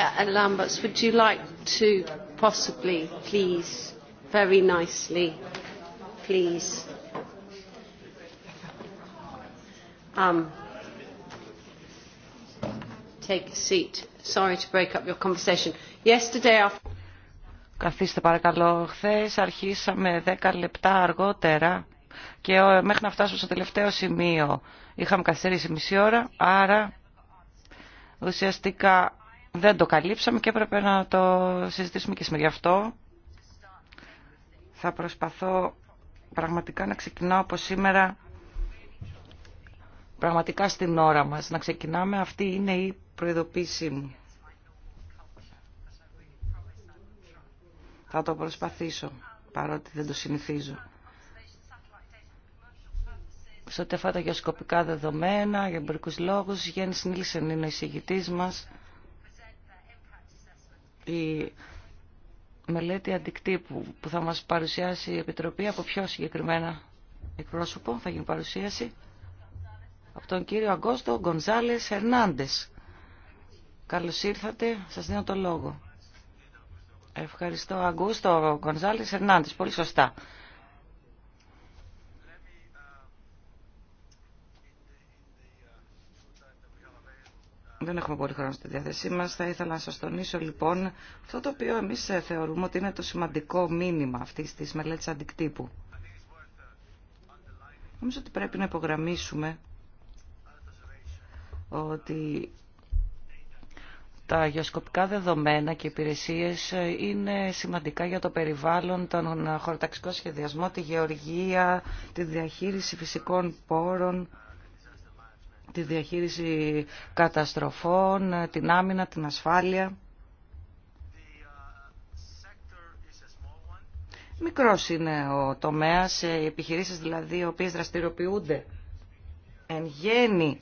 Uh, and Lamberts, would you like to possibly, please, very nicely, please? Um, take a seat. Sorry to break up your conversation. Yesterday after... Καθίστε παρακαλώ. Χθε αρχίσαμε 10 λεπτά αργότερα και ε, μέχρι να φτάσουμε στο τελευταίο σημείο είχαμε καθυστερήσει μισή ώρα, άρα ουσιαστικά δεν το καλύψαμε και έπρεπε να το συζητήσουμε και σήμερα. Γι' αυτό θα προσπαθώ πραγματικά να ξεκινάω από σήμερα πραγματικά στην ώρα μας. Να ξεκινάμε. Αυτή είναι η προειδοποίησή μου. Θα το προσπαθήσω, παρότι δεν το συνηθίζω. Σε ό,τι αφορά τα γεωσκοπικά δεδομένα, για εμπορικού λόγου, Γέννη Νίλσεν είναι ο εισηγητή μα η μελέτη αντικτύπου που θα μας παρουσιάσει η Επιτροπή από πιο συγκεκριμένα εκπρόσωπο θα γίνει παρουσίαση από τον κύριο Αγκόστο Γκονζάλες Ερνάντες. Καλώς ήρθατε, σας δίνω το λόγο. Ευχαριστώ Αγκόστο Γκονζάλες Ερνάντες, πολύ σωστά. Δεν έχουμε πολύ χρόνο στη διάθεσή μα. Θα ήθελα να σα τονίσω λοιπόν αυτό το οποίο εμείς ε, θεωρούμε ότι είναι το σημαντικό μήνυμα αυτής της μελέτη αντικτύπου. Νομίζω ότι πρέπει να υπογραμμίσουμε ότι τα γεωσκοπικά δεδομένα και υπηρεσίες ε, είναι σημαντικά για το περιβάλλον, τον χωροταξικό σχεδιασμό, τη γεωργία, τη διαχείριση φυσικών πόρων, τη διαχείριση καταστροφών, την άμυνα, την ασφάλεια. Μικρός είναι ο τομέας, ε, οι επιχειρήσεις δηλαδή οι οποίες δραστηριοποιούνται εν γέννη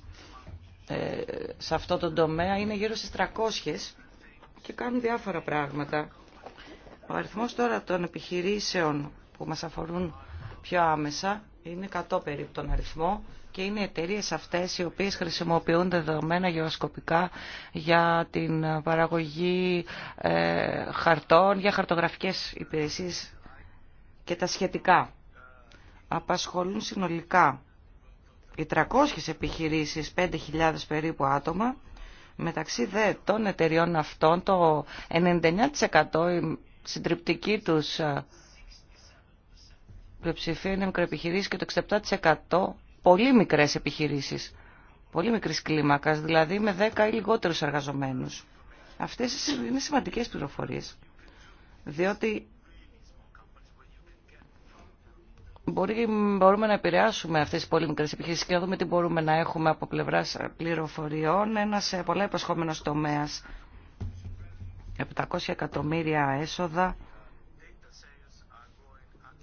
ε, σε αυτό το τομέα είναι γύρω στις 300 και κάνουν διάφορα πράγματα. Ο αριθμός τώρα των επιχειρήσεων που μας αφορούν πιο άμεσα είναι 100 περίπου τον αριθμό και είναι εταιρείε αυτές οι οποίες χρησιμοποιούν δεδομένα γεωσκοπικά για την παραγωγή ε, χαρτών, για χαρτογραφικές υπηρεσίες και τα σχετικά. Απασχολούν συνολικά οι 300 επιχειρήσει 5.000 περίπου άτομα, μεταξύ δε των εταιριών αυτών το 99% η συντριπτική τους ε, πλειοψηφία είναι μικροεπιχειρήσεις και το 67% πολύ μικρές επιχειρήσεις, πολύ μικρής κλίμακας, δηλαδή με 10 ή λιγότερους εργαζομένους. Αυτές είναι σημαντικές πληροφορίες, διότι μπορούμε να επηρεάσουμε αυτές τις πολύ μικρές επιχειρήσεις και να δούμε τι μπορούμε να έχουμε από πλευράς πληροφοριών, ένας ε, πολλά υποσχόμενος τομέας. 700 εκατομμύρια έσοδα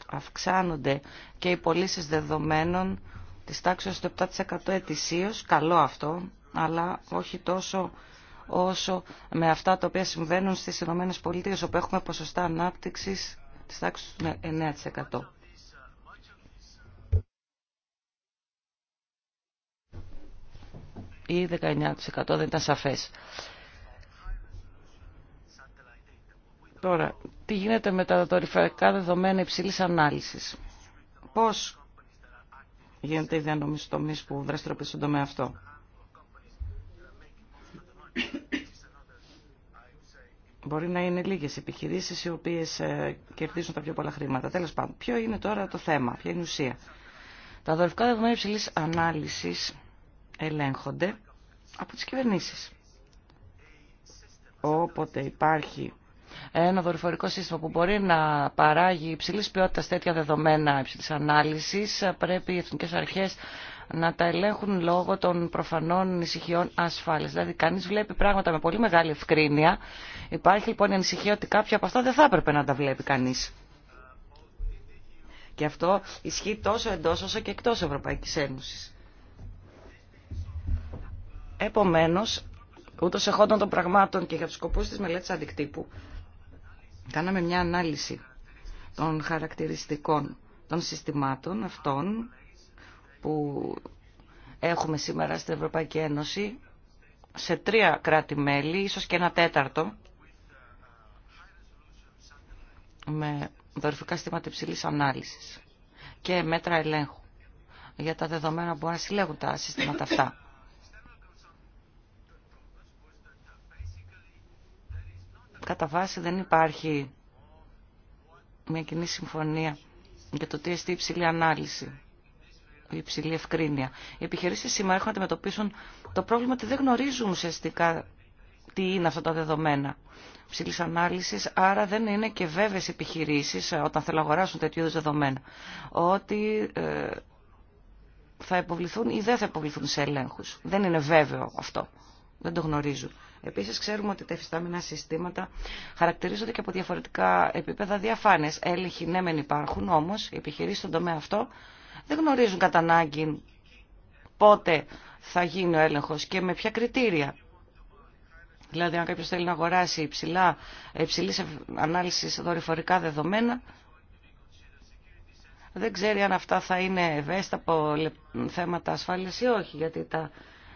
αυξάνονται και οι πωλήσει δεδομένων Τη τάξη του 7% ετησίως, καλό αυτό, αλλά όχι τόσο όσο με αυτά τα οποία συμβαίνουν στις ΗΠΑ όπου έχουμε ποσοστά ανάπτυξης τη τάξη του 9%. ή 19% δεν ήταν σαφές. Τώρα, τι γίνεται με τα δορυφαρικά δεδομένα υψηλής ανάλυσης. Πώς γίνεται η διανομή τομεί τομείς που δραστηριοποιούνται στον τομέα αυτό. Μπορεί να είναι λίγες επιχειρήσεις οι οποίες ε, κερδίζουν τα πιο πολλά χρήματα. Τέλος πάντων, ποιο είναι τώρα το θέμα, ποια είναι η ουσία. Τα δορυφικά δεδομένα υψηλή ανάλυσης ελέγχονται από τις κυβερνήσεις. Όποτε υπάρχει ένα δορυφορικό σύστημα που μπορεί να παράγει υψηλή ποιότητα τέτοια δεδομένα υψηλή ανάλυση, πρέπει οι εθνικέ αρχέ να τα ελέγχουν λόγω των προφανών ανησυχιών ασφάλεια. Δηλαδή, κανεί βλέπει πράγματα με πολύ μεγάλη ευκρίνεια. Υπάρχει λοιπόν η ανησυχία ότι κάποια από αυτά δεν θα έπρεπε να τα βλέπει κανεί. Και αυτό ισχύει τόσο εντό όσο και εκτό Ευρωπαϊκή Ένωση. Επομένω, ούτω εχόντων των πραγμάτων και για του σκοπού τη μελέτη αντικτύπου, Κάναμε μια ανάλυση των χαρακτηριστικών των συστημάτων αυτών που έχουμε σήμερα στην Ευρωπαϊκή Ένωση σε τρία κράτη-μέλη, ίσως και ένα τέταρτο, με δορυφικά σύστηματα υψηλής ανάλυσης και μέτρα ελέγχου για τα δεδομένα που μπορούν να συλλέγουν τα συστήματα αυτά. Κατά βάση δεν υπάρχει μια κοινή συμφωνία για το τι εστί υψηλή ανάλυση, η υψηλή ευκρίνεια. Οι επιχειρήσεις σήμερα έχουν να αντιμετωπίσουν το πρόβλημα ότι δεν γνωρίζουν ουσιαστικά τι είναι αυτά τα δεδομένα υψηλή ανάλυση, άρα δεν είναι και βέβαιε επιχειρήσει ε, όταν θέλουν να αγοράσουν τέτοιου είδου δεδομένα. Ότι ε, θα υποβληθούν ή δεν θα υποβληθούν σε ελέγχου. Δεν είναι βέβαιο αυτό δεν το γνωρίζουν. Επίση, ξέρουμε ότι τα εφιστάμενα συστήματα χαρακτηρίζονται και από διαφορετικά επίπεδα διαφάνεια. Έλεγχοι ναι, μεν υπάρχουν, όμω οι επιχειρήσει στον τομέα αυτό δεν γνωρίζουν κατά ανάγκη πότε θα γίνει ο έλεγχο και με ποια κριτήρια. Δηλαδή, αν κάποιο θέλει να αγοράσει υψηλά, υψηλής ανάλυση δορυφορικά δεδομένα, δεν ξέρει αν αυτά θα είναι ευαίσθητα από θέματα ασφάλειας ή όχι, γιατί τα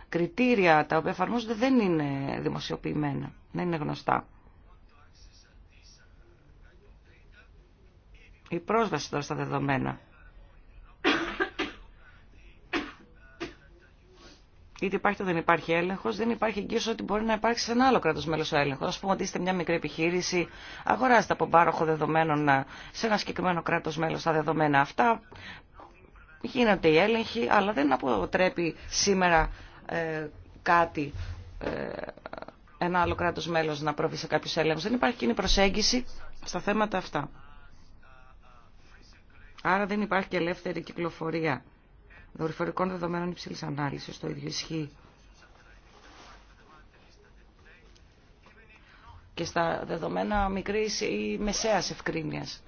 κριτήρια τα οποία εφαρμόζονται δεν είναι δημοσιοποιημένα, δεν είναι γνωστά. Η πρόσβαση τώρα στα δεδομένα. Είτε υπάρχει είτε δεν υπάρχει έλεγχο, δεν υπάρχει εγγύηση ότι μπορεί να υπάρξει σε ένα άλλο κράτο μέλο ο έλεγχο. Α πούμε ότι είστε μια μικρή επιχείρηση, αγοράζετε από πάροχο δεδομένων σε ένα συγκεκριμένο κράτο μέλο τα δεδομένα αυτά. Γίνονται οι έλεγχοι, αλλά δεν αποτρέπει σήμερα ε, κάτι, ε, ένα άλλο κράτος μέλος να προβεί σε κάποιους έλεγχους. Δεν υπάρχει κοινή προσέγγιση στα θέματα αυτά. Άρα δεν υπάρχει και ελεύθερη κυκλοφορία δορυφορικών δεδομένων υψηλή ανάλυση Το ίδιο ισχύει. και στα δεδομένα μικρής ή μεσαίας ευκρίνειας.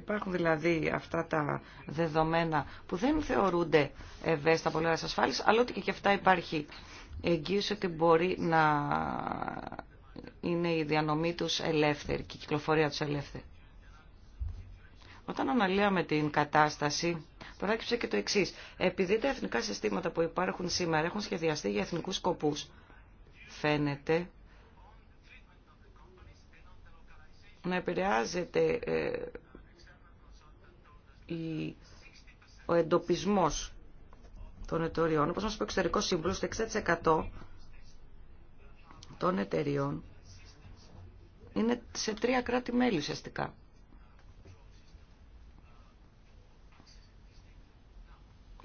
Υπάρχουν δηλαδή αυτά τα δεδομένα που δεν θεωρούνται ευαίσθητα πολύ ασφάλεια, αλλά ότι και και αυτά υπάρχει εγγύηση ότι μπορεί να είναι η διανομή τους ελεύθερη και η κυκλοφορία τους ελεύθερη. Όταν αναλύαμε την κατάσταση, προέκυψε και το εξή. Επειδή τα εθνικά συστήματα που υπάρχουν σήμερα έχουν σχεδιαστεί για εθνικού σκοπού, φαίνεται να επηρεάζεται ε, ο εντοπισμός των εταιριών. Όπως μας είπε ο εξωτερικός σύμβουλος, το 60% των εταιριών είναι σε τρία κράτη-μέλη ουσιαστικά.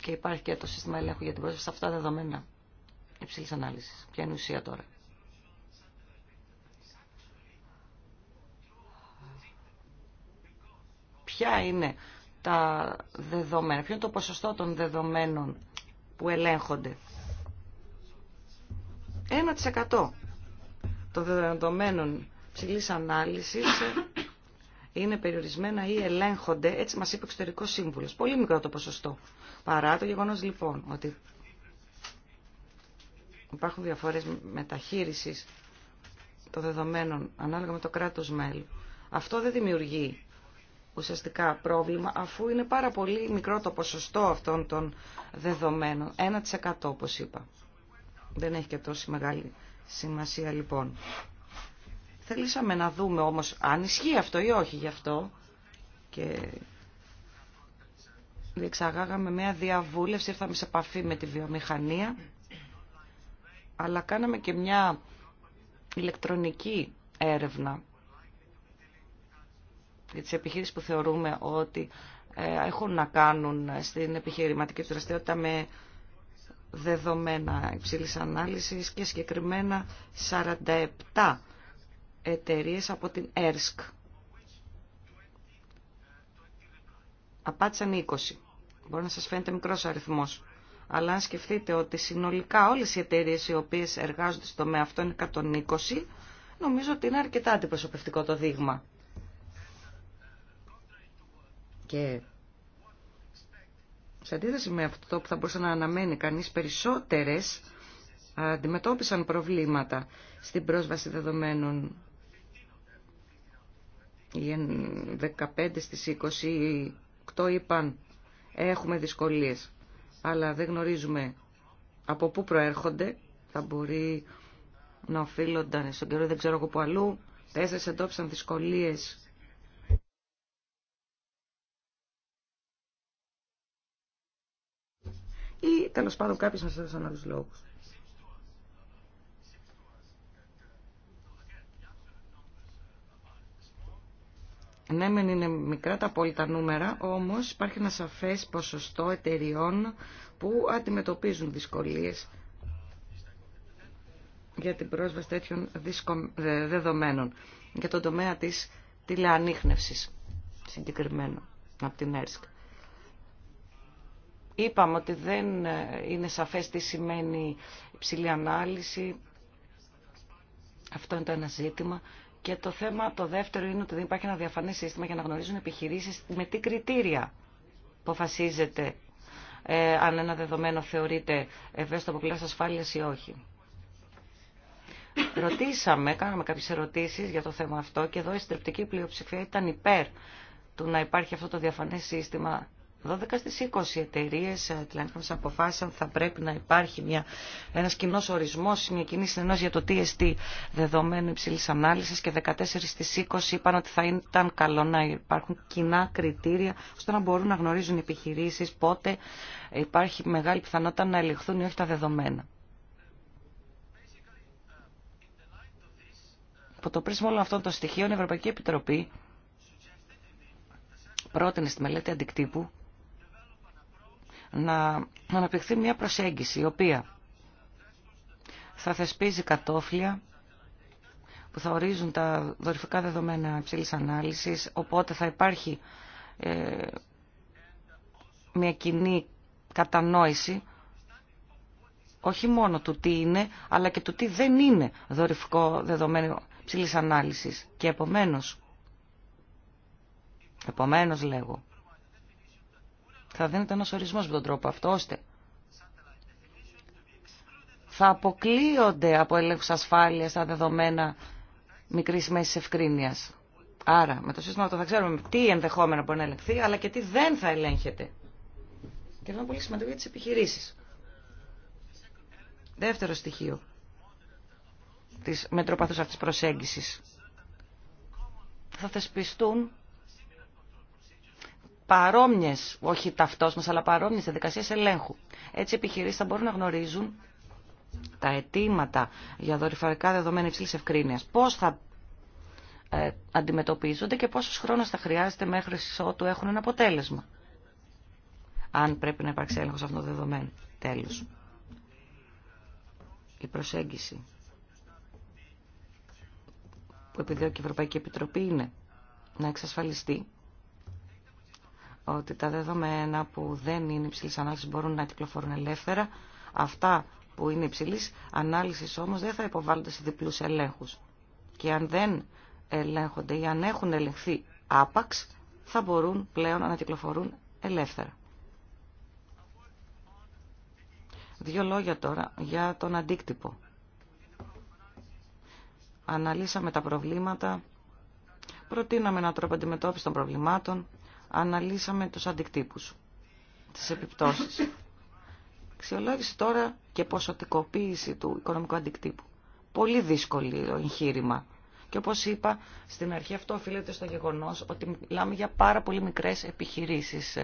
Και υπάρχει και το σύστημα ελέγχου για την πρόσβαση σε αυτά τα δεδομένα υψηλής ανάλυσης. Ποια είναι η ουσία τώρα. Ποια είναι τα δεδομένα, ποιο είναι το ποσοστό των δεδομένων που ελέγχονται. 1% των δεδομένων ψηλής ανάλυσης είναι περιορισμένα ή ελέγχονται, έτσι μας είπε ο εξωτερικός σύμβουλος. Πολύ μικρό το ποσοστό. Παρά το γεγονός λοιπόν ότι υπάρχουν διαφορές μεταχείρισης των δεδομένων ανάλογα με το κράτος μέλου. Αυτό δεν δημιουργεί ουσιαστικά πρόβλημα, αφού είναι πάρα πολύ μικρό το ποσοστό αυτών των δεδομένων. 1% όπως είπα. Δεν έχει και τόση μεγάλη σημασία λοιπόν. Θέλησαμε να δούμε όμως αν ισχύει αυτό ή όχι γι' αυτό. Και διεξαγάγαμε μια διαβούλευση, ήρθαμε σε επαφή με τη βιομηχανία, αλλά κάναμε και μια ηλεκτρονική έρευνα για τις επιχείρησεις που θεωρούμε ότι ε, έχουν να κάνουν στην επιχειρηματική του δραστηριότητα με δεδομένα υψηλής ανάλυσης και συγκεκριμένα 47 εταιρείες από την ΕΡΣΚ. Απάτησαν 20. Μπορεί να σας φαίνεται μικρός αριθμός. Αλλά αν σκεφτείτε ότι συνολικά όλες οι εταιρείες οι οποίες εργάζονται στο τομέα αυτό είναι 120, νομίζω ότι είναι αρκετά αντιπροσωπευτικό το δείγμα. Και σε αντίθεση με αυτό που θα μπορούσε να αναμένει κανείς περισσότερες αντιμετώπισαν προβλήματα στην πρόσβαση δεδομένων οι 15 στις 20 8 είπαν έχουμε δυσκολίες αλλά δεν γνωρίζουμε από πού προέρχονται θα μπορεί να οφείλονταν στον καιρό δεν ξέρω εγώ που αλλού τέσσερις εντόπισαν δυσκολίες ή τέλο πάντων να μας έδωσαν άλλου λόγους. Ναι, μεν είναι μικρά τα απόλυτα νούμερα, όμως υπάρχει ένα σαφές ποσοστό εταιριών που αντιμετωπίζουν δυσκολίες για την πρόσβαση τέτοιων ε, δεδομένων, για τον τομέα της τηλεανείχνευσης συγκεκριμένο από την ΕΡΣΚ. Είπαμε ότι δεν ε, είναι σαφές τι σημαίνει υψηλή ανάλυση. Αυτό είναι το ένα ζήτημα. Και το θέμα το δεύτερο είναι ότι δεν υπάρχει ένα διαφανέ σύστημα για να γνωρίζουν επιχειρήσεις με τι κριτήρια αποφασίζεται ε, αν ένα δεδομένο θεωρείται ευαίσθητο από πλευρά ασφάλεια ή όχι. Ρωτήσαμε, κάναμε κάποιες ερωτήσεις για το θέμα αυτό και εδώ η συντριπτική πλειοψηφία ήταν υπέρ του να υπάρχει αυτό το διαφανέ σύστημα 12 στις 20 εταιρείε μα ε, αποφάσισαν ότι θα πρέπει να υπάρχει μια, ένας κοινό ορισμός, μια κοινή συνεννόηση για το TST δεδομένου υψηλή ανάλυσης και 14 στις 20 είπαν ότι θα ήταν καλό να υπάρχουν κοινά κριτήρια ώστε να μπορούν να γνωρίζουν οι επιχειρήσεις πότε υπάρχει μεγάλη πιθανότητα να ελεγχθούν ή όχι τα δεδομένα. Από το πρίσμα όλων αυτών των στοιχείων η Ευρωπαϊκή Επιτροπή πρότεινε στη μελέτη αντικτύπου να αναπτυχθεί μια προσέγγιση η οποία θα θεσπίζει κατόφλια που θα ορίζουν τα δορυφικά δεδομένα υψηλής ανάλυσης, οπότε θα υπάρχει ε, μια κοινή κατανόηση όχι μόνο του τι είναι, αλλά και του τι δεν είναι δορυφικό δεδομένο ψηλής ανάλυσης. Και επομένως, επομένως λέγω, θα δίνεται ένας ορισμός με τον τρόπο αυτό, ώστε θα αποκλείονται από ελέγχους ασφάλειας τα δεδομένα μικρής μέσης ευκρίνειας. Άρα, με το σύστημα αυτό θα ξέρουμε τι ενδεχόμενα μπορεί να ελεγχθεί, αλλά και τι δεν θα ελέγχεται. Και αυτό είναι πολύ σημαντικό για τις επιχειρήσεις. Δεύτερο στοιχείο της μετροπαθούς αυτής προσέγγισης. Θα θεσπιστούν Παρόμοιε όχι ταυτόσιμε, αλλά παρόμοιε διαδικασίε ελέγχου. Έτσι επιχειρήσει θα μπορούν να γνωρίζουν τα αιτήματα για δορυφορικά δεδομένα υψηλή ευκρίνεια. Πώς θα ε, αντιμετωπίζονται και πόσο χρόνο θα χρειάζεται μέχρι ότου έχουν ένα αποτέλεσμα. Αν πρέπει να υπάρξει έλεγχο αυτών των δεδομένων. Τέλος. Η προσέγγιση που επιδιώκει η Ευρωπαϊκή Επιτροπή είναι να εξασφαλιστεί ότι τα δεδομένα που δεν είναι υψηλή ανάλυση μπορούν να κυκλοφορούν ελεύθερα. Αυτά που είναι υψηλή ανάλυση όμω δεν θα υποβάλλονται σε διπλού ελέγχου. Και αν δεν ελέγχονται ή αν έχουν ελεγχθεί άπαξ, θα μπορούν πλέον να κυκλοφορούν ελεύθερα. Δύο λόγια τώρα για τον αντίκτυπο. Αναλύσαμε τα προβλήματα, προτείναμε έναν τρόπο αντιμετώπιση των προβλημάτων, αναλύσαμε τους αντικτύπους, τις επιπτώσεις. Αξιολόγηση τώρα και ποσοτικοποίηση του οικονομικού αντικτύπου. Πολύ δύσκολο εγχείρημα. Και όπως είπα, στην αρχή αυτό οφείλεται στο γεγονός ότι μιλάμε για πάρα πολύ μικρές επιχειρήσεις.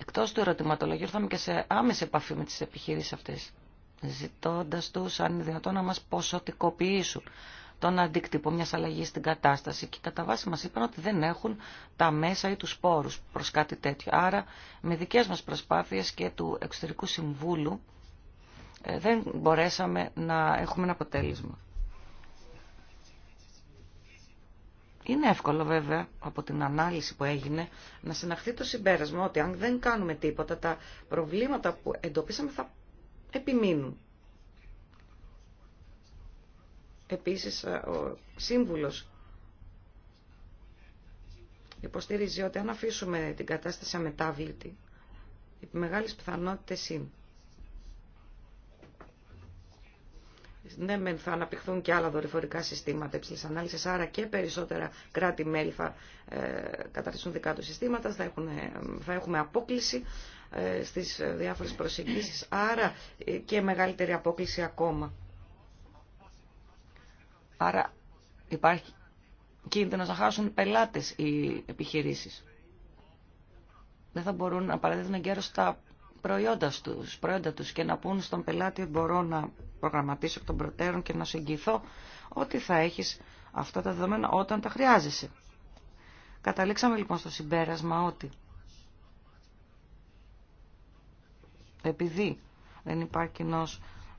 Εκτός του ερωτηματολογίου ήρθαμε και σε άμεση επαφή με τις επιχειρήσεις αυτές, ζητώντας τους αν είναι δυνατόν να μας ποσοτικοποιήσουν τον αντίκτυπο μιας αλλαγή στην κατάσταση και κατά βάση μας είπαν ότι δεν έχουν τα μέσα ή τους πόρου προ κάτι τέτοιο. Άρα με δικές μας προσπάθειες και του Εξωτερικού Συμβούλου ε, δεν μπορέσαμε να έχουμε ένα αποτέλεσμα. Είναι εύκολο βέβαια από την ανάλυση που έγινε να συναχθεί το συμπέρασμα ότι αν δεν κάνουμε τίποτα τα προβλήματα που εντοπίσαμε θα επιμείνουν. Επίσης, ε, ο σύμβουλος υποστηρίζει ότι αν αφήσουμε την κατάσταση αμετάβλητη, οι μεγάλες πιθανότητες είναι. Ναι, μεν θα αναπτυχθούν και άλλα δορυφορικά συστήματα υψηλή ανάλυση, άρα και περισσότερα κράτη-μέλη θα ε, δικά του συστήματα, θα, έχουν, θα έχουμε απόκληση ε, στι διάφορε προσεγγίσεις, άρα ε, και μεγαλύτερη απόκληση ακόμα. Άρα υπάρχει κίνδυνο να χάσουν οι πελάτες οι επιχειρήσεις. Δεν θα μπορούν να παραδίδουν εγκαίρως τα προϊόντα του προϊόντα τους και να πούν στον πελάτη ότι μπορώ να προγραμματίσω εκ των προτέρων και να σου εγγυηθώ ότι θα έχεις αυτά τα δεδομένα όταν τα χρειάζεσαι. Καταλήξαμε λοιπόν στο συμπέρασμα ότι επειδή δεν υπάρχει κοινό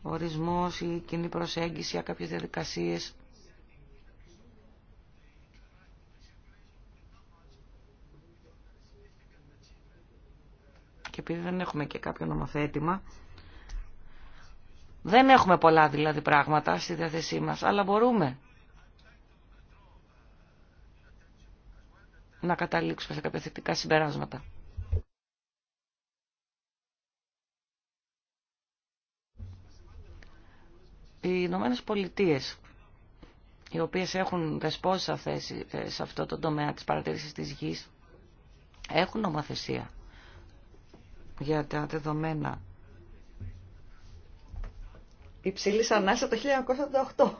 ορισμός ή κοινή προσέγγιση για κάποιες διαδικασίες και επειδή δεν έχουμε και κάποιο νομοθέτημα, δεν έχουμε πολλά δηλαδή πράγματα στη διάθεσή μας, αλλά μπορούμε να καταλήξουμε σε κάποια θετικά συμπεράσματα. Οι Ηνωμένε Πολιτείε, οι οποίε έχουν δεσπόζουσα θέση ε, σε αυτό το τομέα τη παρατήρηση τη γη, έχουν νομοθεσία για τα δεδομένα υψηλή ανάσα το 1988.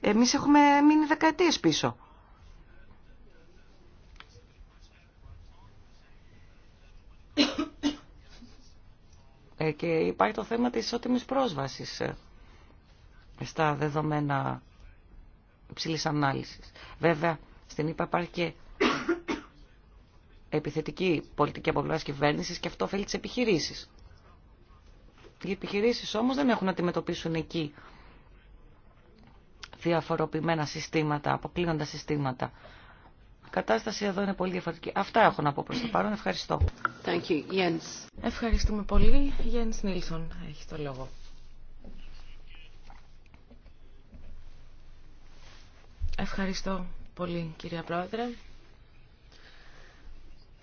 Εμείς έχουμε μείνει δεκαετίες πίσω. Ε, και υπάρχει το θέμα της ισότιμης πρόσβασης ε, στα δεδομένα υψηλής ανάλυσης. Βέβαια, στην ΕΠΑ υπάρχει και επιθετική πολιτική από πλευρά κυβέρνηση και αυτό ωφελεί τι επιχειρήσει. Οι επιχειρήσει όμω δεν έχουν να αντιμετωπίσουν εκεί διαφοροποιημένα συστήματα, αποκλίνοντα συστήματα. Η κατάσταση εδώ είναι πολύ διαφορετική. Αυτά έχω να πω προς το παρόν. Ευχαριστώ. Thank you. Jens. Ευχαριστούμε πολύ. Γιάννης Νίλσον έχει το λόγο. Ευχαριστώ πολύ κυρία Πρόεδρε.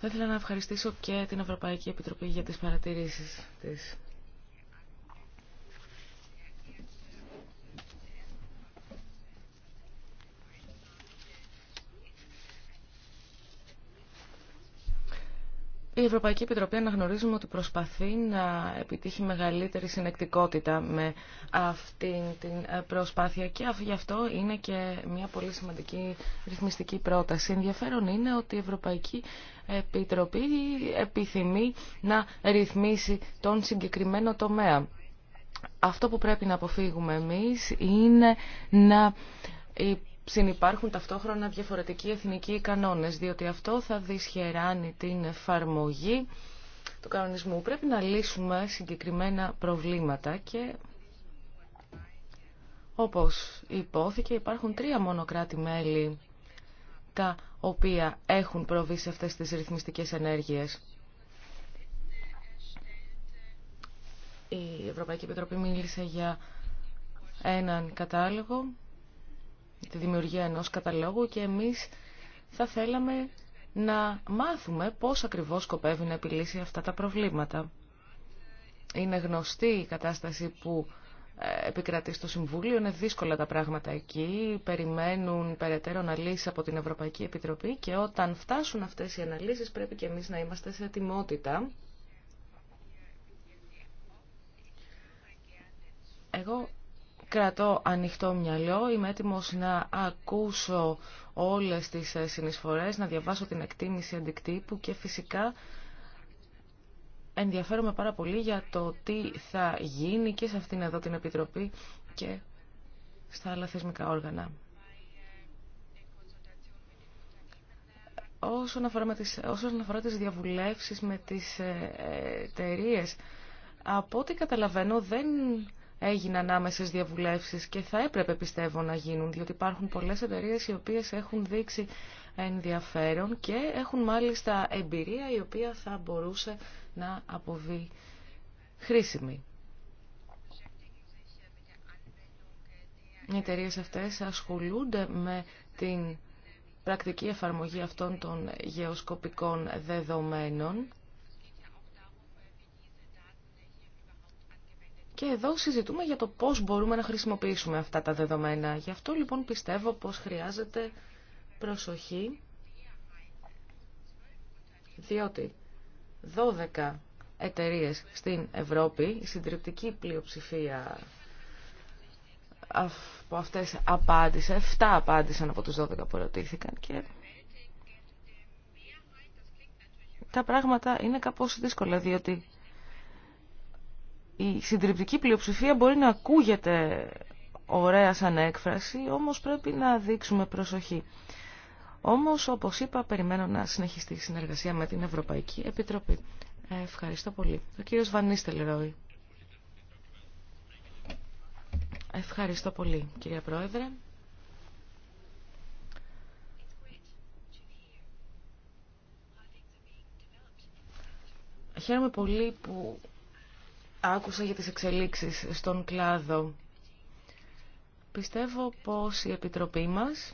Θα ήθελα να ευχαριστήσω και την Ευρωπαϊκή Επιτροπή για τις παρατηρήσεις της. Η Ευρωπαϊκή Επιτροπή αναγνωρίζουμε ότι προσπαθεί να επιτύχει μεγαλύτερη συνεκτικότητα με αυτή την προσπάθεια και γι' αυτό είναι και μια πολύ σημαντική ρυθμιστική πρόταση. Ενδιαφέρον είναι ότι η Ευρωπαϊκή Επιτροπή επιθυμεί να ρυθμίσει τον συγκεκριμένο τομέα. Αυτό που πρέπει να αποφύγουμε εμείς είναι να συνυπάρχουν ταυτόχρονα διαφορετικοί εθνικοί κανόνες, διότι αυτό θα δυσχεράνει την εφαρμογή του κανονισμού. Πρέπει να λύσουμε συγκεκριμένα προβλήματα και όπως υπόθηκε υπάρχουν τρία μόνο κράτη-μέλη τα οποία έχουν προβεί σε αυτές τις ρυθμιστικές ενέργειες. Η Ευρωπαϊκή Επιτροπή μίλησε για έναν κατάλογο τη δημιουργία ενός καταλόγου και εμείς θα θέλαμε να μάθουμε πώς ακριβώς σκοπεύει να επιλύσει αυτά τα προβλήματα. Είναι γνωστή η κατάσταση που ε, επικρατεί στο Συμβούλιο, είναι δύσκολα τα πράγματα εκεί, περιμένουν περαιτέρω αναλύσεις από την Ευρωπαϊκή Επιτροπή και όταν φτάσουν αυτές οι αναλύσεις πρέπει και εμείς να είμαστε σε ετοιμότητα. Εγώ Κρατώ ανοιχτό μυαλό, είμαι έτοιμος να ακούσω όλες τις ε, συνεισφορές, να διαβάσω την εκτίμηση αντικτύπου και φυσικά ενδιαφέρομαι πάρα πολύ για το τι θα γίνει και σε αυτήν εδώ την Επιτροπή και στα άλλα θεσμικά όργανα. Όσον αφορά, με τις, διαβουλεύσεις με τις ε, ε, εταιρείε, από ό,τι καταλαβαίνω δεν έγιναν άμεσες διαβουλεύσεις και θα έπρεπε πιστεύω να γίνουν, διότι υπάρχουν πολλέ εταιρείε οι οποίες έχουν δείξει ενδιαφέρον και έχουν μάλιστα εμπειρία η οποία θα μπορούσε να αποβεί χρήσιμη. Οι εταιρείε αυτές ασχολούνται με την πρακτική εφαρμογή αυτών των γεωσκοπικών δεδομένων Και εδώ συζητούμε για το πώς μπορούμε να χρησιμοποιήσουμε αυτά τα δεδομένα. Γι' αυτό λοιπόν πιστεύω πως χρειάζεται προσοχή, διότι 12 εταιρείες στην Ευρώπη, η συντριπτική πλειοψηφία από αυτές απάντησε, 7 απάντησαν από τους 12 που ερωτήθηκαν και τα πράγματα είναι κάπως δύσκολα, διότι η συντριπτική πλειοψηφία μπορεί να ακούγεται ωραία σαν έκφραση, όμως πρέπει να δείξουμε προσοχή. Όμως, όπως είπα, περιμένω να συνεχιστεί η συνεργασία με την Ευρωπαϊκή Επιτροπή. Ευχαριστώ πολύ. Ο κύριος Βανίστελ Ρόι. Ευχαριστώ πολύ, κυρία Πρόεδρε. Χαίρομαι πολύ που άκουσα για τις εξελίξεις στον κλάδο. Πιστεύω πως η Επιτροπή μας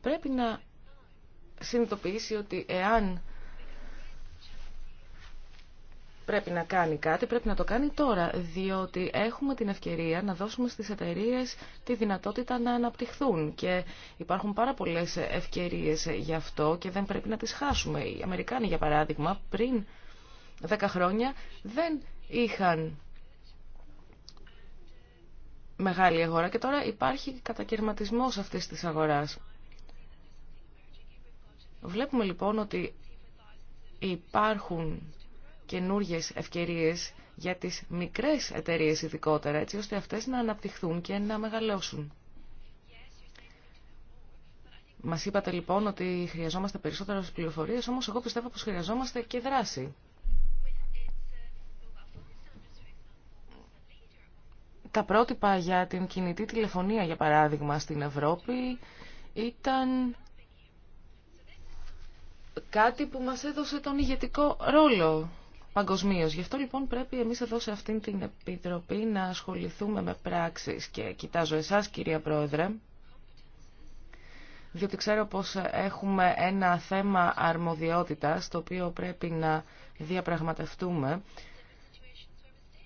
πρέπει να συνειδητοποιήσει ότι εάν πρέπει να κάνει κάτι, πρέπει να το κάνει τώρα, διότι έχουμε την ευκαιρία να δώσουμε στις εταιρείε τη δυνατότητα να αναπτυχθούν και υπάρχουν πάρα πολλές ευκαιρίες γι' αυτό και δεν πρέπει να τις χάσουμε. Οι Αμερικάνοι, για παράδειγμα, πριν δέκα χρόνια δεν είχαν μεγάλη αγορά και τώρα υπάρχει κατακαιρματισμός αυτής της αγοράς. Βλέπουμε λοιπόν ότι υπάρχουν καινούργιες ευκαιρίες για τις μικρές εταιρείες ειδικότερα, έτσι ώστε αυτές να αναπτυχθούν και να μεγαλώσουν. Μας είπατε λοιπόν ότι χρειαζόμαστε περισσότερες πληροφορίες, όμως εγώ πιστεύω πως χρειαζόμαστε και δράση. Τα πρότυπα για την κινητή τηλεφωνία, για παράδειγμα, στην Ευρώπη ήταν κάτι που μας έδωσε τον ηγετικό ρόλο παγκοσμίω. Γι' αυτό λοιπόν πρέπει εμείς εδώ σε αυτήν την Επιτροπή να ασχοληθούμε με πράξεις. Και κοιτάζω εσάς κυρία Πρόεδρε, διότι ξέρω πως έχουμε ένα θέμα αρμοδιότητας το οποίο πρέπει να διαπραγματευτούμε.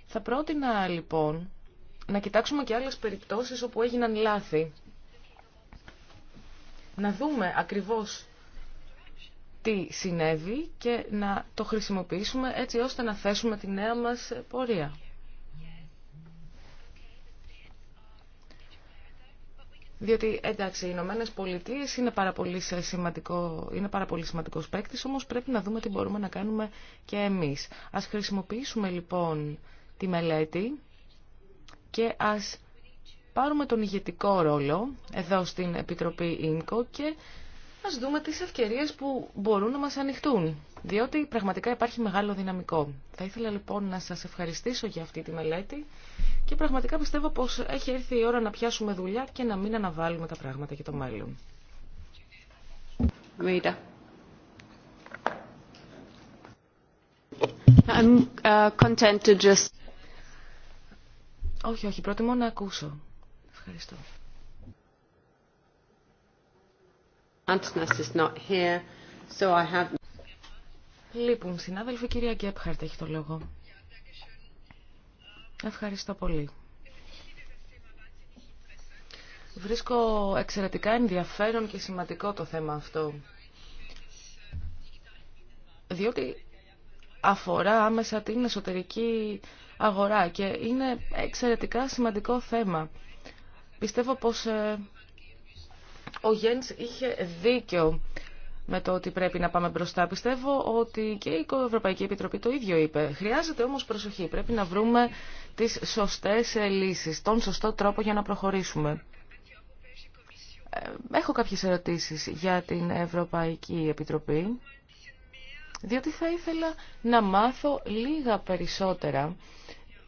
Θα πρότεινα λοιπόν να κοιτάξουμε και άλλες περιπτώσεις όπου έγιναν λάθη. Να δούμε ακριβώς τι συνέβη και να το χρησιμοποιήσουμε έτσι ώστε να θέσουμε τη νέα μας πορεία. Διότι εντάξει, οι Ηνωμένε Πολιτείε είναι πάρα πολύ σημαντικό, είναι πάρα πολύ σημαντικός παίκτη, όμως πρέπει να δούμε τι μπορούμε να κάνουμε και εμείς. Ας χρησιμοποιήσουμε λοιπόν τη μελέτη και ας πάρουμε τον ηγετικό ρόλο εδώ στην Επιτροπή ΙΝΚΟ και ας δούμε τις ευκαιρίες που μπορούν να μας ανοιχτούν, διότι πραγματικά υπάρχει μεγάλο δυναμικό. Θα ήθελα λοιπόν να σας ευχαριστήσω για αυτή τη μελέτη και πραγματικά πιστεύω πως έχει έρθει η ώρα να πιάσουμε δουλειά και να μην αναβάλουμε τα πράγματα για το μέλλον. I'm uh, content to just... Όχι, όχι, προτιμώ να ακούσω. Ευχαριστώ. Λοιπόν, συνάδελφοι, κυρία Γκέπχαρτ έχει το λόγο. Ευχαριστώ πολύ. Βρίσκω εξαιρετικά ενδιαφέρον και σημαντικό το θέμα αυτό. Διότι αφορά άμεσα την εσωτερική αγορά και είναι εξαιρετικά σημαντικό θέμα. Πιστεύω πως ε, ο Γένς είχε δίκιο με το ότι πρέπει να πάμε μπροστά. Πιστεύω ότι και η Ευρωπαϊκή Επιτροπή το ίδιο είπε. Χρειάζεται όμως προσοχή. Πρέπει να βρούμε τις σωστές ε, λύσεις, τον σωστό τρόπο για να προχωρήσουμε. Ε, έχω κάποιες ερωτήσεις για την Ευρωπαϊκή Επιτροπή διότι θα ήθελα να μάθω λίγα περισσότερα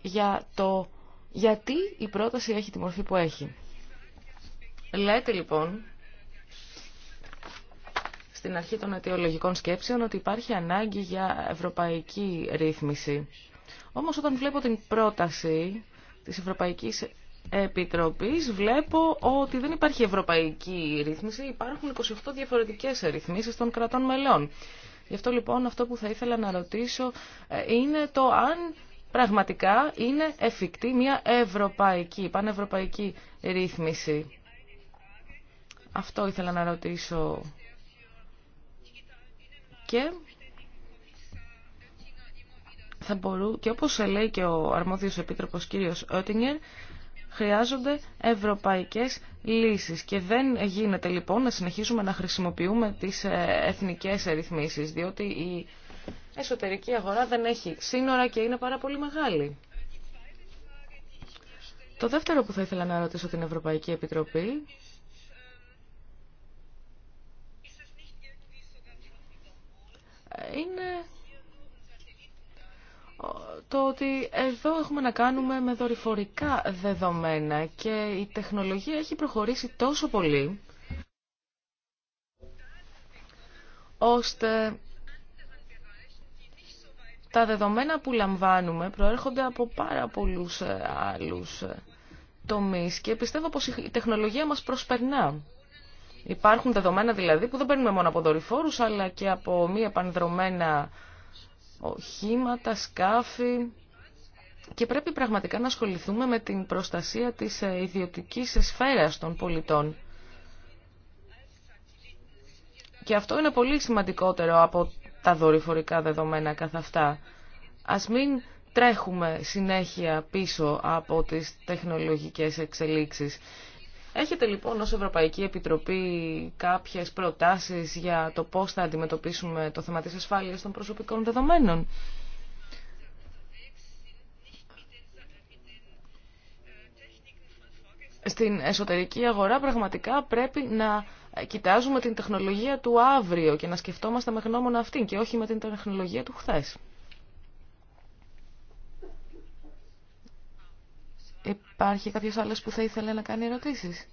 για το γιατί η πρόταση έχει τη μορφή που έχει. Λέτε λοιπόν στην αρχή των αιτιολογικών σκέψεων ότι υπάρχει ανάγκη για ευρωπαϊκή ρύθμιση. Όμως όταν βλέπω την πρόταση της Ευρωπαϊκής Επιτροπής βλέπω ότι δεν υπάρχει ευρωπαϊκή ρύθμιση, υπάρχουν 28 διαφορετικές ρυθμίσεις των κρατών μελών. Γι' αυτό λοιπόν αυτό που θα ήθελα να ρωτήσω ε, είναι το αν πραγματικά είναι εφικτή μια ευρωπαϊκή, πανευρωπαϊκή ρύθμιση. Αυτό ήθελα να ρωτήσω. Και θα μπορού, και όπως λέει και ο αρμόδιος επίτροπος κύριος Ότινγκερ, χρειάζονται ευρωπαϊκές λύσεις και δεν γίνεται λοιπόν να συνεχίσουμε να χρησιμοποιούμε τις ε, εθνικές ρυθμίσεις διότι η εσωτερική αγορά δεν έχει σύνορα και είναι πάρα πολύ μεγάλη. Το δεύτερο που θα ήθελα να ρωτήσω την Ευρωπαϊκή Επιτροπή είναι το ότι εδώ έχουμε να κάνουμε με δορυφορικά δεδομένα και η τεχνολογία έχει προχωρήσει τόσο πολύ ώστε τα δεδομένα που λαμβάνουμε προέρχονται από πάρα πολλούς ε, άλλους ε, τομείς και πιστεύω πως η τεχνολογία μας προσπερνά. Υπάρχουν δεδομένα δηλαδή που δεν παίρνουμε μόνο από δορυφόρους αλλά και από μη επανδρομένα οχήματα, σκάφη και πρέπει πραγματικά να ασχοληθούμε με την προστασία της ε, ιδιωτικής σφαίρας των πολιτών. Και αυτό είναι πολύ σημαντικότερο από τα δορυφορικά δεδομένα καθ' αυτά. Ας μην τρέχουμε συνέχεια πίσω από τις τεχνολογικές εξελίξεις. Έχετε λοιπόν ως Ευρωπαϊκή Επιτροπή κάποιες προτάσεις για το πώς θα αντιμετωπίσουμε το θέμα της ασφάλειας των προσωπικών δεδομένων. Στην εσωτερική αγορά πραγματικά πρέπει να κοιτάζουμε την τεχνολογία του αύριο και να σκεφτόμαστε με γνώμονα αυτήν και όχι με την τεχνολογία του χθες. Υπάρχει κάποιος άλλος που θα ήθελε να κάνει ερωτήσεις.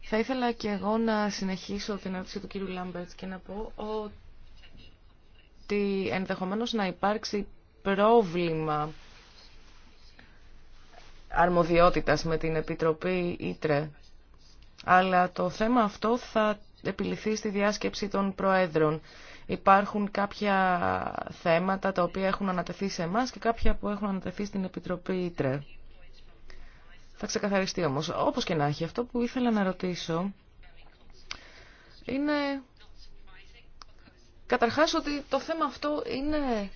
Θα ήθελα και εγώ να συνεχίσω την ερώτηση του κύριου Λάμπερτς και να πω ότι ενδεχομένως να υπάρξει πρόβλημα αρμοδιότητας με την Επιτροπή Ήτρε. Αλλά το θέμα αυτό θα επιληθεί στη διάσκεψη των Προέδρων. Υπάρχουν κάποια θέματα τα οποία έχουν ανατεθεί σε εμά και κάποια που έχουν ανατεθεί στην Επιτροπή ΙΤΡΕ. Θα ξεκαθαριστεί όμως. Όπως και να έχει, αυτό που ήθελα να ρωτήσω είναι καταρχάς ότι το θέμα αυτό είναι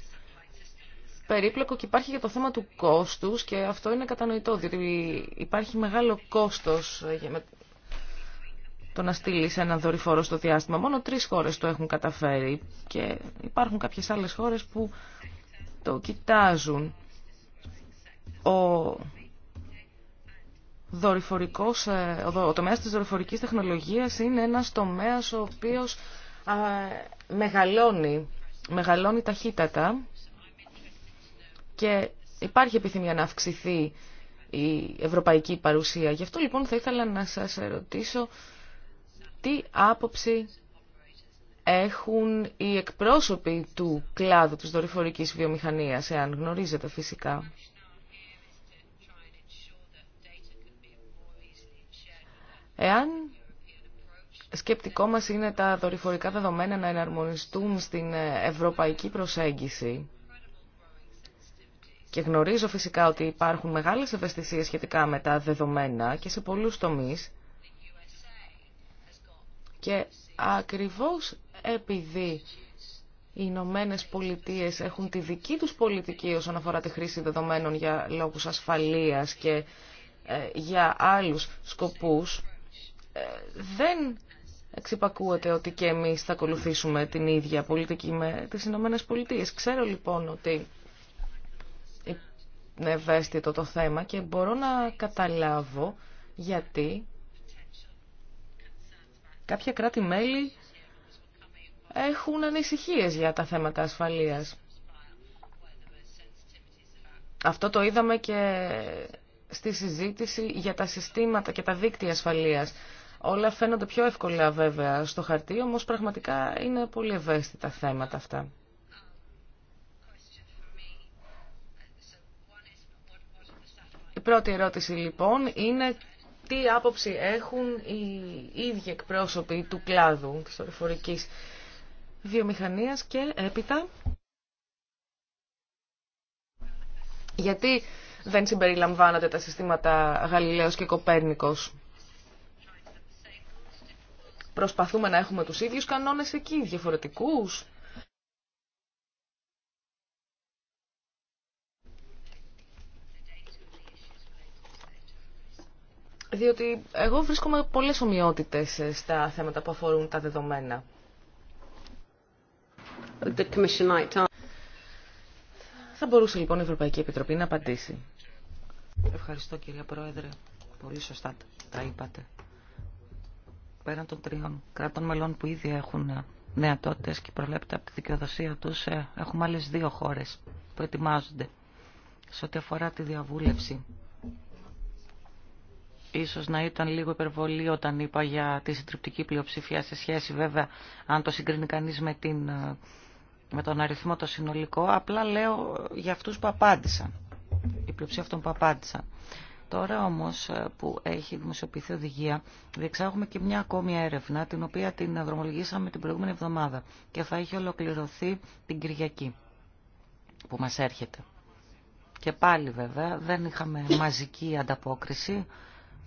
περίπλοκο και υπάρχει για το θέμα του κόστους και αυτό είναι κατανοητό, διότι υπάρχει μεγάλο κόστος το να στείλει ένα δορυφόρο στο διάστημα. Μόνο τρει χώρε το έχουν καταφέρει και υπάρχουν κάποιες άλλες χώρε που το κοιτάζουν. Ο δορυφορικός, ε, ο τομέας της δορυφορικής τεχνολογίας είναι ένας τομέας ο οποίος μεγαλώνει, μεγαλώνει ταχύτατα και υπάρχει επιθυμία να αυξηθεί η ευρωπαϊκή παρουσία. Γι' αυτό λοιπόν θα ήθελα να σας ερωτήσω τι άποψη έχουν οι εκπρόσωποι του κλάδου της δορυφορικής βιομηχανίας, εάν γνωρίζετε φυσικά. Εάν σκεπτικό μας είναι τα δορυφορικά δεδομένα να εναρμονιστούν στην ευρωπαϊκή προσέγγιση, και γνωρίζω φυσικά ότι υπάρχουν μεγάλες ευαισθησίες σχετικά με τα δεδομένα και σε πολλούς τομείς, και ακριβώς επειδή οι Ηνωμένε Πολιτείε έχουν τη δική τους πολιτική όσον αφορά τη χρήση δεδομένων για λόγους ασφαλείας και ε, για άλλους σκοπούς, ε, δεν εξυπακούεται ότι και εμείς θα ακολουθήσουμε την ίδια πολιτική με τις Ηνωμένε Πολιτείε. Ξέρω λοιπόν ότι είναι ευαίσθητο το θέμα και μπορώ να καταλάβω γιατί Κάποια κράτη-μέλη έχουν ανησυχίες για τα θέματα ασφαλείας. Αυτό το είδαμε και στη συζήτηση για τα συστήματα και τα δίκτυα ασφαλείας. Όλα φαίνονται πιο εύκολα βέβαια στο χαρτί, όμως πραγματικά είναι πολύ ευαίσθητα θέματα αυτά. Η πρώτη ερώτηση λοιπόν είναι τι άποψη έχουν οι ίδιοι εκπρόσωποι του κλάδου της ορφορικής βιομηχανίας και έπειτα γιατί δεν συμπεριλαμβάνονται τα συστήματα Γαλιλαίος και Κοπέρνικος. Προσπαθούμε να έχουμε τους ίδιους κανόνες εκεί, διαφορετικούς. διότι εγώ βρίσκομαι πολλές ομοιότητες ε, στα θέματα που αφορούν τα δεδομένα. The Θα μπορούσε λοιπόν η Ευρωπαϊκή Επιτροπή να απαντήσει. Ευχαριστώ κυρία Πρόεδρε. Πολύ σωστά τα είπατε. Πέραν των τριών κρατών μελών που ήδη έχουν δυνατότητε ε, και προβλέπεται από τη δικαιοδοσία τους, ε, έχουμε άλλες δύο χώρες που ετοιμάζονται σε ό,τι αφορά τη διαβούλευση Ίσως να ήταν λίγο υπερβολή όταν είπα για τη συντριπτική πλειοψηφία σε σχέση βέβαια αν το συγκρίνει κανεί με, ε, με τον αριθμό το συνολικό. Απλά λέω για αυτούς που απάντησαν, η πλειοψηφία αυτών που απάντησαν. Τώρα όμως ε, που έχει δημοσιοποιηθεί οδηγία, διεξάγουμε και μια ακόμη έρευνα, την οποία την δρομολογήσαμε την προηγούμενη εβδομάδα και θα έχει ολοκληρωθεί την Κυριακή που μας έρχεται. Και πάλι βέβαια δεν είχαμε μαζική ανταπόκριση,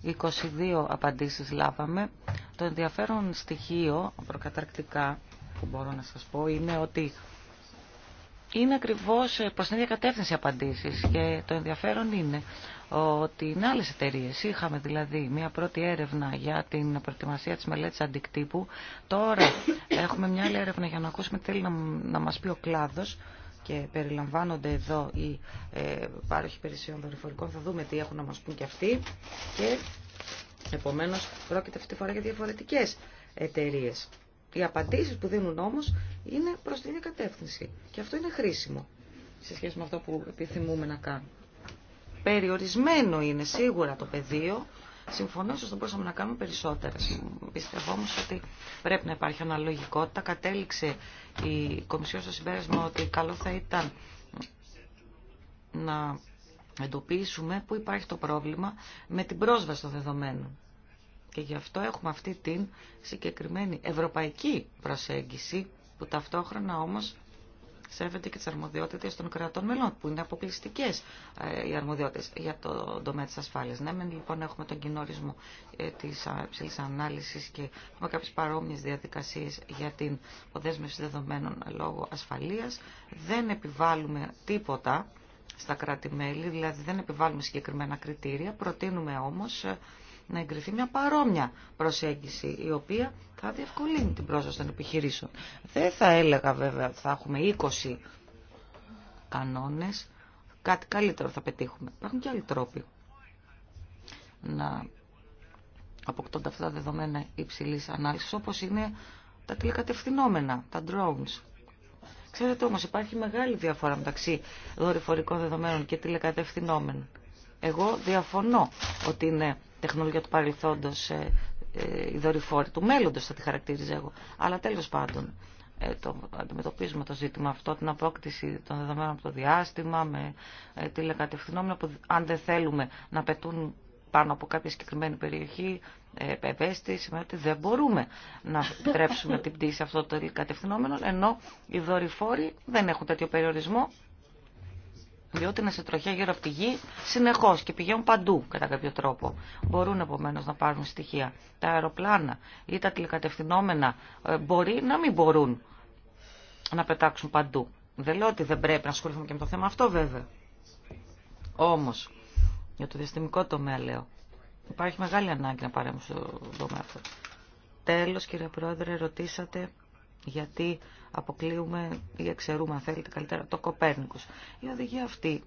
22 απαντήσεις λάβαμε. Το ενδιαφέρον στοιχείο, προκαταρκτικά, που μπορώ να σας πω, είναι ότι είναι ακριβώς προς την ίδια κατεύθυνση απαντήσεις και το ενδιαφέρον είναι ότι είναι άλλες εταιρείε. Είχαμε δηλαδή μια πρώτη έρευνα για την προετοιμασία της μελέτης αντικτύπου. Τώρα έχουμε μια άλλη έρευνα για να ακούσουμε τι θέλει να μας πει ο κλάδος και περιλαμβάνονται εδώ οι ε, πάροχοι υπηρεσιών δορυφορικών. Θα δούμε τι έχουν να μας πούν και αυτοί και επομένως πρόκειται αυτή τη φορά για διαφορετικές εταιρείε. Οι απαντήσεις που δίνουν όμως είναι προς την κατεύθυνση και αυτό είναι χρήσιμο σε σχέση με αυτό που επιθυμούμε να κάνουμε. Περιορισμένο είναι σίγουρα το πεδίο Συμφωνώ, ότι δεν μπορούσαμε να κάνουμε περισσότερες. Πιστεύω όμω ότι πρέπει να υπάρχει αναλογικότητα. Κατέληξε η Κομισιόν στο συμπέρασμα ότι καλό θα ήταν να εντοπίσουμε πού υπάρχει το πρόβλημα με την πρόσβαση των δεδομένων. Και γι' αυτό έχουμε αυτή την συγκεκριμένη ευρωπαϊκή προσέγγιση που ταυτόχρονα όμως σέβεται και τι αρμοδιότητε των κρατών μελών, που είναι αποκλειστικές ε, οι αρμοδιότητες για το τομέα τη ασφάλεια. Ναι, μεν λοιπόν έχουμε τον κοινό ορισμό ε, της ψηλής ανάλυσης και έχουμε κάποιε παρόμοιε διαδικασίες για την οδέσμευση δεδομένων λόγω ασφαλεία. Δεν επιβάλλουμε τίποτα στα κράτη-μέλη, δηλαδή δεν επιβάλλουμε συγκεκριμένα κριτήρια, προτείνουμε όμως ε, να εγκριθεί μια παρόμοια προσέγγιση η οποία θα διευκολύνει την πρόσβαση των επιχειρήσεων. Δεν θα έλεγα βέβαια ότι θα έχουμε 20 κανόνες, κάτι καλύτερο θα πετύχουμε. Υπάρχουν και άλλοι τρόποι να αποκτώνται αυτά τα δεδομένα υψηλής ανάλυσης όπως είναι τα τηλεκατευθυνόμενα, τα drones. Ξέρετε όμως υπάρχει μεγάλη διαφορά μεταξύ δορυφορικών δεδομένων και τηλεκατευθυνόμενων. Εγώ διαφωνώ ότι είναι τεχνολογία του παρελθόντος ε, ε, οι δορυφόροι του μέλλοντος θα τη χαρακτηρίζω εγώ. Αλλά τέλος πάντων ε, το, αντιμετωπίζουμε το ζήτημα αυτό, την απόκτηση των δεδομένων από το διάστημα, με ε, τηλεκατευθυνόμενα που αν δεν θέλουμε να πετούν πάνω από κάποια συγκεκριμένη περιοχή ε, σημαίνει ότι δεν μπορούμε να τρέψουμε την πτήση αυτό το τηλεκατευθυνόμενο, ενώ οι δορυφόροι δεν έχουν τέτοιο περιορισμό, διότι είναι σε τροχιά γύρω από τη γη συνεχώς και πηγαίνουν παντού κατά κάποιο τρόπο. Μπορούν επομένω να πάρουν στοιχεία. Τα αεροπλάνα ή τα τηλεκατευθυνόμενα ε, μπορεί να μην μπορούν να πετάξουν παντού. Δεν λέω ότι δεν πρέπει να ασχοληθούμε και με το θέμα αυτό βέβαια. Όμως, για το διαστημικό τομέα λέω, υπάρχει μεγάλη ανάγκη να παρέμβουμε στο τομέα αυτό. Τέλο, κύριε Πρόεδρε, ρωτήσατε γιατί αποκλείουμε ή εξαιρούμε αν θέλετε καλύτερα το Κοπέρνικος. Η οδηγία αυτή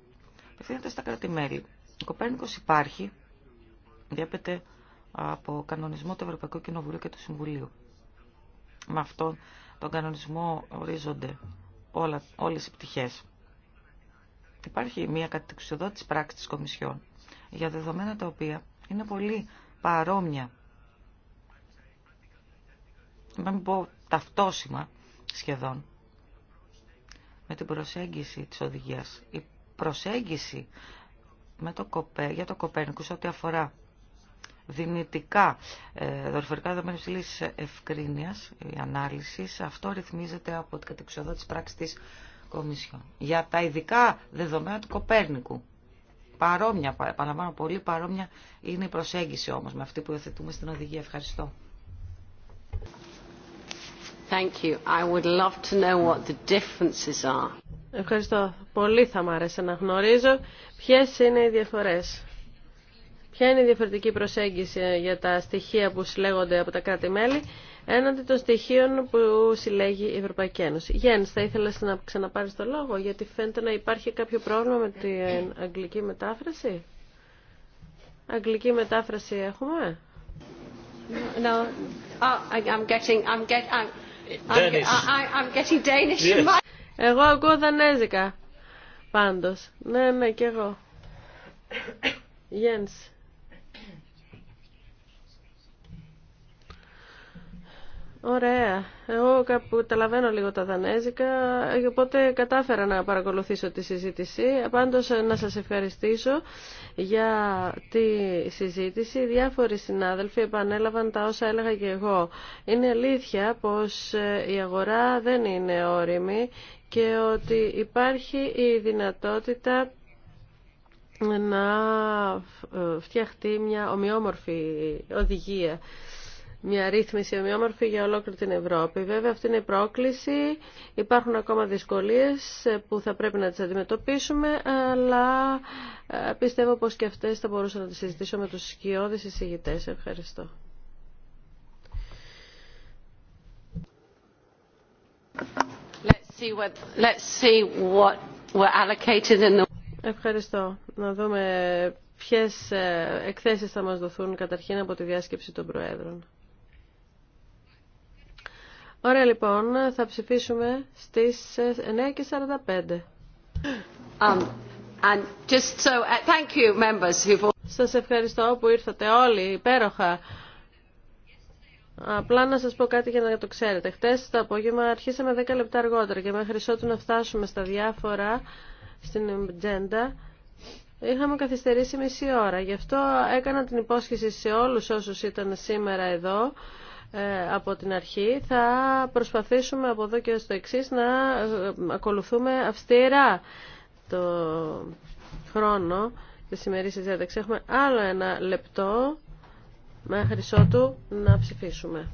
απευθύνεται στα κράτη-μέλη. Ο Κοπέρνικος υπάρχει, διέπεται από κανονισμό του Ευρωπαϊκού Κοινοβουλίου και του Συμβουλίου. Με αυτόν τον κανονισμό ορίζονται όλα, όλες οι πτυχές. Υπάρχει μια κατεξουσιοδότηση πράξη της Κομισιόν για δεδομένα τα οποία είναι πολύ παρόμοια να μην πω ταυτόσιμα σχεδόν, με την προσέγγιση της οδηγίας. Η προσέγγιση με το κοπέ, για το ό,τι αφορά δυνητικά ε, δορυφορικά δεδομένα υψηλή ευκρίνεια η ανάλυση, αυτό ρυθμίζεται από την κατεξοδότηση πράξη της Κομισιόν. Για τα ειδικά δεδομένα του Κοπέρνικου. Παρόμοια, επαναλαμβάνω πολύ παρόμοια είναι η προσέγγιση όμως με αυτή που υιοθετούμε στην οδηγία. Ευχαριστώ. Ευχαριστώ. Πολύ θα μου άρεσε να γνωρίζω ποιες είναι οι διαφορές. Ποια είναι η διαφορετική προσέγγιση ε, για τα στοιχεία που συλλέγονται από τα κράτη-μέλη έναντι των στοιχείων που συλλέγει η Ευρωπαϊκή Ένωση. Γέννη, θα ήθελα να ξαναπάρει το λόγο, γιατί φαίνεται να υπάρχει κάποιο πρόβλημα με την αγγλική μετάφραση. Αγγλική μετάφραση έχουμε. Oh, I'm getting, I'm εγώ ακούω δανέζικα. Πάντως. Ναι, ναι, κι εγώ. Jens. Ωραία. Εγώ καταλαβαίνω λίγο τα δανέζικα, οπότε κατάφερα να παρακολουθήσω τη συζήτηση. Πάντως ε, να σας ευχαριστήσω για τη συζήτηση. διάφοροι συνάδελφοι επανέλαβαν τα όσα έλεγα και εγώ. Είναι αλήθεια πως ε, η αγορά δεν είναι όρημη και ότι υπάρχει η δυνατότητα να ε, φτιαχτεί μια ομοιόμορφη οδηγία μια ρύθμιση ομοιόμορφη για ολόκληρη την Ευρώπη. Βέβαια αυτή είναι η πρόκληση. Υπάρχουν ακόμα δυσκολίες που θα πρέπει να τις αντιμετωπίσουμε, αλλά ε, πιστεύω πως και αυτές θα μπορούσα να τις συζητήσω με τους σκιώδεις εισηγητές. Ευχαριστώ. Ευχαριστώ. Να δούμε ποιες ε, εκθέσεις θα μας δοθούν καταρχήν από τη διάσκεψη των Προέδρων. Ωραία λοιπόν, θα ψηφίσουμε στις 9.45. Ε, um, and just so, uh, thank you members Σας ευχαριστώ που ήρθατε όλοι υπέροχα. Απλά να σας πω κάτι για να το ξέρετε. Χτες το απόγευμα αρχίσαμε 10 λεπτά αργότερα και μέχρι ότου να φτάσουμε στα διάφορα στην ατζέντα είχαμε καθυστερήσει μισή ώρα. Γι' αυτό έκανα την υπόσχεση σε όλους όσους ήταν σήμερα εδώ ε, από την αρχή. Θα προσπαθήσουμε από εδώ και στο εξή να ε, ακολουθούμε αυστηρά το χρόνο της σημερινή διάταξη. Έχουμε άλλο ένα λεπτό μέχρι ότου να ψηφίσουμε.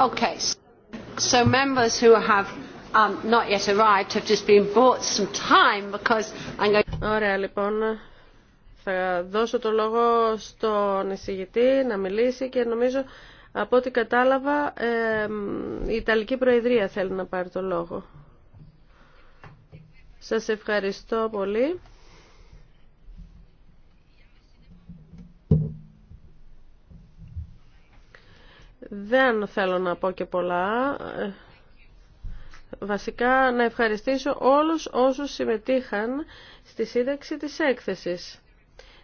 Okay. So members who have um, not yet arrived have just been some time because Ωραία λοιπόν. Θα δώσω το λόγο στον εισηγητή να μιλήσει και νομίζω από ό,τι κατάλαβα η Ιταλική Προεδρία θέλει να πάρει το λόγο. Σας ευχαριστώ πολύ. Δεν θέλω να πω και πολλά. Ε, βασικά να ευχαριστήσω όλους όσους συμμετείχαν στη σύνταξη της έκθεσης.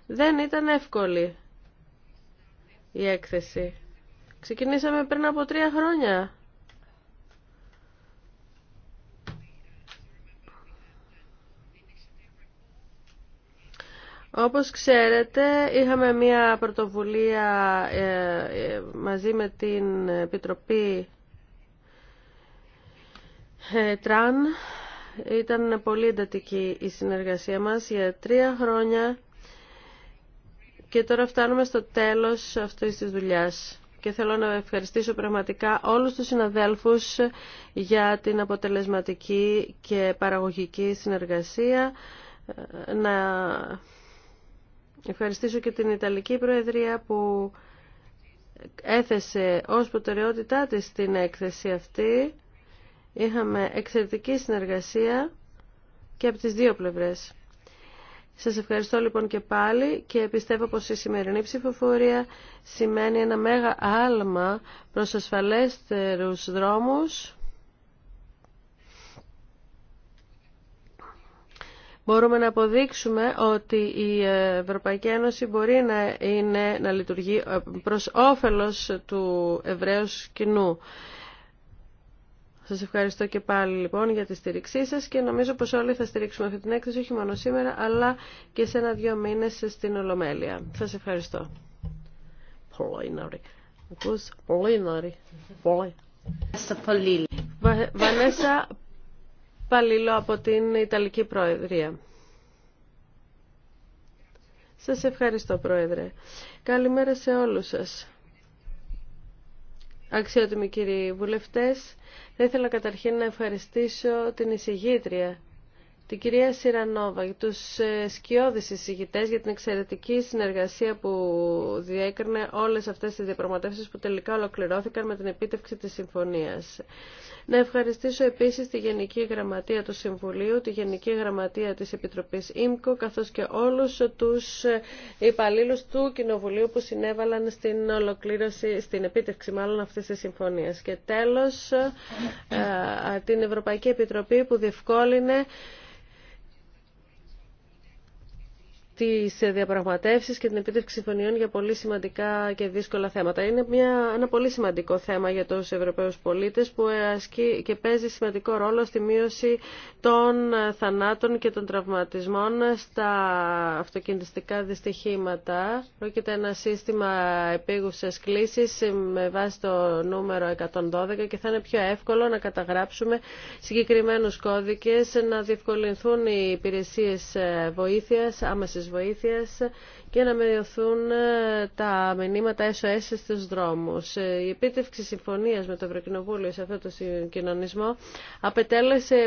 Δεν ήταν εύκολη η έκθεση. Ξεκινήσαμε πριν από τρία χρόνια Όπως ξέρετε, είχαμε μια πρωτοβουλία ε, ε, μαζί με την Επιτροπή ε, Τραν. Ήταν πολύ εντατική η συνεργασία μας για τρία χρόνια και τώρα φτάνουμε στο τέλος αυτής της δουλειάς. Και θέλω να ευχαριστήσω πραγματικά όλους τους συναδέλφους για την αποτελεσματική και παραγωγική συνεργασία. Να ευχαριστήσω και την Ιταλική Προεδρία που έθεσε ως προτεραιότητά της την έκθεση αυτή. Είχαμε εξαιρετική συνεργασία και από τις δύο πλευρές. Σας ευχαριστώ λοιπόν και πάλι και πιστεύω πως η σημερινή ψηφοφορία σημαίνει ένα μέγα άλμα προς ασφαλέστερους δρόμους μπορούμε να αποδείξουμε ότι η Ευρωπαϊκή Ένωση μπορεί να, είναι, να λειτουργεί προς όφελος του Εβραίου κοινού. Σας ευχαριστώ και πάλι λοιπόν για τη στήριξή σας και νομίζω πως όλοι θα στηρίξουμε αυτή την έκθεση όχι μόνο σήμερα αλλά και σε ένα-δυο μήνες στην Ολομέλεια. Σας ευχαριστώ. Ακούς, Βανέσα παλίλο από την Ιταλική Προεδρία. Σας ευχαριστώ, Πρόεδρε. Καλημέρα σε όλους σας. Αξιότιμοι κύριοι βουλευτές, θα ήθελα καταρχήν να ευχαριστήσω την εισηγήτρια την κυρία Σιρανόβα, τους ε, σκιώδεις εισηγητές για την εξαιρετική συνεργασία που διέκρινε όλες αυτές τις διαπραγματεύσεις που τελικά ολοκληρώθηκαν με την επίτευξη της συμφωνίας. Να ευχαριστήσω επίσης τη Γενική Γραμματεία του Συμβουλίου, τη Γενική Γραμματεία της Επιτροπής ΙΜΚΟ, καθώς και όλους τους ε, υπαλλήλους του Κοινοβουλίου που συνέβαλαν στην ολοκλήρωση, στην επίτευξη μάλλον αυτής της συμφωνίας. Και τέλος, ε, την Ευρωπαϊκή Επιτροπή που διευκόλυνε τις διαπραγματεύσεις και την επίτευξη συμφωνιών για πολύ σημαντικά και δύσκολα θέματα. Είναι μια, ένα πολύ σημαντικό θέμα για τους Ευρωπαίους πολίτες που ασκεί και παίζει σημαντικό ρόλο στη μείωση των θανάτων και των τραυματισμών στα αυτοκινηστικά δυστυχήματα. Πρόκειται ένα σύστημα επίγουσας κλήσης με βάση το νούμερο 112 και θα είναι πιο εύκολο να καταγράψουμε συγκεκριμένους κώδικες, να διευκολυνθούν οι υπηρεσίες βοήθειας, άμεσης της βοήθειας και να μειωθούν ε, τα μηνύματα SOS στους δρόμους. Ε, η επίτευξη συμφωνίας με το Ευρωκοινοβούλιο σε αυτό το συγκοινωνισμό απετέλεσε ε,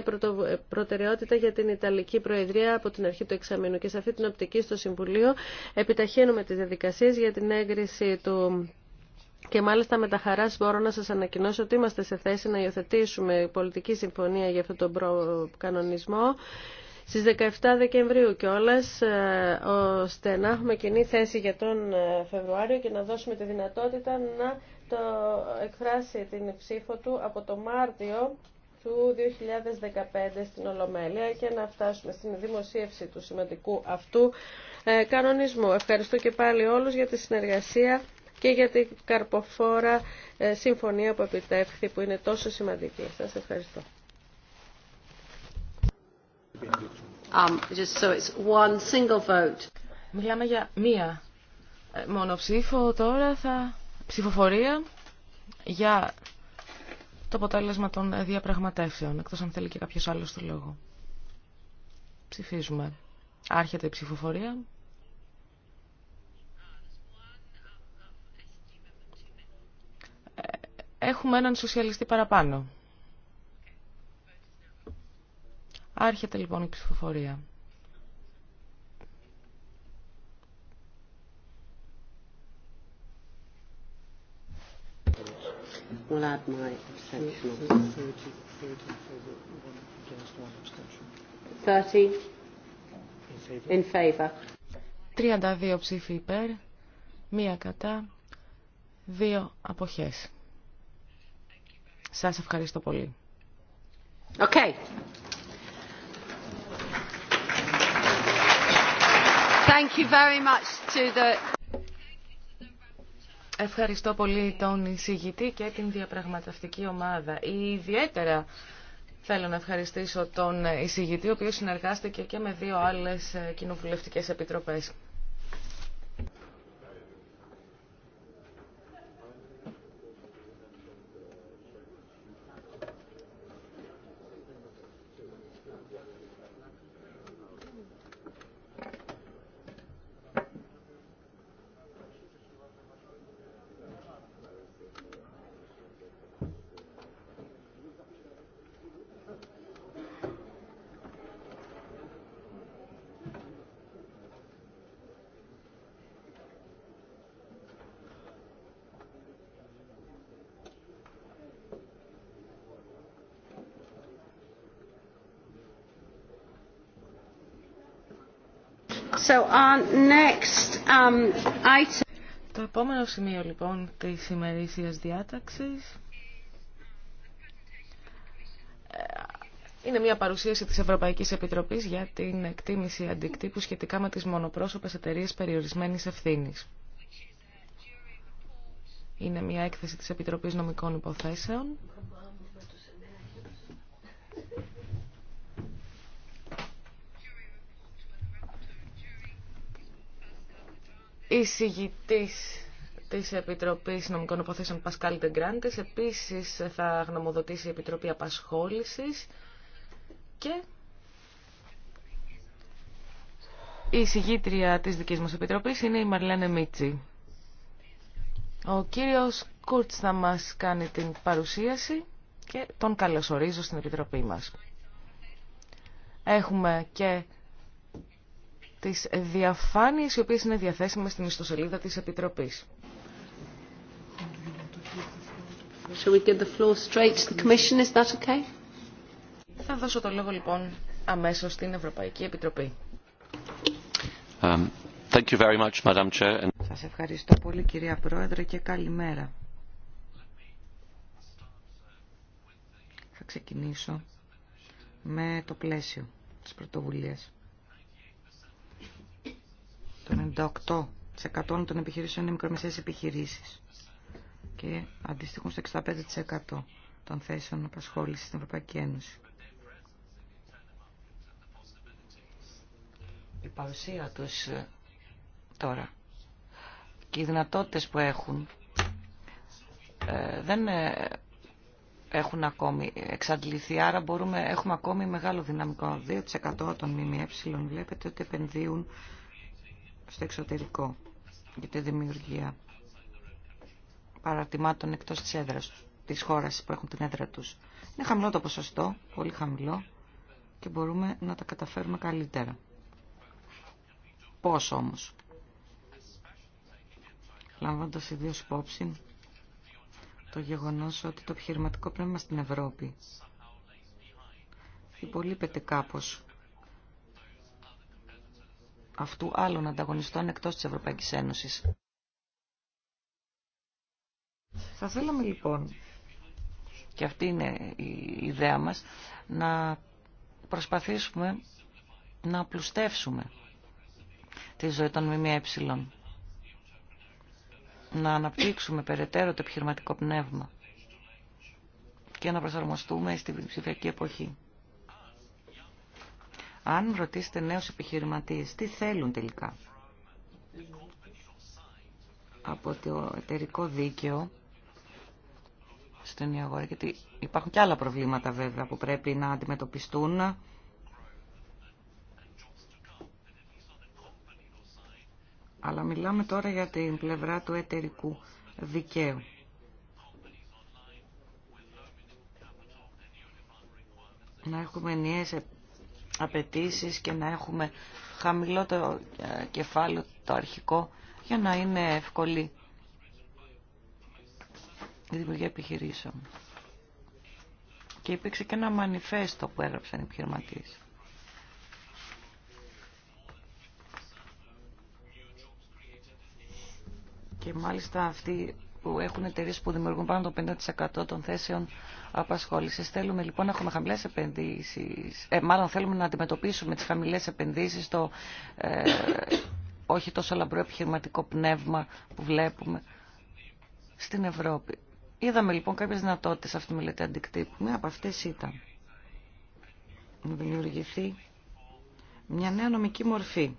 προτεραιότητα για την Ιταλική Προεδρία από την αρχή του εξαμήνου και σε αυτή την οπτική στο Συμβουλίο επιταχύνουμε τις διαδικασίες για την έγκριση του και μάλιστα με τα χαρά μπορώ να σας ανακοινώσω ότι είμαστε σε θέση να υιοθετήσουμε πολιτική συμφωνία για αυτόν τον κανονισμό στις 17 Δεκεμβρίου κιόλας, ώστε ε, να έχουμε κοινή θέση για τον ε, Φεβρουάριο και να δώσουμε τη δυνατότητα να το εκφράσει την ψήφο του από το Μάρτιο του 2015 στην Ολομέλεια και να φτάσουμε στην δημοσίευση του σημαντικού αυτού ε, κανονισμού. Ευχαριστώ και πάλι όλους για τη συνεργασία και για την καρποφόρα συμφωνία που επιτεύχθη που είναι τόσο σημαντική. Σας ευχαριστώ. Um, Μιλάμε για μία ε, μονοψήφο τώρα θα ψηφοφορία για το αποτέλεσμα των διαπραγματεύσεων, εκτός αν θέλει και κάποιος άλλος το λόγο. Ψηφίζουμε. Άρχεται η ψηφοφορία. Ε, έχουμε έναν σοσιαλιστή παραπάνω. Άρχεται λοιπόν η ψηφοφορία. 30 in favor. 32 ψήφοι υπέρ, μία κατά, δύο αποχές. Σας ευχαριστώ πολύ. Okay. Ευχαριστώ πολύ τον εισηγητή και την διαπραγματευτική ομάδα. Ιδιαίτερα θέλω να ευχαριστήσω τον εισηγητή, ο οποίος συνεργάστηκε και με δύο άλλες κοινοβουλευτικές επιτροπές. Um, Το επόμενο σημείο λοιπόν της ημερήσιας διάταξης ε, είναι μια παρουσίαση της Ευρωπαϊκής Επιτροπής για την εκτίμηση αντικτύπου σχετικά με τις μονοπρόσωπες εταιρείες περιορισμένης ευθύνης. Είναι μια έκθεση της Επιτροπής Νομικών Υποθέσεων η εισηγητής της Επιτροπής Νομικών Οποθέσεων Πασκάλ Τεγκράντες. Επίσης θα γνωμοδοτήσει η Επιτροπή Απασχόλησης και η εισηγήτρια της δικής μας Επιτροπής είναι η Μαρλένε Μίτσι. Ο κύριος Κούρτς θα μας κάνει την παρουσίαση και τον καλωσορίζω στην Επιτροπή μας. Έχουμε και τις διαφάνειες οι οποίες είναι διαθέσιμες στην ιστοσελίδα της Επιτροπής. Θα δώσω το λόγο λοιπόν αμέσως στην Ευρωπαϊκή Επιτροπή. Um, Σας ευχαριστώ πολύ κυρία Πρόεδρε και καλημέρα. Θα ξεκινήσω με το πλαίσιο της πρωτοβουλίας. Το 98% των επιχειρήσεων είναι μικρομεσαίες επιχειρήσεις και αντιστοιχούν στο 65% των θέσεων απασχόλησης στην Ευρωπαϊκή Ένωση. Η παρουσία τους ε, τώρα και οι δυνατότητες που έχουν ε, δεν ε, έχουν ακόμη εξαντληθεί, άρα μπορούμε, έχουμε ακόμη μεγάλο δυναμικό. 2% των ΜΜΕ βλέπετε ότι επενδύουν στο εξωτερικό για τη δημιουργία παρατημάτων εκτός της έδρας της χώρας που έχουν την έδρα τους. Είναι χαμηλό το ποσοστό, πολύ χαμηλό και μπορούμε να τα καταφέρουμε καλύτερα. Πώς όμως. Λαμβάνοντας ιδίω υπόψη το γεγονός ότι το επιχειρηματικό πνεύμα στην Ευρώπη υπολείπεται κάπως αυτού άλλων ανταγωνιστών εκτός της Ευρωπαϊκής Ένωσης. Θα θέλαμε λοιπόν, και αυτή είναι η ιδέα μας, να προσπαθήσουμε να απλουστεύσουμε τη ζωή των ΜΜΕ, να αναπτύξουμε περαιτέρω το επιχειρηματικό πνεύμα και να προσαρμοστούμε στην ψηφιακή εποχή. Αν ρωτήσετε νέους επιχειρηματίες τι θέλουν τελικά από το εταιρικό δίκαιο στην αγορά, γιατί υπάρχουν και άλλα προβλήματα βέβαια που πρέπει να αντιμετωπιστούν. Αλλά μιλάμε τώρα για την πλευρά του εταιρικού δικαίου. Να έχουμε απαιτήσει και να έχουμε χαμηλό το ε, κεφάλαιο το αρχικό για να είναι ευκολή η δημιουργία επιχειρήσεων. Και υπήρξε και ένα μανιφέστο που έγραψαν οι επιχειρηματίες. Και μάλιστα αυτή που έχουν εταιρείε που δημιουργούν πάνω το 50% των θέσεων απασχόληση. Θέλουμε λοιπόν να έχουμε χαμηλέ επενδύσει. Ε, μάλλον θέλουμε να αντιμετωπίσουμε τι χαμηλέ επενδύσει, το ε, όχι τόσο λαμπρό επιχειρηματικό πνεύμα που βλέπουμε στην Ευρώπη. Είδαμε λοιπόν κάποιε δυνατότητε αυτή τη μελέτη αντικτύπου. Μία από αυτέ ήταν να δημιουργηθεί μια νέα νομική μορφή.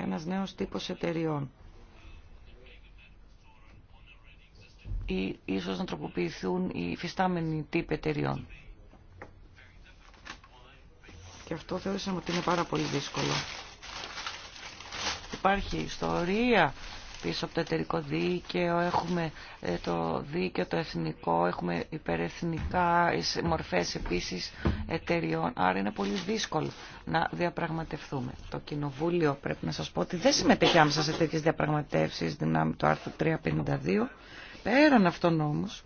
Ένας νέος τύπος εταιριών ή ίσως να τροποποιηθούν οι φυστάμενοι τύποι εταιριών. Και αυτό θεώρησαμε ότι είναι πάρα πολύ δύσκολο. Υπάρχει ιστορία πίσω από το εταιρικό δίκαιο, έχουμε ε, το δίκαιο το εθνικό, έχουμε υπερεθνικά μορφές επίσης εταιριών, άρα είναι πολύ δύσκολο να διαπραγματευτούμε. Το Κοινοβούλιο πρέπει να σας πω ότι δεν συμμετέχει άμεσα σε τέτοιες διαπραγματεύσεις δυνάμει του άρθρου 352 Πέραν αυτών όμως,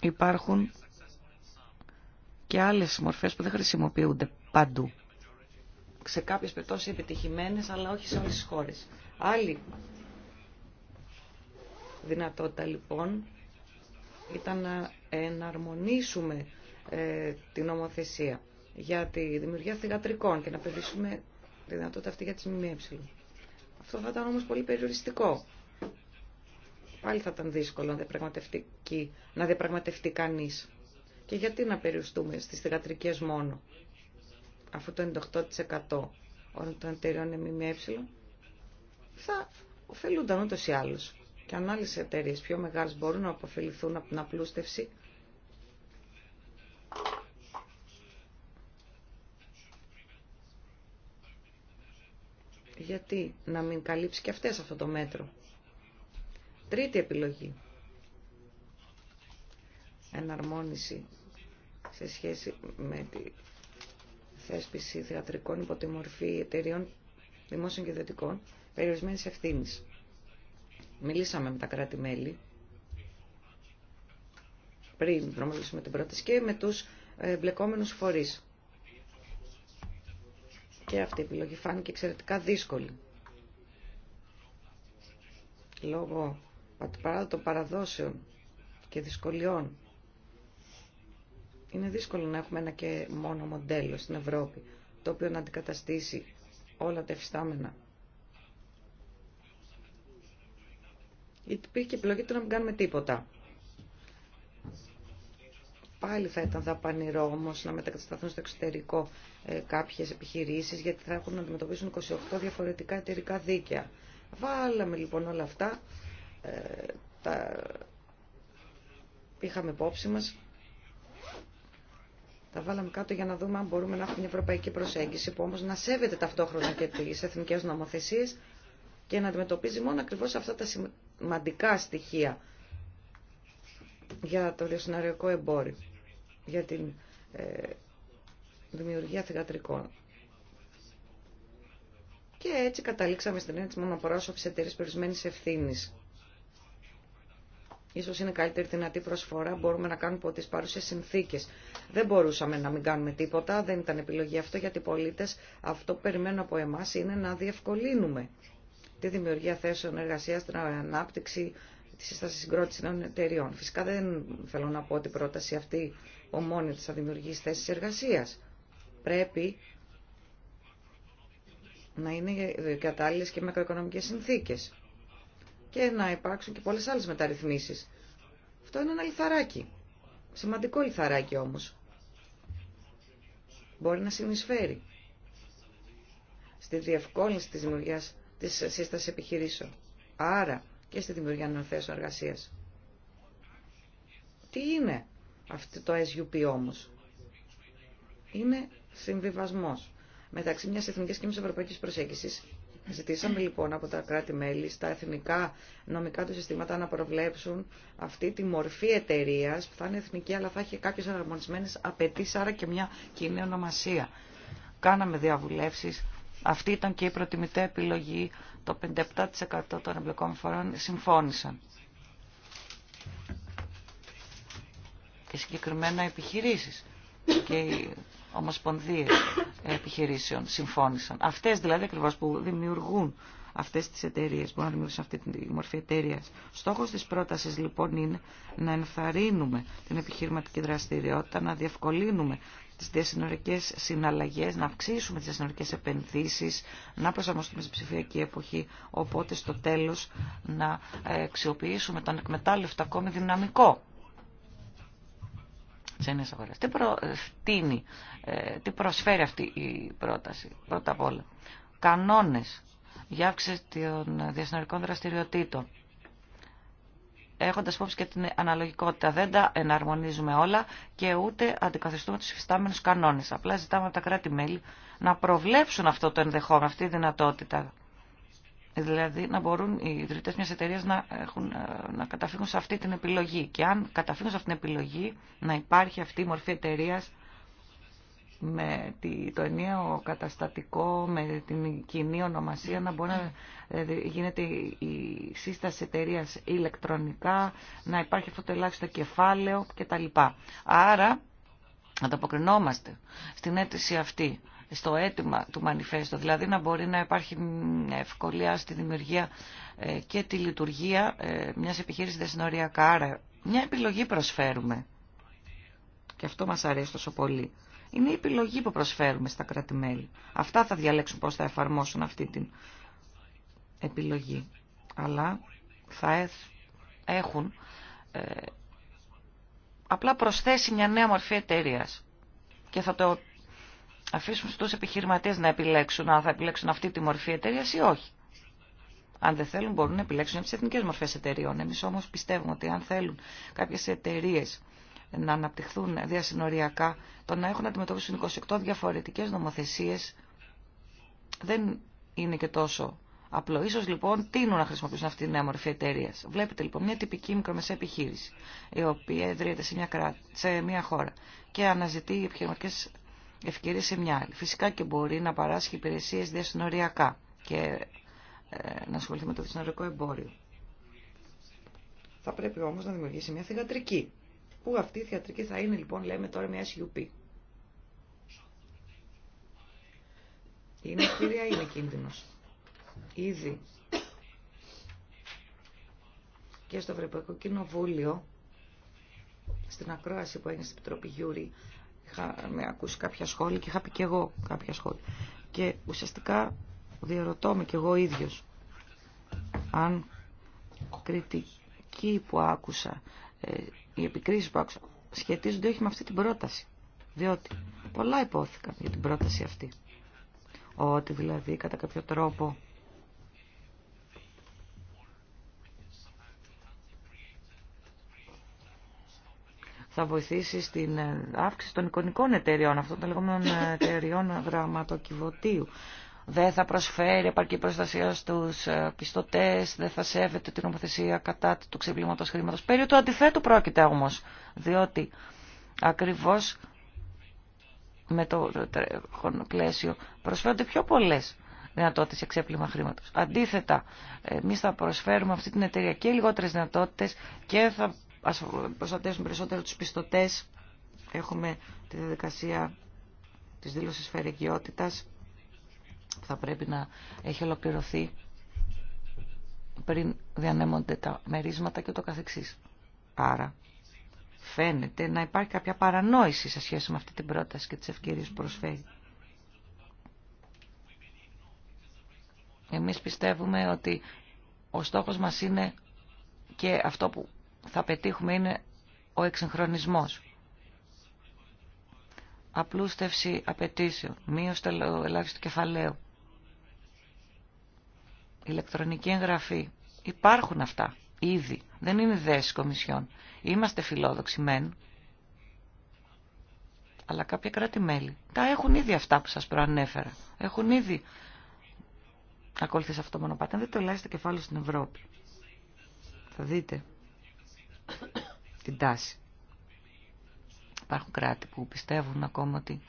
υπάρχουν και άλλες μορφές που δεν χρησιμοποιούνται παντού. Σε κάποιες περιπτώσεις επιτυχημένες, αλλά όχι σε όλες τις χώρες. Άλλη δυνατότητα λοιπόν ήταν να εναρμονίσουμε ε, την νομοθεσία για τη δημιουργία θηγατρικών και να περιορίσουμε τη δυνατότητα αυτή για τις ΜΜΕ. Αυτό θα ήταν όμως πολύ περιοριστικό. Πάλι θα ήταν δύσκολο να διαπραγματευτεί, να διαπραγματευτεί κανείς. Και γιατί να περιοριστούμε στις θηγατρικές μόνο, αφού το 98% όλων των εταιριών είναι ΜΜΕ, θα ωφελούνταν ούτως ή άλλως. Και αν άλλε εταιρείε πιο μεγάλε μπορούν να αποφεληθούν από την απλούστευση, γιατί να μην καλύψει και αυτές αυτό το μέτρο. Τρίτη επιλογή. Εναρμόνιση σε σχέση με τη θέσπιση θεατρικών υπό τη μορφή εταιριών δημόσιων και ιδιωτικών περιορισμένης ευθύνης. Μιλήσαμε με τα κράτη-μέλη πριν δρομολογήσουμε την πρόταση και με τους μπλεκόμενους φορείς και αυτή η επιλογή φάνηκε εξαιρετικά δύσκολη. Λόγω των παραδόσεων και δυσκολιών. Είναι δύσκολο να έχουμε ένα και μόνο μοντέλο στην Ευρώπη, το οποίο να αντικαταστήσει όλα τα εφιστάμενα. Υπήρχε επιλογή του να μην κάνουμε τίποτα. Πάλι θα ήταν δαπανηρό όμω να μετακατασταθούν στο εξωτερικό ε, κάποιε επιχειρήσει, γιατί θα έχουν να αντιμετωπίσουν 28 διαφορετικά εταιρικά δίκαια. Βάλαμε λοιπόν όλα αυτά, ε, τα είχαμε υπόψη μας, τα βάλαμε κάτω για να δούμε αν μπορούμε να έχουμε μια ευρωπαϊκή προσέγγιση που όμως να σέβεται ταυτόχρονα και τις εθνικές νομοθεσίες και να αντιμετωπίζει μόνο ακριβώς αυτά τα σημαντικά στοιχεία για το διασυναριακό εμπόριο για την ε, δημιουργία θεατρικών. Και έτσι καταλήξαμε στην έννοια της μονοπρόσωπης εταιρείας περισμένης ευθύνης. Ίσως είναι καλύτερη δυνατή προσφορά, μπορούμε να κάνουμε από τις παρούσες συνθήκες. Δεν μπορούσαμε να μην κάνουμε τίποτα, δεν ήταν επιλογή αυτό, γιατί οι πολίτες αυτό που περιμένουν από εμάς είναι να διευκολύνουμε τη δημιουργία θέσεων εργασίας, την ανάπτυξη τη σύσταση συγκρότηση νέων εταιριών. Φυσικά δεν θέλω να πω ότι η πρόταση αυτή ομόνια της θα δημιουργήσει θέσει εργασίας. Πρέπει να είναι κατάλληλε και μακροοικονομικές συνθήκες και να υπάρξουν και πολλές άλλες μεταρρυθμίσει. Αυτό είναι ένα λιθαράκι. Σημαντικό λιθαράκι όμως. Μπορεί να συνεισφέρει στη διευκόλυνση τη δημιουργία, τη σύσταση επιχειρήσεων. Άρα, και στη δημιουργία νέων θέσεων εργασία. Τι είναι αυτό το SUP όμω. Είναι συμβιβασμό μεταξύ μια εθνική και μια ευρωπαϊκή προσέγγιση. Ζητήσαμε λοιπόν από τα κράτη-μέλη στα εθνικά νομικά του συστήματα να προβλέψουν αυτή τη μορφή εταιρεία που θα είναι εθνική αλλά θα έχει κάποιε αναρμονισμένε απαιτήσει, άρα και μια κοινή ονομασία. Κάναμε διαβουλεύσει αυτή ήταν και η προτιμητή επιλογή. Το 57% των εμπλεκόμενων φορών συμφώνησαν. Και συγκεκριμένα επιχειρήσεις και οι ομοσπονδίες επιχειρήσεων συμφώνησαν. Αυτές δηλαδή ακριβώς που δημιουργούν αυτές τις εταιρείε, μπορούν να δημιουργήσουν αυτή τη μορφή εταιρεία. Στόχος της πρότασης λοιπόν είναι να ενθαρρύνουμε την επιχειρηματική δραστηριότητα, να διευκολύνουμε τις διασυνορικές συναλλαγές, να αυξήσουμε τις διασυνορικές επενδύσεις, να προσαρμοστούμε στην ψηφιακή εποχή, οπότε στο τέλος να ε, αξιοποιήσουμε τον εκμετάλλευτο ακόμη δυναμικό ξένες αγορές. Τι ε, ε, τι προσφέρει αυτή η πρόταση, πρώτα απ' όλα. Κανόνες για αύξηση των διασυνορικών δραστηριοτήτων. Έχοντα υπόψη και την αναλογικότητα, δεν τα εναρμονίζουμε όλα και ούτε αντικαθιστούμε τους υφιστάμενους κανόνες. Απλά ζητάμε από τα κράτη-μέλη να προβλέψουν αυτό το ενδεχόμενο, αυτή τη δυνατότητα. Δηλαδή να μπορούν οι ιδρυτέ μια εταιρείας να, ε, να καταφύγουν σε αυτή την επιλογή. Και αν καταφύγουν σε αυτή την επιλογή, να υπάρχει αυτή η μορφή εταιρεία με το ενιαίο καταστατικό, με την κοινή ονομασία να μπορεί να ε, γίνεται η σύσταση εταιρεία ηλεκτρονικά, να υπάρχει αυτό το ελάχιστο κεφάλαιο κτλ. Άρα, ανταποκρινόμαστε στην αίτηση αυτή στο αίτημα του μανιφέστο, δηλαδή να μπορεί να υπάρχει ευκολία στη δημιουργία ε, και τη λειτουργία ε, μιας επιχείρησης δεσνοριακά. Άρα μια επιλογή προσφέρουμε. Και αυτό μας αρέσει τόσο πολύ. Είναι η επιλογή που προσφέρουμε στα κράτη-μέλη. Αυτά θα διαλέξουν πώς θα εφαρμόσουν αυτή την επιλογή. Αλλά θα έχουν ε, απλά προσθέσει μια νέα μορφή εταιρεία. Και θα το αφήσουν στους επιχειρηματίες να επιλέξουν αν θα επιλέξουν αυτή τη μορφή εταιρεία ή όχι. Αν δεν θέλουν μπορούν να επιλέξουν τις εθνικές μορφές εταιρεών. Εμείς όμως πιστεύουμε ότι αν θέλουν κάποιες εταιρείε να αναπτυχθούν διασυνοριακά, το να έχουν αντιμετωπίσει 28 διαφορετικές νομοθεσίες δεν είναι και τόσο απλό. Ίσως λοιπόν τείνουν να χρησιμοποιήσουν αυτή τη νέα μορφή εταιρεία. Βλέπετε λοιπόν μια τυπική μικρομεσαία επιχείρηση, η οποία εδρύεται σε μια, χώρα και αναζητεί επιχειρηματικέ ευκαιρίες σε μια άλλη. Φυσικά και μπορεί να παράσχει υπηρεσίες διασυνοριακά και ε, να ασχοληθεί με το διασυνοριακό εμπόριο. Θα πρέπει όμως να δημιουργήσει μια θηγατρική Πού αυτή η θεατρική θα είναι λοιπόν, λέμε τώρα μια SUP. Είναι ευκαιρία ή είναι κίνδυνος. Ήδη και στο Ευρωπαϊκό Κοινοβούλιο, στην ακρόαση που έγινε στην Επιτροπή Γιούρη, με ακούσει κάποια σχόλια και είχα πει και εγώ κάποια σχόλια. Και ουσιαστικά διαρωτώ με κι εγώ ίδιος αν κριτική που άκουσα ε, οι επικρίσεις που άκουσα σχετίζονται όχι με αυτή την πρόταση. Διότι πολλά υπόθηκαν για την πρόταση αυτή. Ότι δηλαδή κατά κάποιο τρόπο θα βοηθήσει στην ε, αύξηση των εικονικών εταιριών, αυτών των λεγόμενων εταιριών γραμματοκιβωτίου δεν θα προσφέρει επαρκή προστασία στους ε, πιστωτές, δεν θα σέβεται την νομοθεσία κατά του ξεπλήματος χρήματος. Περί του αντιθέτου πρόκειται όμως, διότι ακριβώς με το χρονοπλαίσιο προσφέρονται πιο πολλές δυνατότητε για ξέπλυμα χρήματο. Αντίθετα, εμεί θα προσφέρουμε αυτή την εταιρεία και λιγότερε δυνατότητε και θα προστατεύσουμε περισσότερο του πιστωτέ. Έχουμε τη διαδικασία τη δήλωση φερεγγιότητας θα πρέπει να έχει ολοκληρωθεί πριν διανέμονται τα μερίσματα και το καθεξής. Άρα φαίνεται να υπάρχει κάποια παρανόηση σε σχέση με αυτή την πρόταση και τις ευκαιρίες που προσφέρει. Εμείς πιστεύουμε ότι ο στόχος μας είναι και αυτό που θα πετύχουμε είναι ο εξυγχρονισμός. Απλούστευση απαιτήσεων, μείωση του ελάχιστου κεφαλαίου, ηλεκτρονική εγγραφή. Υπάρχουν αυτά ήδη. Δεν είναι ιδέες κομισιών. Είμαστε φιλόδοξοι μεν, αλλά κάποια κράτη-μέλη τα έχουν ήδη αυτά που σας προανέφερα. Έχουν ήδη ακολουθήσει αυτό το μονοπάτι. Δεν το ελάχιστο κεφάλαιο στην Ευρώπη, θα δείτε την τάση. Υπάρχουν κράτη που πιστεύουν ακόμα ότι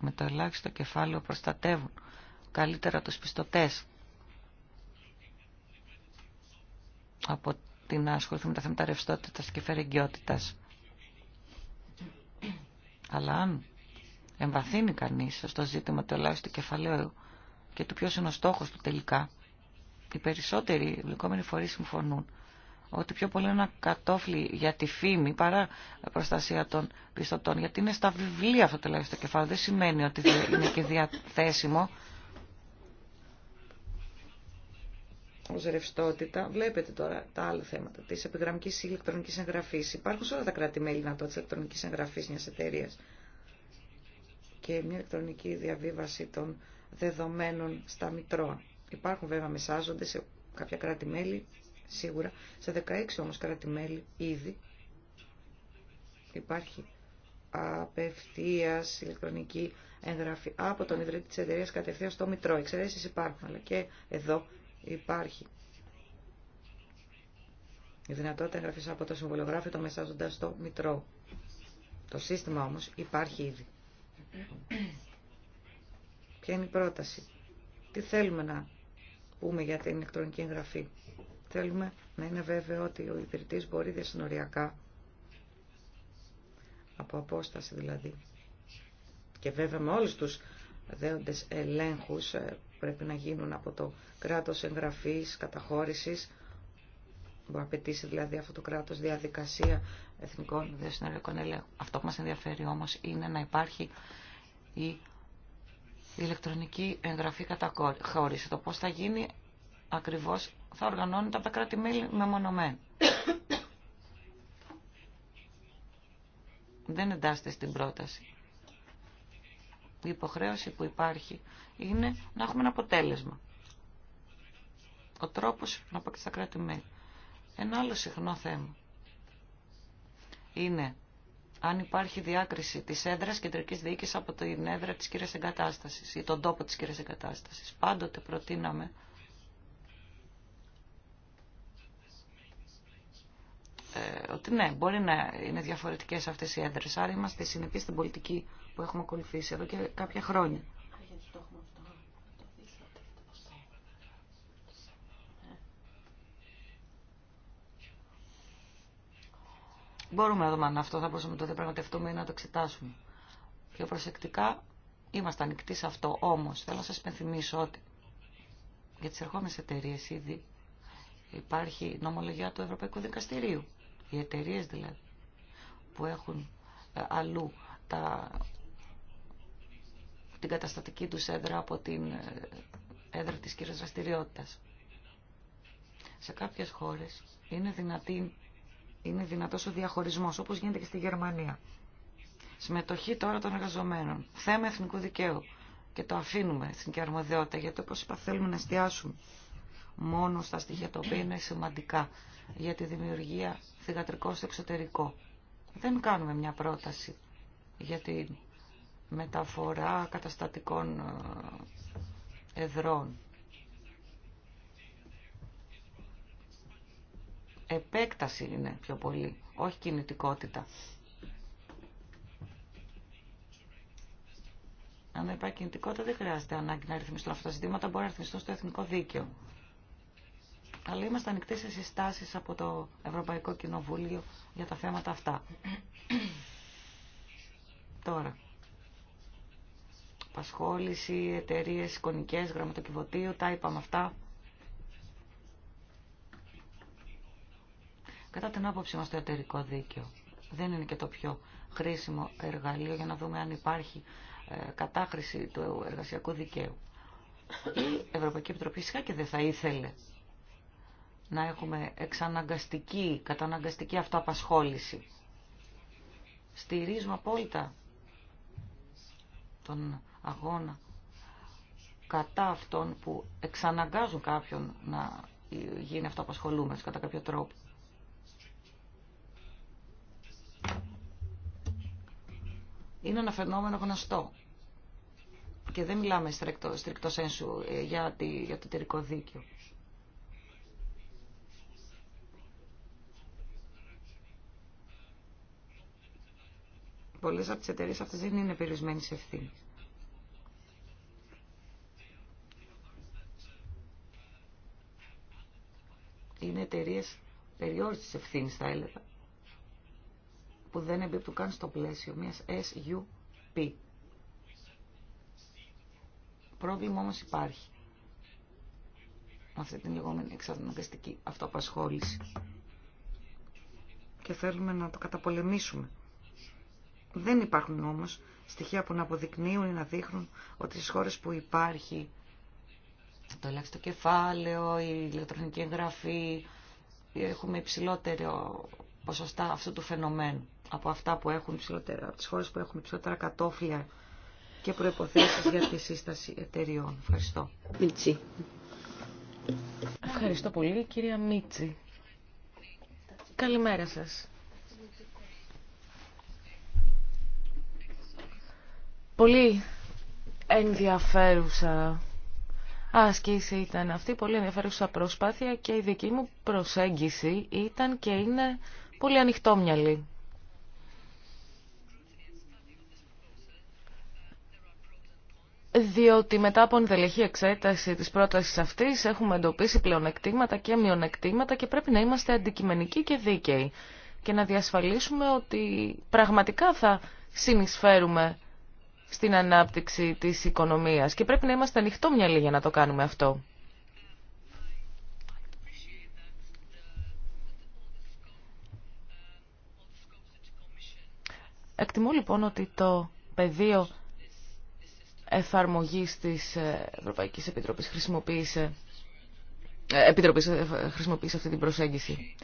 με το ελάχιστο κεφάλαιο προστατεύουν καλύτερα τους πιστωτές από την ασχοληθούμε με τα θέματα ρευστότητα και φερεγγιότητα. Αλλά αν εμβαθύνει κανείς στο ζήτημα του ελάχιστου κεφαλαίου και του ποιο είναι ο στόχο του τελικά, οι περισσότεροι βλεκόμενοι φορεί συμφωνούν ότι πιο πολύ είναι ένα κατόφλι για τη φήμη παρά προστασία των πιστωτών. Γιατί είναι στα βιβλία αυτό το ελάχιστο κεφάλαιο. Δεν σημαίνει ότι είναι και διαθέσιμο ως ρευστότητα, βλέπετε τώρα τα άλλα θέματα της επιγραμμικής ηλεκτρονικής εγγραφής. Υπάρχουν σε όλα τα κράτη-μέλη να της ηλεκτρονικής εγγραφής μιας εταιρεία και μια ηλεκτρονική διαβίβαση των δεδομένων στα μητρώα. Υπάρχουν βέβαια μεσάζονται σε κάποια κράτη-μέλη, σίγουρα, σε 16 όμως κράτη-μέλη ήδη υπάρχει απευθεία, ηλεκτρονική εγγραφή από τον ιδρύτη τη εταιρεία κατευθείαν στο Μητρό. Εξαιρέσει υπάρχουν, αλλά και εδώ υπάρχει η δυνατότητα εγγραφή από το συμβολογράφιο το μεσάζοντα στο Μητρό. Το σύστημα όμως υπάρχει ήδη. Ποια είναι η πρόταση. Τι θέλουμε να πούμε για την ηλεκτρονική εγγραφή. Θέλουμε να είναι βέβαιο ότι ο υπηρετής μπορεί διασυνοριακά, από απόσταση δηλαδή, και βέβαια με όλους τους δέοντες ελέγχους ε, πρέπει να γίνουν από το κράτος εγγραφής, καταχώρησης, που να απαιτήσει δηλαδή αυτό το κράτος διαδικασία εθνικών διασυνοριακών ελέγχων. Αυτό που μας ενδιαφέρει όμως είναι να υπάρχει η ηλεκτρονική εγγραφή καταχώρηση. Το πώς θα γίνει ακριβώς θα οργανώνεται από τα κράτη-μέλη μεμονωμένα. Δεν εντάσσεται στην πρόταση. Η υποχρέωση που υπάρχει είναι να έχουμε ένα αποτέλεσμα. Ο τρόπος να πάει στα κράτη-μέλη. Ένα άλλο συχνό θέμα είναι αν υπάρχει διάκριση της έδρας κεντρικής διοίκησης από την έδρα της κύριας εγκατάστασης ή τον τόπο της κύριας εγκατάστασης. Πάντοτε προτείναμε Ε, ότι ναι, μπορεί να είναι διαφορετικές αυτές οι έντρε, άρα είμαστε συνεπεί στην πολιτική που έχουμε ακολουθήσει εδώ και κάποια χρόνια. Μπορούμε να δούμε αν αυτό θα μπορούσαμε να το διαπραγματευτούμε ή να το εξετάσουμε. Πιο προσεκτικά είμαστε ανοιχτοί σε αυτό. Όμω θέλω να σα υπενθυμίσω ότι για τι ερχόμενε εταιρείε ήδη υπάρχει νομολογία του Ευρωπαϊκού Δικαστηρίου. Οι εταιρείε δηλαδή που έχουν ε, αλλού τα, την καταστατική τους έδρα από την ε, έδρα της κύριας δραστηριότητα. Σε κάποιες χώρες είναι, δυνατή, είναι δυνατός ο διαχωρισμός, όπως γίνεται και στη Γερμανία. Συμμετοχή τώρα των εργαζομένων. Θέμα εθνικού δικαίου. Και το αφήνουμε στην αρμοδιότητα, γιατί όπως είπα θέλουμε να εστιάσουμε μόνο στα στοιχεία τα οποία είναι σημαντικά για τη δημιουργία θηγατρικών στο εξωτερικό. Δεν κάνουμε μια πρόταση για τη μεταφορά καταστατικών ε, εδρών. Επέκταση είναι πιο πολύ, όχι κινητικότητα. Αν δεν υπάρχει κινητικότητα, δεν χρειάζεται ανάγκη να ρυθμιστούν αυτά τα ζητήματα, μπορεί να ρυθμιστούν στο εθνικό δίκαιο αλλά είμαστε ανοιχτοί σε συστάσει από το Ευρωπαϊκό Κοινοβούλιο για τα θέματα αυτά. Τώρα, Πασχόληση, εταιρείε, εικονικέ γραμματοκιβωτίο, τα είπαμε αυτά. Κατά την άποψή μας το εταιρικό δίκαιο δεν είναι και το πιο χρήσιμο εργαλείο για να δούμε αν υπάρχει ε, κατάχρηση του εργασιακού δικαίου. Η Ευρωπαϊκή Επιτροπή φυσικά και δεν θα ήθελε να έχουμε εξαναγκαστική, καταναγκαστική αυτοαπασχόληση. Στηρίζουμε απόλυτα τον αγώνα κατά αυτών που εξαναγκάζουν κάποιον να γίνει αυτοαπασχολούμενος κατά κάποιο τρόπο. Είναι ένα φαινόμενο γνωστό και δεν μιλάμε στρικτό, στρικτό σένσου ε, για, για το τερικό δίκαιο. Πολλέ από τι εταιρείε αυτέ δεν είναι σε ευθύνη. Είναι εταιρείε περιόριστη ευθύνη, θα έλεγα, που δεν εμπίπτουν καν στο πλαίσιο μιας SUP. Πρόβλημα όμως υπάρχει με αυτή την λεγόμενη εξαναγκαστική αυτοαπασχόληση. Και θέλουμε να το καταπολεμήσουμε. Δεν υπάρχουν όμως στοιχεία που να αποδεικνύουν ή να δείχνουν ότι στις χώρες που υπάρχει το ελάχιστο κεφάλαιο, η ηλεκτρονική εγγραφή, έχουμε υψηλότερο ποσοστά αυτού του φαινομένου από αυτά που έχουν υψηλότερα, από τις χώρες που έχουν υψηλότερα κατόφλια και προϋποθέσεις για τη σύσταση εταιριών. Ευχαριστώ. Μίτσι. Ευχαριστώ πολύ κυρία Μίτσι. Καλημέρα σας. Πολύ ενδιαφέρουσα άσκηση ήταν αυτή, πολύ ενδιαφέρουσα προσπάθεια και η δική μου προσέγγιση ήταν και είναι πολύ ανοιχτόμυαλη. διότι μετά από ενδελεχή εξέταση της πρότασης αυτής έχουμε εντοπίσει πλεονεκτήματα και μειονεκτήματα και πρέπει να είμαστε αντικειμενικοί και δίκαιοι και να διασφαλίσουμε ότι πραγματικά θα συνεισφέρουμε στην ανάπτυξη της οικονομίας και πρέπει να είμαστε ανοιχτό μυαλί για να το κάνουμε αυτό. Εκτιμώ λοιπόν ότι το πεδίο εφαρμογής της Ευρωπαϊκής Επιτροπής χρησιμοποίησε, ε, Επιτροπής ε, χρησιμοποίησε αυτή την προσέγγιση.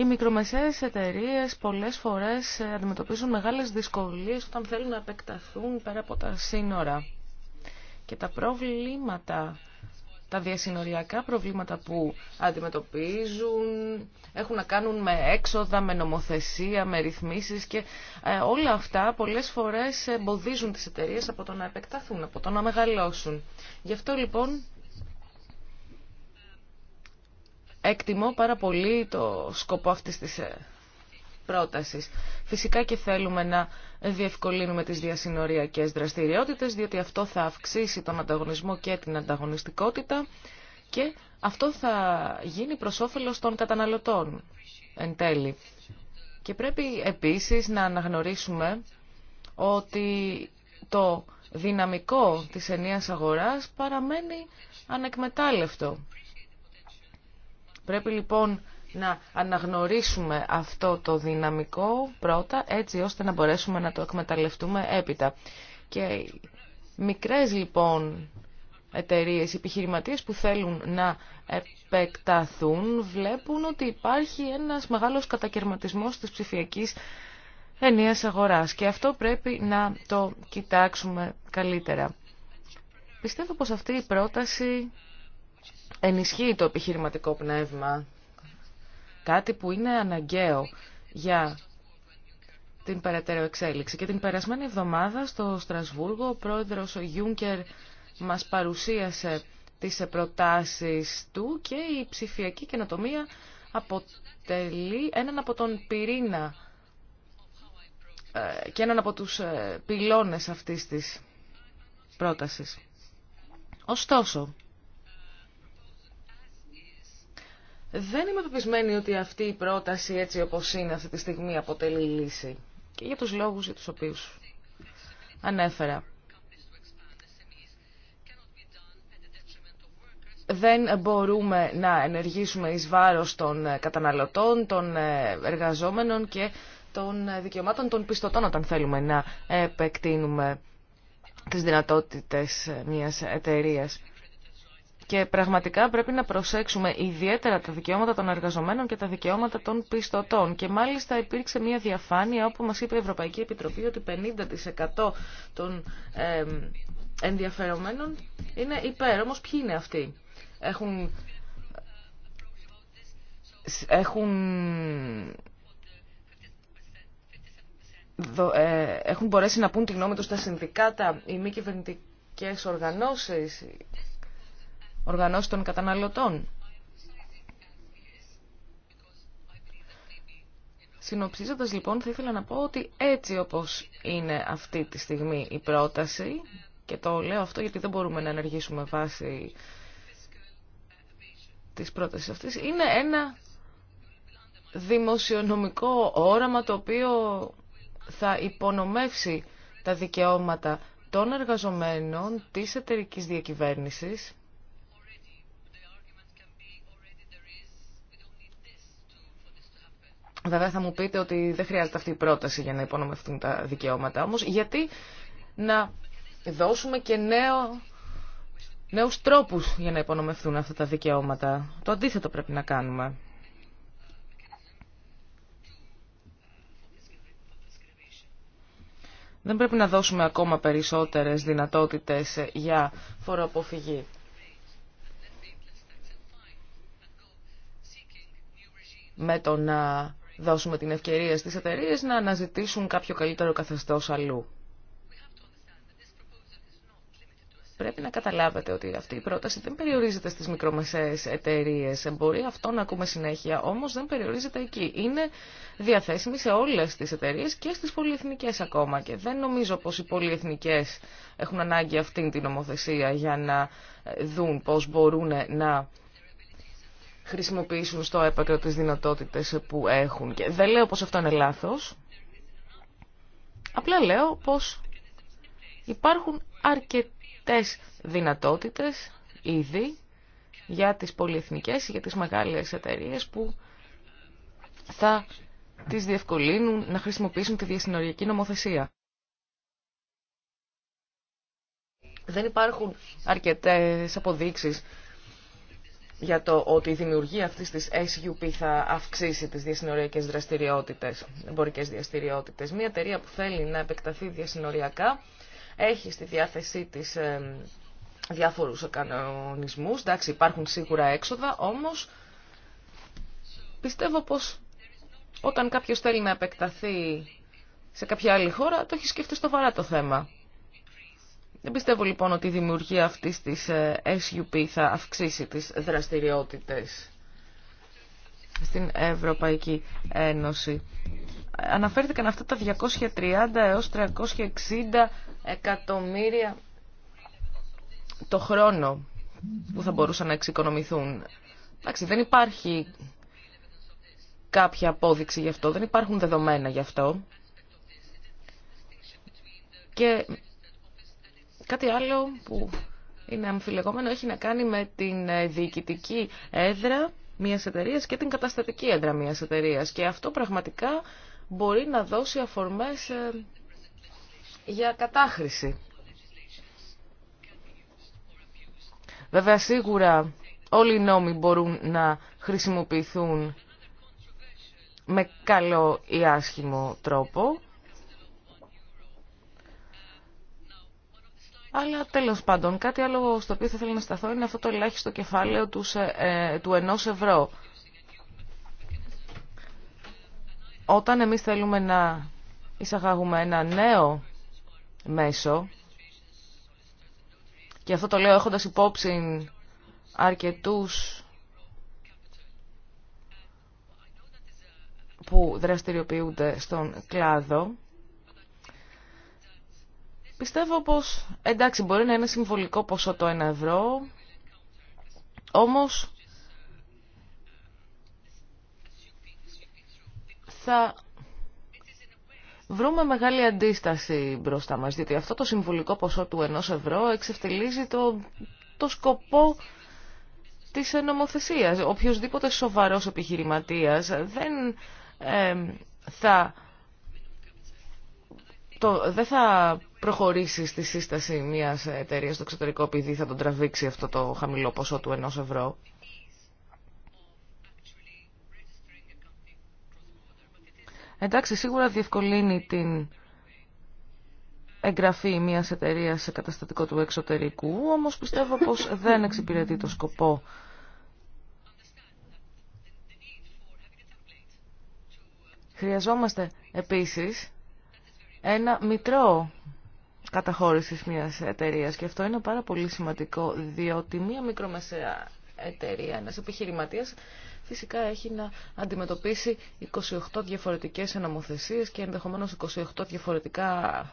Οι μικρομεσαίες εταιρείες πολλές φορές αντιμετωπίζουν μεγάλες δυσκολίες όταν θέλουν να επεκταθούν πέρα από τα σύνορα. Και τα προβλήματα, τα διασυνοριακά προβλήματα που αντιμετωπίζουν έχουν να κάνουν με έξοδα, με νομοθεσία, με ρυθμίσεις και ε, όλα αυτά πολλές φορές εμποδίζουν τις εταιρείες από το να επεκταθούν, από το να μεγαλώσουν. Γι' αυτό λοιπόν Εκτιμώ πάρα πολύ το σκοπό αυτής της ε, πρότασης. Φυσικά και θέλουμε να διευκολύνουμε τις διασυνοριακές δραστηριότητες, διότι αυτό θα αυξήσει τον ανταγωνισμό και την ανταγωνιστικότητα και αυτό θα γίνει προς όφελος των καταναλωτών εν τέλει. Και πρέπει επίσης να αναγνωρίσουμε ότι το δυναμικό της ενίας αγοράς παραμένει ανεκμετάλλευτο. Πρέπει λοιπόν να αναγνωρίσουμε αυτό το δυναμικό πρώτα έτσι ώστε να μπορέσουμε να το εκμεταλλευτούμε έπειτα. Και μικρές λοιπόν εταιρείε, επιχειρηματίε που θέλουν να επεκταθούν βλέπουν ότι υπάρχει ένας μεγάλος κατακαιρματισμός της ψηφιακής ενίας αγοράς και αυτό πρέπει να το κοιτάξουμε καλύτερα. Πιστεύω πως αυτή η πρόταση ενισχύει το επιχειρηματικό πνεύμα, κάτι που είναι αναγκαίο για την περαιτέρω εξέλιξη. Και την περασμένη εβδομάδα στο Στρασβούργο ο πρόεδρος ο Γιούνκερ μας παρουσίασε τις προτάσεις του και η ψηφιακή καινοτομία αποτελεί έναν από τον πυρήνα ε, και έναν από τους ε, πυλώνες αυτής της πρότασης. Ωστόσο, Δεν είμαι πεπισμένη ότι αυτή η πρόταση έτσι όπως είναι αυτή τη στιγμή αποτελεί λύση. Και για τους λόγους για τους οποίους ανέφερα. δεν μπορούμε να ενεργήσουμε εις βάρος των καταναλωτών, των εργαζόμενων και των δικαιωμάτων των πιστωτών όταν θέλουμε να επεκτείνουμε τις δυνατότητες μιας εταιρείας. Και πραγματικά πρέπει να προσέξουμε ιδιαίτερα τα δικαιώματα των εργαζομένων και τα δικαιώματα των πιστωτών. Και μάλιστα υπήρξε μια διαφάνεια όπου μας είπε η Ευρωπαϊκή Επιτροπή ότι 50% των ενδιαφερομένων είναι υπέρ. Όμως ποιοι είναι αυτοί. Έχουν, έχουν ε, έχουν μπορέσει να πούν τη γνώμη τους τα συνδικάτα, οι μη κυβερνητικέ οργανώσεις, οργανώσει των καταναλωτών. Συνοψίζοντας λοιπόν θα ήθελα να πω ότι έτσι όπως είναι αυτή τη στιγμή η πρόταση και το λέω αυτό γιατί δεν μπορούμε να ενεργήσουμε βάση της πρότασης αυτής είναι ένα δημοσιονομικό όραμα το οποίο θα υπονομεύσει τα δικαιώματα των εργαζομένων της εταιρικής διακυβέρνησης Βέβαια θα μου πείτε ότι δεν χρειάζεται αυτή η πρόταση για να υπονομευτούν τα δικαιώματα. Όμως γιατί να δώσουμε και νέο, νέους τρόπους για να υπονομευτούν αυτά τα δικαιώματα. Το αντίθετο πρέπει να κάνουμε. Δεν πρέπει να δώσουμε ακόμα περισσότερες δυνατότητες για φοροαποφυγή. με το να δώσουμε την ευκαιρία στις εταιρείε να αναζητήσουν κάποιο καλύτερο καθεστώς αλλού. Πρέπει να καταλάβετε ότι αυτή η πρόταση δεν περιορίζεται στις μικρομεσαίες εταιρείε. Μπορεί αυτό να ακούμε συνέχεια, όμως δεν περιορίζεται εκεί. Είναι διαθέσιμη σε όλες τις εταιρείε και στις πολυεθνικές ακόμα. Και δεν νομίζω πως οι πολυεθνικές έχουν ανάγκη αυτήν την νομοθεσία για να ε, δουν πώς μπορούν να χρησιμοποιήσουν στο έπακρο τις δυνατότητες που έχουν. Και δεν λέω πως αυτό είναι λάθος, απλά λέω πως υπάρχουν αρκετές δυνατότητες ήδη για τις πολυεθνικές ή για τις μεγάλες εταιρείες που θα τις διευκολύνουν να χρησιμοποιήσουν τη διασυνοριακή νομοθεσία. Δεν υπάρχουν αρκετές αποδείξεις για το ότι η δημιουργία αυτής της SUP θα αυξήσει τις διασυνοριακές δραστηριότητες, εμπορικές διαστηριότητε. Μια εταιρεία που θέλει να επεκταθεί διασυνοριακά έχει στη διάθεσή της ε, διάφορους κανονισμού. Εντάξει, υπάρχουν σίγουρα έξοδα, όμως πιστεύω πως όταν κάποιο θέλει να επεκταθεί σε κάποια άλλη χώρα, το έχει σκεφτεί στο βαρά το θέμα. Δεν πιστεύω λοιπόν ότι η δημιουργία αυτής της ε, SUP θα αυξήσει τις δραστηριότητες στην Ευρωπαϊκή Ένωση. Αναφέρθηκαν αυτά τα 230 έως 360 εκατομμύρια το χρόνο που θα μπορούσαν να εξοικονομηθούν. Εντάξει, δεν υπάρχει κάποια απόδειξη γι' αυτό, δεν υπάρχουν δεδομένα γι' αυτό. Και Κάτι άλλο που είναι αμφιλεγόμενο έχει να κάνει με την ε, διοικητική έδρα μία εταιρεία και την καταστατική έδρα μία εταιρεία. Και αυτό πραγματικά μπορεί να δώσει αφορμές ε, για κατάχρηση. Βέβαια σίγουρα όλοι οι νόμοι μπορούν να χρησιμοποιηθούν με καλό ή άσχημο τρόπο. Αλλά τέλος πάντων, κάτι άλλο στο οποίο θα ήθελα να σταθώ είναι αυτό το ελάχιστο κεφάλαιο του, ε, ε, του ευρώ. Όταν εμεί θέλουμε να εισαγάγουμε ένα νέο μέσο, και αυτό το λέω έχοντας υπόψη αρκετού που δραστηριοποιούνται στον κλάδο, Πιστεύω πως, εντάξει, μπορεί να είναι συμβολικό ποσό το 1 ευρώ, όμως θα βρούμε μεγάλη αντίσταση μπροστά μας, διότι αυτό το συμβολικό ποσό του 1 ευρώ εξευτελίζει το, το σκοπό της νομοθεσίας. Οποιοςδήποτε σοβαρός επιχειρηματίας δεν ε, θα... Το, δεν θα προχωρήσει στη σύσταση μιας εταιρεία στο εξωτερικό επειδή θα τον τραβήξει αυτό το χαμηλό ποσό του ενό ευρώ. Εντάξει, σίγουρα διευκολύνει την εγγραφή μιας εταιρείας σε καταστατικό του εξωτερικού, όμως πιστεύω πως δεν εξυπηρετεί το σκοπό Χρειαζόμαστε επίσης ένα μητρό καταχώρησης μιας εταιρείας και αυτό είναι πάρα πολύ σημαντικό διότι μια μικρομεσαία εταιρεία, ένας επιχειρηματίας φυσικά έχει να αντιμετωπίσει 28 διαφορετικές νομοθεσίες και ενδεχομένως 28 διαφορετικά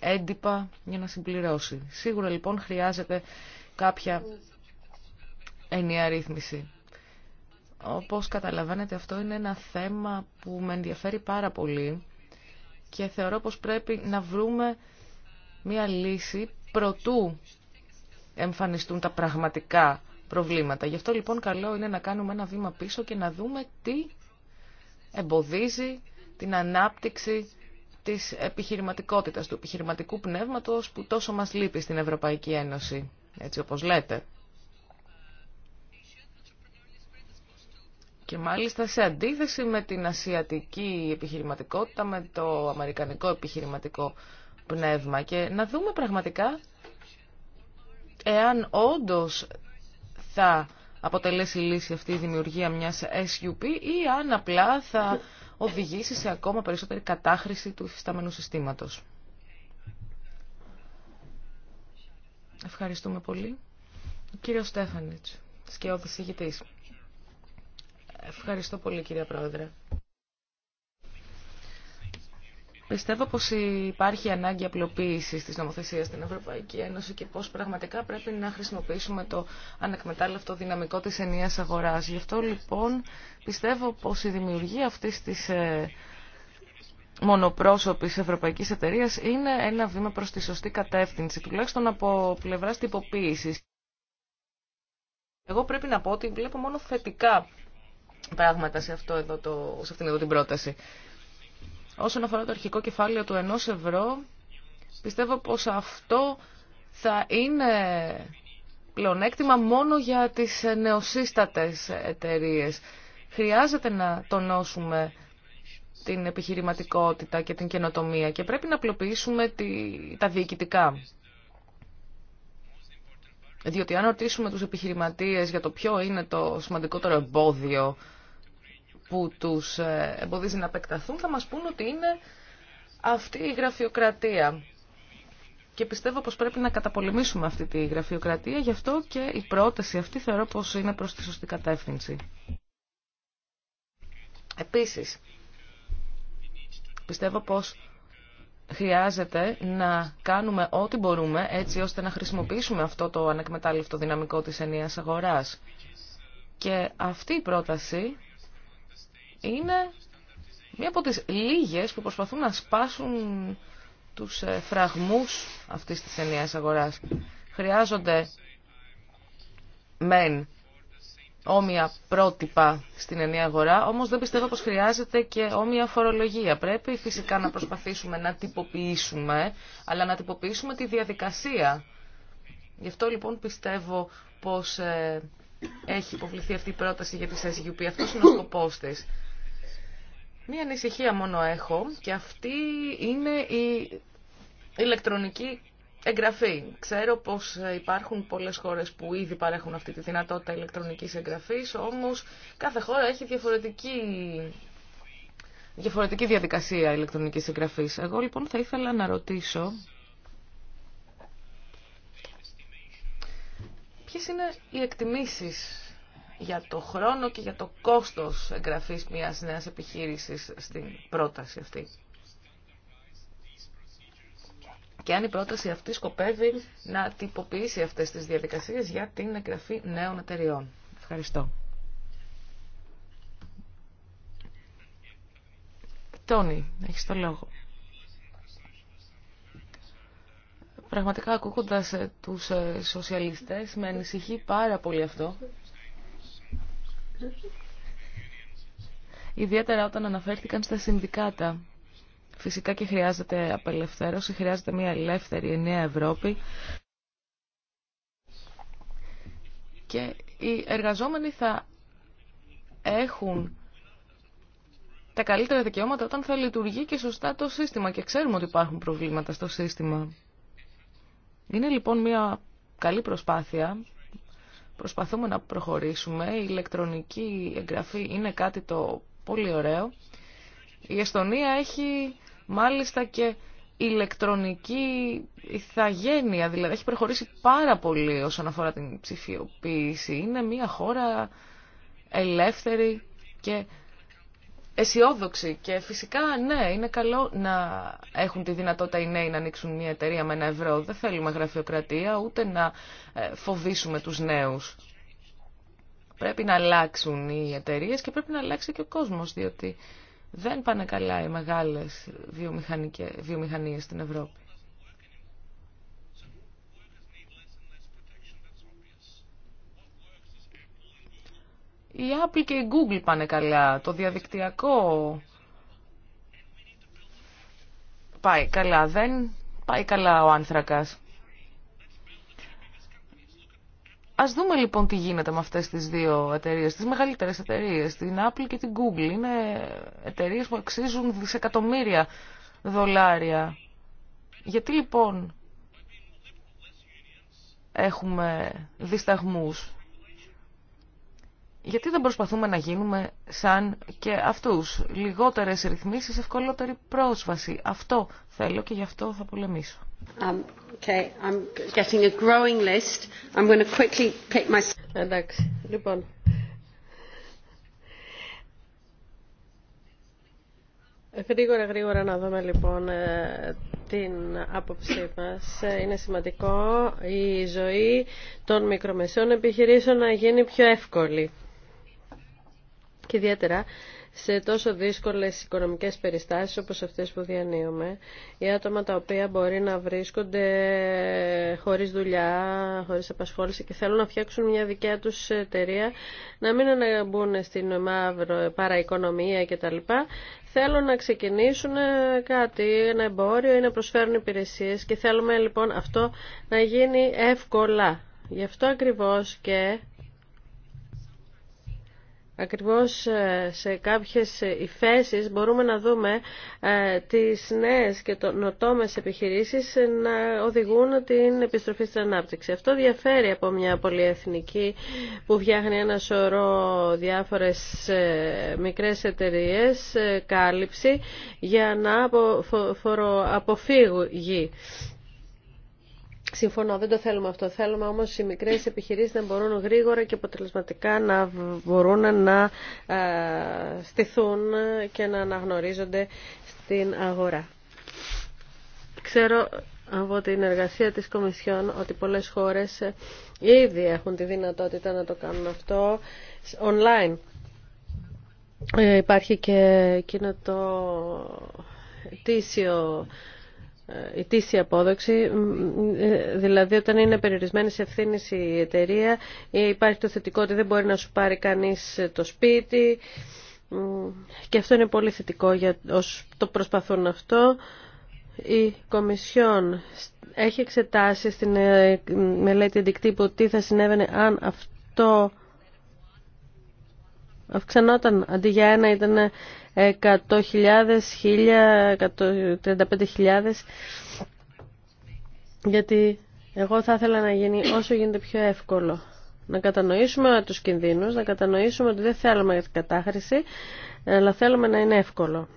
έντυπα για να συμπληρώσει. Σίγουρα λοιπόν χρειάζεται κάποια ενιαία ρύθμιση. Όπως καταλαβαίνετε αυτό είναι ένα θέμα που με ενδιαφέρει πάρα πολύ και θεωρώ πως πρέπει να βρούμε μία λύση προτού εμφανιστούν τα πραγματικά προβλήματα. Γι' αυτό λοιπόν καλό είναι να κάνουμε ένα βήμα πίσω και να δούμε τι εμποδίζει την ανάπτυξη της επιχειρηματικότητας, του επιχειρηματικού πνεύματος που τόσο μας λείπει στην Ευρωπαϊκή Ένωση, έτσι όπως λέτε. Και μάλιστα σε αντίθεση με την ασιατική επιχειρηματικότητα, με το αμερικανικό επιχειρηματικό πνεύμα και να δούμε πραγματικά εάν όντως θα αποτελέσει λύση αυτή η δημιουργία μιας SUP ή αν απλά θα οδηγήσει σε ακόμα περισσότερη κατάχρηση του υφιστάμενου συστήματος. Ευχαριστούμε πολύ. Κύριο Στέφανιτς, σκιώδης ηγητής. Ευχαριστώ πολύ κύριε Πρόεδρε. Πιστεύω πως υπάρχει ανάγκη απλοποίησης της νομοθεσίας στην Ευρωπαϊκή Ένωση και πως πραγματικά πρέπει να χρησιμοποιήσουμε το ανεκμετάλλευτο δυναμικό της ενίας αγοράς. Γι' αυτό λοιπόν πιστεύω πως η δημιουργία αυτής της ε, μονοπρόσωπης ευρωπαϊκής εταιρείας είναι ένα βήμα προς τη σωστή κατεύθυνση, τουλάχιστον από πλευράς τυποποίησης. Εγώ πρέπει να πω ότι βλέπω μόνο θετικά πράγματα σε, αυτό εδώ το, σε αυτήν εδώ την πρόταση. Όσον αφορά το αρχικό κεφάλαιο του 1 ευρώ, πιστεύω πως αυτό θα είναι πλεονέκτημα μόνο για τις νεοσύστατες εταιρείε. Χρειάζεται να τονώσουμε την επιχειρηματικότητα και την καινοτομία και πρέπει να απλοποιήσουμε τα διοικητικά. Διότι αν ρωτήσουμε τους επιχειρηματίες για το ποιο είναι το σημαντικότερο εμπόδιο που τους ε, εμποδίζει να επεκταθούν θα μας πούν ότι είναι αυτή η γραφειοκρατία. Και πιστεύω πως πρέπει να καταπολεμήσουμε αυτή τη γραφειοκρατία, γι' αυτό και η πρόταση αυτή θεωρώ πως είναι προς τη σωστή κατεύθυνση. Επίσης, πιστεύω πως χρειάζεται να κάνουμε ό,τι μπορούμε έτσι ώστε να χρησιμοποιήσουμε αυτό το ανακμετάλλευτο δυναμικό της ενίας αγοράς. Και αυτή η πρόταση είναι μία από τις λίγες που προσπαθούν να σπάσουν τους ε, φραγμούς αυτής της ενιαίας αγοράς. Χρειάζονται μεν όμοια πρότυπα στην ενιαία αγορά, όμως δεν πιστεύω πως χρειάζεται και όμοια φορολογία. Πρέπει φυσικά να προσπαθήσουμε να τυποποιήσουμε, αλλά να τυποποιήσουμε τη διαδικασία. Γι' αυτό λοιπόν πιστεύω πως ε, έχει υποβληθεί αυτή η πρόταση για τη SUP. Αυτός είναι ο σκοπός της. Μία ανησυχία μόνο έχω και αυτή είναι η ηλεκτρονική εγγραφή. Ξέρω πως υπάρχουν πολλές χώρες που ήδη παρέχουν αυτή τη δυνατότητα ηλεκτρονικής εγγραφής, όμως κάθε χώρα έχει διαφορετική, διαφορετική διαδικασία ηλεκτρονικής εγγραφής. Εγώ λοιπόν θα ήθελα να ρωτήσω ποιες είναι οι εκτιμήσεις για το χρόνο και για το κόστος εγγραφής μιας νέας επιχείρησης στην πρόταση αυτή. Και αν η πρόταση αυτή σκοπεύει να τυποποιήσει αυτές τις διαδικασίες για την εγγραφή νέων εταιριών. Ευχαριστώ. Τόνι, έχεις το λόγο. Πραγματικά ακούγοντας ε, τους ε, σοσιαλιστές με ανησυχεί πάρα πολύ αυτό. Ιδιαίτερα όταν αναφέρθηκαν στα συνδικάτα. Φυσικά και χρειάζεται απελευθέρωση, χρειάζεται μια ελεύθερη νέα Ευρώπη. Και οι εργαζόμενοι θα έχουν τα καλύτερα δικαιώματα όταν θα λειτουργεί και σωστά το σύστημα και ξέρουμε ότι υπάρχουν προβλήματα στο σύστημα. Είναι λοιπόν μια καλή προσπάθεια προσπαθούμε να προχωρήσουμε. Η ηλεκτρονική εγγραφή είναι κάτι το πολύ ωραίο. Η Εστονία έχει μάλιστα και ηλεκτρονική ηθαγένεια, δηλαδή έχει προχωρήσει πάρα πολύ όσον αφορά την ψηφιοποίηση. Είναι μια χώρα ελεύθερη και αισιόδοξοι και φυσικά ναι, είναι καλό να έχουν τη δυνατότητα οι νέοι να ανοίξουν μια εταιρεία με ένα ευρώ. Δεν θέλουμε γραφειοκρατία ούτε να ε, φοβήσουμε τους νέους. Πρέπει να αλλάξουν οι εταιρείε και πρέπει να αλλάξει και ο κόσμος διότι δεν πάνε καλά οι μεγάλες βιομηχανίες στην Ευρώπη. Η Apple και η Google πάνε καλά. Το διαδικτυακό πάει καλά. Δεν πάει καλά ο άνθρακας. Ας δούμε λοιπόν τι γίνεται με αυτές τις δύο εταιρείες, τις μεγαλύτερες εταιρείες, την Apple και την Google. Είναι εταιρείες που αξίζουν δισεκατομμύρια δολάρια. Γιατί λοιπόν έχουμε δισταγμούς γιατί δεν προσπαθούμε να γίνουμε σαν και αυτούς. Λιγότερες ρυθμίσεις, ευκολότερη πρόσβαση. Αυτό θέλω και γι' αυτό θα πολεμήσω. Εντάξει, λοιπόν. Γρήγορα, γρήγορα να δούμε λοιπόν ε, την άποψή μας. Ε, είναι σημαντικό η ζωή των μικρομεσαίων επιχειρήσεων να γίνει πιο εύκολη και ιδιαίτερα σε τόσο δύσκολες οικονομικές περιστάσεις όπως αυτές που διανύουμε οι άτομα τα οποία μπορεί να βρίσκονται χωρίς δουλειά, χωρίς απασχόληση και θέλουν να φτιάξουν μια δικιά τους εταιρεία να μην αναμπούν στην μαύρο παραοικονομία κτλ. Θέλουν να ξεκινήσουν κάτι, ένα εμπόριο ή να προσφέρουν υπηρεσίες και θέλουμε λοιπόν αυτό να γίνει εύκολα. Γι' αυτό ακριβώς και Ακριβώς ε, σε κάποιες υφέσεις μπορούμε να δούμε ε, τις νέες και νοτόμες επιχειρήσεις ε, να οδηγούν την επιστροφή στην ανάπτυξη. Αυτό διαφέρει από μια πολυεθνική που φτιάχνει ένα σωρό διάφορες μικρές εταιρείες, κάλυψη για να αποφύγει Συμφωνώ, δεν το θέλουμε αυτό. Θέλουμε όμως οι μικρές επιχειρήσεις να μπορούν γρήγορα και αποτελεσματικά να μπορούν να ε, στηθούν και να αναγνωρίζονται στην αγορά. Ξέρω από την εργασία της Κομισιόν ότι πολλές χώρες ήδη έχουν τη δυνατότητα να το κάνουν αυτό online. Ε, υπάρχει και εκείνο το τήσιο η ε, ετήσια απόδοξη, ε, δηλαδή όταν είναι περιορισμένη σε ευθύνη η εταιρεία ε, υπάρχει το θετικό ότι δεν μπορεί να σου πάρει κανείς το σπίτι και αυτό είναι πολύ θετικό για όσους το προσπαθούν αυτό. Η Κομισιόν έχει εξετάσει στην μελέτη αντικτύπου τι θα συνέβαινε αν αυτό αυξανόταν αντί για ένα ήταν 100.000, 1.000, 35.000 γιατί εγώ θα ήθελα να γίνει όσο γίνεται πιο εύκολο. Να κατανοήσουμε τους κινδύνους, να κατανοήσουμε ότι δεν θέλουμε κατάχρηση, αλλά θέλουμε να είναι εύκολο.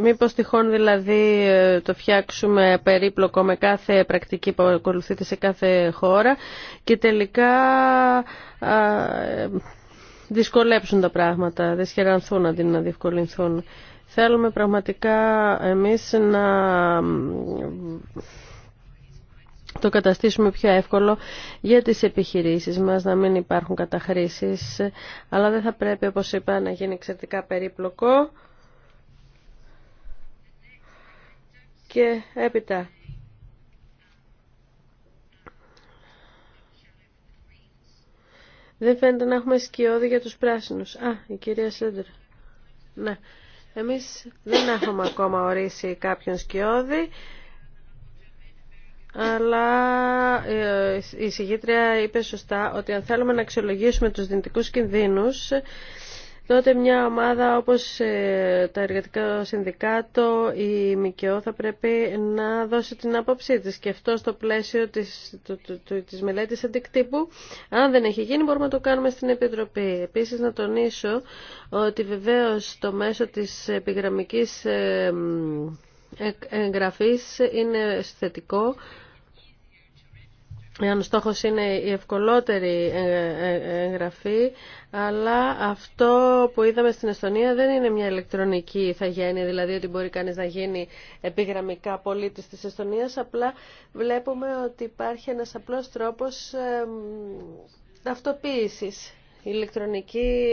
Μήπως τυχόν δηλαδή ε, το φτιάξουμε περίπλοκο με κάθε πρακτική που ακολουθείται σε κάθε χώρα και τελικά ε, δυσκολέψουν τα πράγματα, δυσχερανθούν αντί να διευκολυνθούν. Θέλουμε πραγματικά εμείς να το καταστήσουμε πιο εύκολο για τις επιχειρήσεις μας, να μην υπάρχουν καταχρήσεις, αλλά δεν θα πρέπει, όπως είπα, να γίνει εξαιρετικά περίπλοκο. και έπειτα Δεν φαίνεται να έχουμε σκιώδη για τους πράσινους. Α, η κυρία Σέντρα. Ναι. Εμείς δεν έχουμε ακόμα ορίσει κάποιον σκιώδη, αλλά ε, η συγγήτρια είπε σωστά ότι αν θέλουμε να αξιολογήσουμε τους δυνητικούς κινδύνους, τότε μια ομάδα όπως ε, τα εργατικά συνδικάτο, η ΜΚΟ θα πρέπει να δώσει την άποψή της και αυτό στο πλαίσιο της, του, της μελέτης αντικτύπου. Αν δεν έχει γίνει μπορούμε να το κάνουμε στην Επιτροπή. Επίσης να τονίσω ότι βεβαίως το μέσο της επιγραμμικής ε, ε, εγγραφής είναι θετικό αν ο στόχος είναι η ευκολότερη ε, ε, εγγραφή, αλλά αυτό που είδαμε στην Εστονία δεν είναι μια ηλεκτρονική ηθαγένεια, δηλαδή ότι μπορεί κανείς να γίνει επιγραμμικά πολίτης της Εστονίας, απλά βλέπουμε ότι υπάρχει ένας απλός τρόπος ταυτοποίησης ηλεκτρονική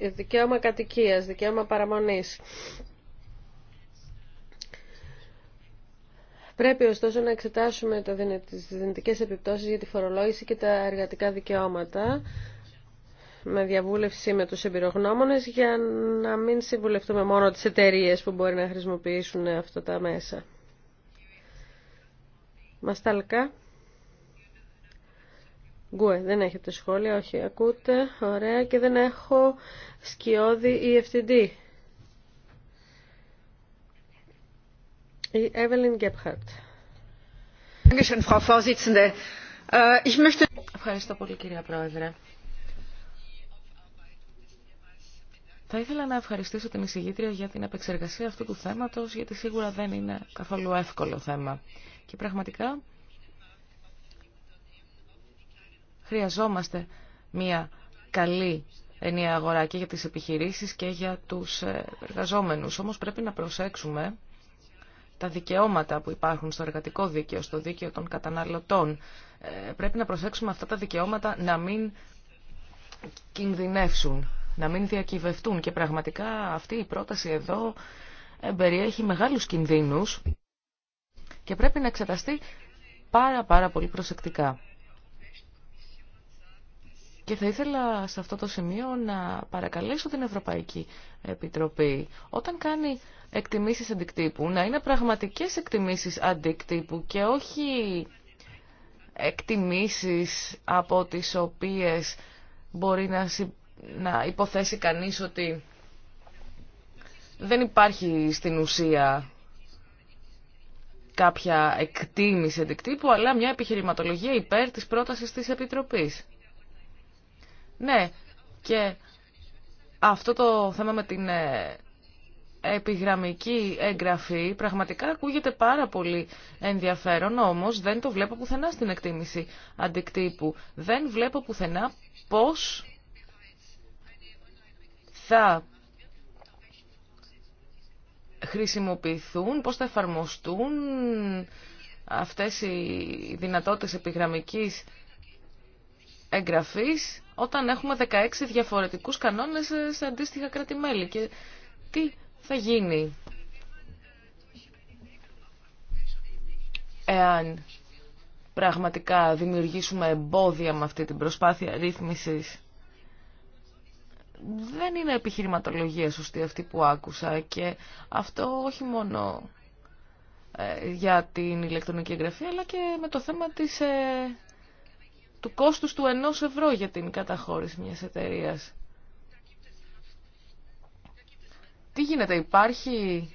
ε, δικαίωμα κατοικίας, δικαίωμα παραμονής. Πρέπει ωστόσο να εξετάσουμε τις δυνητικές επιπτώσεις για τη φορολόγηση και τα εργατικά δικαιώματα με διαβούλευση με τους εμπειρογνώμονες για να μην συμβουλευτούμε μόνο τις εταιρείε που μπορεί να χρησιμοποιήσουν αυτά τα μέσα. Μασταλκά. Γκουε, δεν έχετε σχόλια, όχι, ακούτε, ωραία και δεν έχω σκιώδη EFTD. Η Εύελιν äh, Ευχαριστώ πολύ κυρία Πρόεδρε. Θα ήθελα να ευχαριστήσω την εισηγήτρια για την επεξεργασία αυτού του θέματος, γιατί σίγουρα δεν είναι καθόλου εύκολο θέμα. Και πραγματικά χρειαζόμαστε μια καλή ενιαία αγορά και για τις επιχειρήσεις και για τους ε, εργαζόμενους. Όμως πρέπει να προσέξουμε τα δικαιώματα που υπάρχουν στο εργατικό δίκαιο, στο δίκαιο των καταναλωτών. Ε, πρέπει να προσέξουμε αυτά τα δικαιώματα να μην κινδυνεύσουν, να μην διακυβευτούν. Και πραγματικά αυτή η πρόταση εδώ ε, περιέχει μεγάλους κινδύνους και πρέπει να εξεταστεί πάρα πάρα πολύ προσεκτικά. Και θα ήθελα σε αυτό το σημείο να παρακαλέσω την Ευρωπαϊκή Επιτροπή όταν κάνει εκτιμήσεις αντικτύπου να είναι πραγματικές εκτιμήσεις αντικτύπου και όχι εκτιμήσεις από τις οποίες μπορεί να υποθέσει κανείς ότι δεν υπάρχει στην ουσία κάποια εκτίμηση αντικτύπου αλλά μια επιχειρηματολογία υπέρ της πρότασης της Επιτροπής. Ναι, και αυτό το θέμα με την ε, επιγραμμική εγγραφή πραγματικά ακούγεται πάρα πολύ ενδιαφέρον, όμως δεν το βλέπω πουθενά στην εκτίμηση αντικτύπου. Δεν βλέπω πουθενά πώς θα χρησιμοποιηθούν, πώς θα εφαρμοστούν αυτές οι δυνατότητες επιγραμμικής εγγραφής όταν έχουμε 16 διαφορετικούς κανόνες ε, σε αντίστοιχα κράτη-μέλη. Και τι θα γίνει εάν πραγματικά δημιουργήσουμε εμπόδια με αυτή την προσπάθεια ρύθμισης. Δεν είναι επιχειρηματολογία σωστή αυτή που άκουσα και αυτό όχι μόνο ε, για την ηλεκτρονική εγγραφή αλλά και με το θέμα της ε, του κόστους του ενός ευρώ για την καταχώρηση μιας εταιρείας. Τι γίνεται, υπάρχει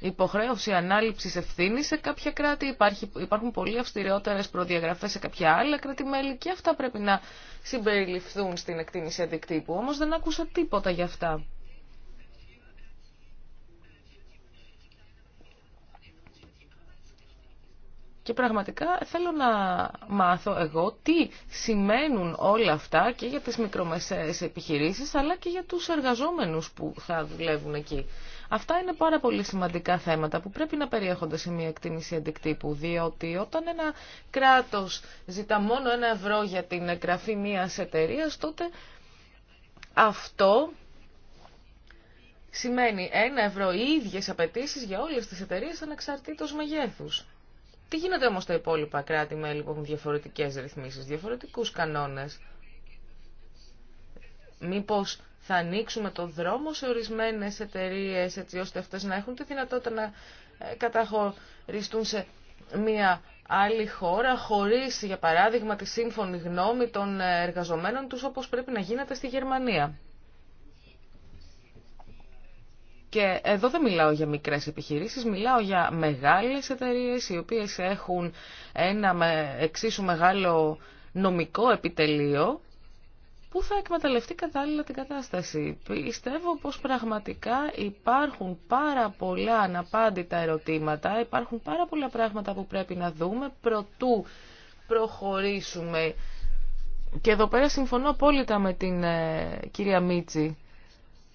υποχρέωση ανάληψης ευθύνης σε κάποια κράτη, υπάρχει, υπάρχουν πολύ αυστηροτέρες προδιαγραφές σε κάποια άλλα κράτη-μέλη και αυτά πρέπει να συμπεριληφθούν στην εκτίμηση αντικτύπου. Όμως δεν άκουσα τίποτα για αυτά. Και πραγματικά θέλω να μάθω εγώ τι σημαίνουν όλα αυτά και για τις μικρομεσαίες επιχειρήσεις αλλά και για τους εργαζόμενους που θα δουλεύουν εκεί. Αυτά είναι πάρα πολύ σημαντικά θέματα που πρέπει να περιέχονται σε μια εκτίμηση αντικτύπου, διότι όταν ένα κράτος ζητά μόνο ένα ευρώ για την εγγραφή μιας εταιρείας, τότε αυτό σημαίνει ένα ευρώ οι ίδιες απαιτήσει για όλες τις εταιρείες ανεξαρτήτως μεγέθους. Τι γίνεται όμως τα υπόλοιπα με που έχουν διαφορετικές ρυθμίσεις, διαφορετικούς κανόνες. Μήπως θα ανοίξουμε το δρόμο σε ορισμένες εταιρείε έτσι ώστε αυτές να έχουν τη δυνατότητα να ε, καταχωριστούν σε μια άλλη χώρα χωρίς για παράδειγμα τη σύμφωνη γνώμη των ε, εργαζομένων τους όπως πρέπει να γίνεται στη Γερμανία. Και εδώ δεν μιλάω για μικρές επιχειρήσεις, μιλάω για μεγάλες εταιρείες οι οποίες έχουν ένα με εξίσου μεγάλο νομικό επιτελείο που θα εκμεταλλευτεί κατάλληλα την κατάσταση. Πιστεύω πως πραγματικά υπάρχουν πάρα πολλά αναπάντητα ερωτήματα, υπάρχουν πάρα πολλά πράγματα που πρέπει να δούμε προτού προχωρήσουμε. Και εδώ πέρα συμφωνώ απόλυτα με την ε, κυρία Μίτση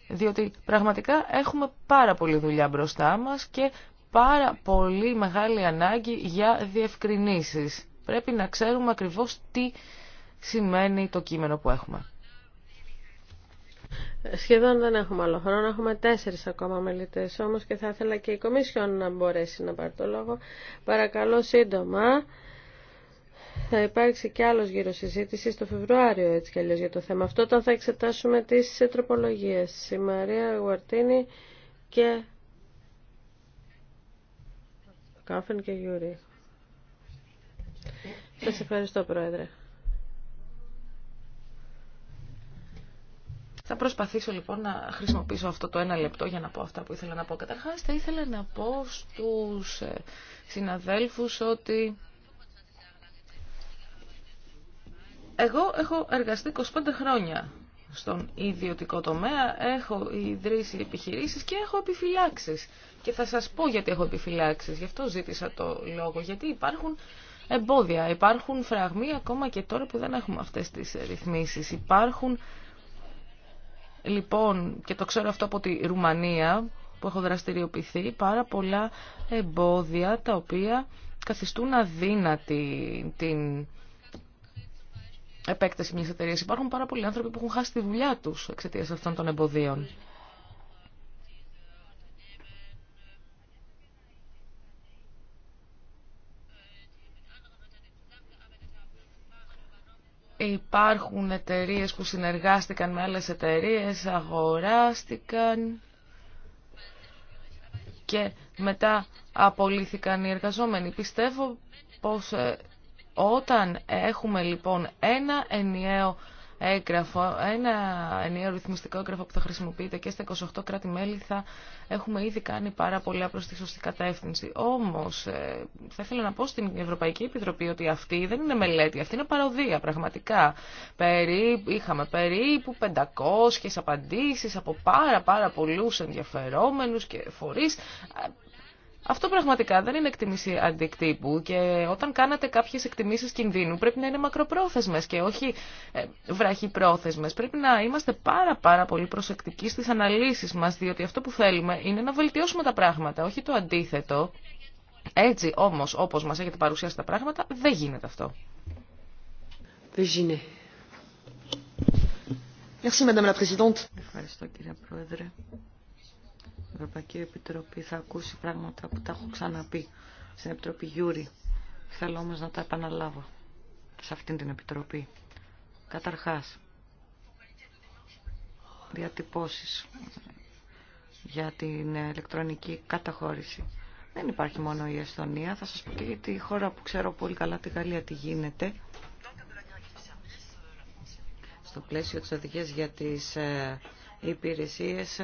διότι πραγματικά έχουμε πάρα πολλή δουλειά μπροστά μας και πάρα πολύ μεγάλη ανάγκη για διευκρινήσεις. Πρέπει να ξέρουμε ακριβώς τι σημαίνει το κείμενο που έχουμε. Σχεδόν δεν έχουμε άλλο χρόνο, έχουμε τέσσερις ακόμα μελητές όμως και θα ήθελα και η Κομίσιον να μπορέσει να πάρει το λόγο. Παρακαλώ σύντομα θα υπάρξει και άλλος γύρω συζήτηση το Φεβρουάριο έτσι κι αλλιώς για το θέμα αυτό όταν θα εξετάσουμε τις τροπολογίες. Η Μαρία Γουαρτίνη και Κάφεν και Γιούρι. Σας ευχαριστώ Πρόεδρε. Θα προσπαθήσω λοιπόν να χρησιμοποιήσω αυτό το ένα λεπτό για να πω αυτά που ήθελα να πω. Καταρχάς θα ήθελα να πω στους ε, συναδέλφους ότι Εγώ έχω εργαστεί 25 χρόνια στον ιδιωτικό τομέα, έχω ιδρύσει επιχειρήσεις και έχω επιφυλάξεις. Και θα σας πω γιατί έχω επιφυλάξεις, γι' αυτό ζήτησα το λόγο, γιατί υπάρχουν εμπόδια, υπάρχουν φραγμοί ακόμα και τώρα που δεν έχουμε αυτές τις ρυθμίσεις. Υπάρχουν, λοιπόν, και το ξέρω αυτό από τη Ρουμανία που έχω δραστηριοποιηθεί, πάρα πολλά εμπόδια τα οποία καθιστούν αδύνατη την επέκταση μιας εταιρείας. Υπάρχουν πάρα πολλοί άνθρωποι που έχουν χάσει τη δουλειά τους εξαιτίας αυτών των εμποδίων. Υπάρχουν εταιρείες που συνεργάστηκαν με άλλες εταιρείες, αγοράστηκαν και μετά απολύθηκαν οι εργαζόμενοι. Πιστεύω πως ε, όταν έχουμε λοιπόν ένα ενιαίο έγγραφο, ένα ενιαίο ρυθμιστικό έγγραφο που θα χρησιμοποιείται και στα 28 κράτη-μέλη θα έχουμε ήδη κάνει πάρα πολλά προς τη σωστή κατεύθυνση. Όμως, ε, θα ήθελα να πω στην Ευρωπαϊκή Επιτροπή ότι αυτή δεν είναι μελέτη, αυτή είναι παροδία πραγματικά. Περί, είχαμε περίπου 500 απαντήσει από πάρα πάρα πολλούς ενδιαφερόμενους και φορεί. Αυτό πραγματικά δεν είναι εκτιμήση αντικτύπου και όταν κάνατε κάποιες εκτιμήσεις κινδύνου πρέπει να είναι μακροπρόθεσμες και όχι ε, βραχυπρόθεσμες. Πρέπει να είμαστε πάρα πάρα πολύ προσεκτικοί στις αναλύσεις μας διότι αυτό που θέλουμε είναι να βελτιώσουμε τα πράγματα, όχι το αντίθετο. Έτσι όμως όπω μα έχετε παρουσιάσει τα πράγματα δεν γίνεται αυτό. Ευχαριστώ κύριε Πρόεδρε. Η Ευρωπαϊκή Επιτροπή θα ακούσει πράγματα που τα έχω ξαναπεί στην Επιτροπή Γιούρι. Θέλω όμως να τα επαναλάβω σε αυτήν την Επιτροπή. Καταρχάς, διατυπώσεις για την ηλεκτρονική καταχώρηση. Δεν υπάρχει μόνο η Εστονία, θα σας πω και για τη χώρα που ξέρω πολύ καλά, τη Γαλλία, τι γίνεται. Στο πλαίσιο της οδηγίας για τις ε, υπηρεσίες,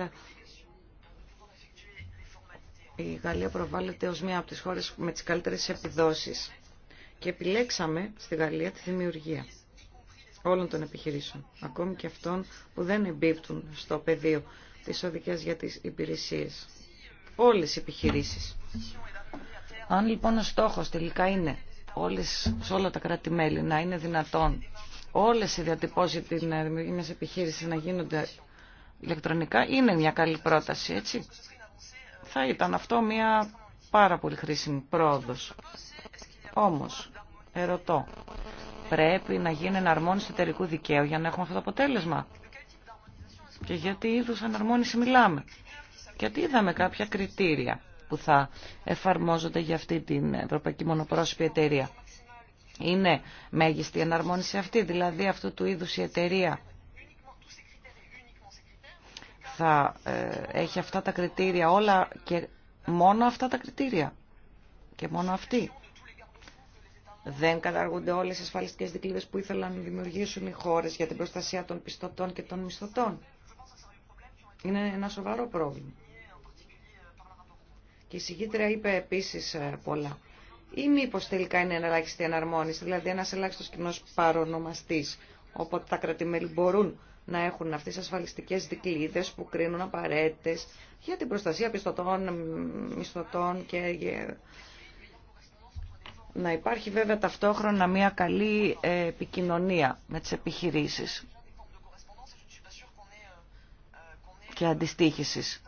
η Γαλλία προβάλλεται ως μία από τις χώρες με τις καλύτερες επιδόσεις και επιλέξαμε στη Γαλλία τη δημιουργία όλων των επιχειρήσεων, ακόμη και αυτών που δεν εμπίπτουν στο πεδίο της οδικές για τις υπηρεσίες. Όλες οι επιχειρήσεις. Αν λοιπόν ο στόχος τελικά είναι όλες, σε όλα τα κράτη-μέλη να είναι δυνατόν όλες οι διατυπώσεις την δημιουργία επιχείρησης να γίνονται ηλεκτρονικά, είναι μια καλή πρόταση, έτσι. Θα ήταν αυτό μια πάρα πολύ χρήσιμη πρόοδος. Όμως, ερωτώ, πρέπει να γίνει εναρμόνιση εταιρικού δικαίου για να έχουμε αυτό το αποτέλεσμα. Και γιατί είδους εναρμόνιση μιλάμε. Γιατί είδαμε κάποια κριτήρια που θα εφαρμόζονται για αυτή την Ευρωπαϊκή Μονοπρόσωπη Εταιρεία. Είναι μέγιστη εναρμόνιση αυτή, δηλαδή αυτού του είδους η εταιρεία θα ε, έχει αυτά τα κριτήρια όλα και μόνο αυτά τα κριτήρια και μόνο αυτή. Δεν καταργούνται όλες οι ασφαλιστικές δικλείδες που ήθελαν να δημιουργήσουν οι χώρες για την προστασία των πιστωτών και των μισθωτών. Είναι ένα σοβαρό πρόβλημα. Και η συγκήτρια είπε επίσης ε, πολλά. Ή μήπω τελικά είναι ένα ελάχιστη εναρμόνιση, δηλαδή ένας ελάχιστος κοινός παρονομαστής, οπότε τα κρατημέλη μπορούν να έχουν αυτές τις ασφαλιστικές δικλείδες που κρίνουν απαραίτητες για την προστασία πιστωτών, μισθωτών και να υπάρχει βέβαια ταυτόχρονα μια καλή ε, επικοινωνία με τις επιχειρήσεις και αντιστοίχησης.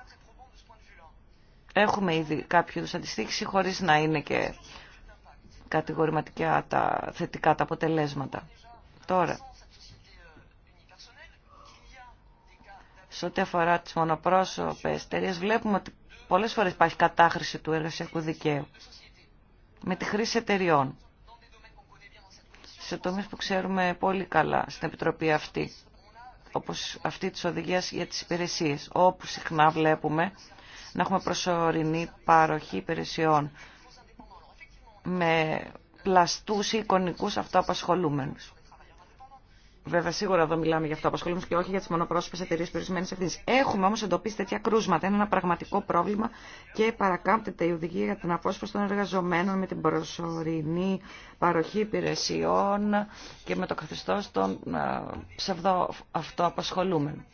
Έχουμε ήδη κάποιο είδους αντιστοίχηση χωρίς να είναι και κατηγορηματικά τα θετικά τα αποτελέσματα. Τώρα, σε ό,τι αφορά τις μονοπρόσωπες εταιρείε, βλέπουμε ότι πολλές φορές υπάρχει κατάχρηση του εργασιακού δικαίου με τη χρήση εταιριών σε τομείς που ξέρουμε πολύ καλά στην Επιτροπή αυτή όπως αυτή της οδηγίας για τις υπηρεσίες όπου συχνά βλέπουμε να έχουμε προσωρινή παροχή υπηρεσιών με πλαστούς ή εικονικούς αυτοαπασχολούμενους. Βέβαια, σίγουρα εδώ μιλάμε για αυτό. Απασχολούμαστε και όχι για τι μονοπρόσωπε εταιρείε περιορισμένη ευθύνη. Έχουμε όμω εντοπίσει τέτοια κρούσματα. Είναι ένα πραγματικό πρόβλημα και παρακάμπτεται η οδηγία για την απόσπαση των εργαζομένων με την προσωρινή παροχή υπηρεσιών και με το καθεστώ των ψευδοαυτοαπασχολούμενων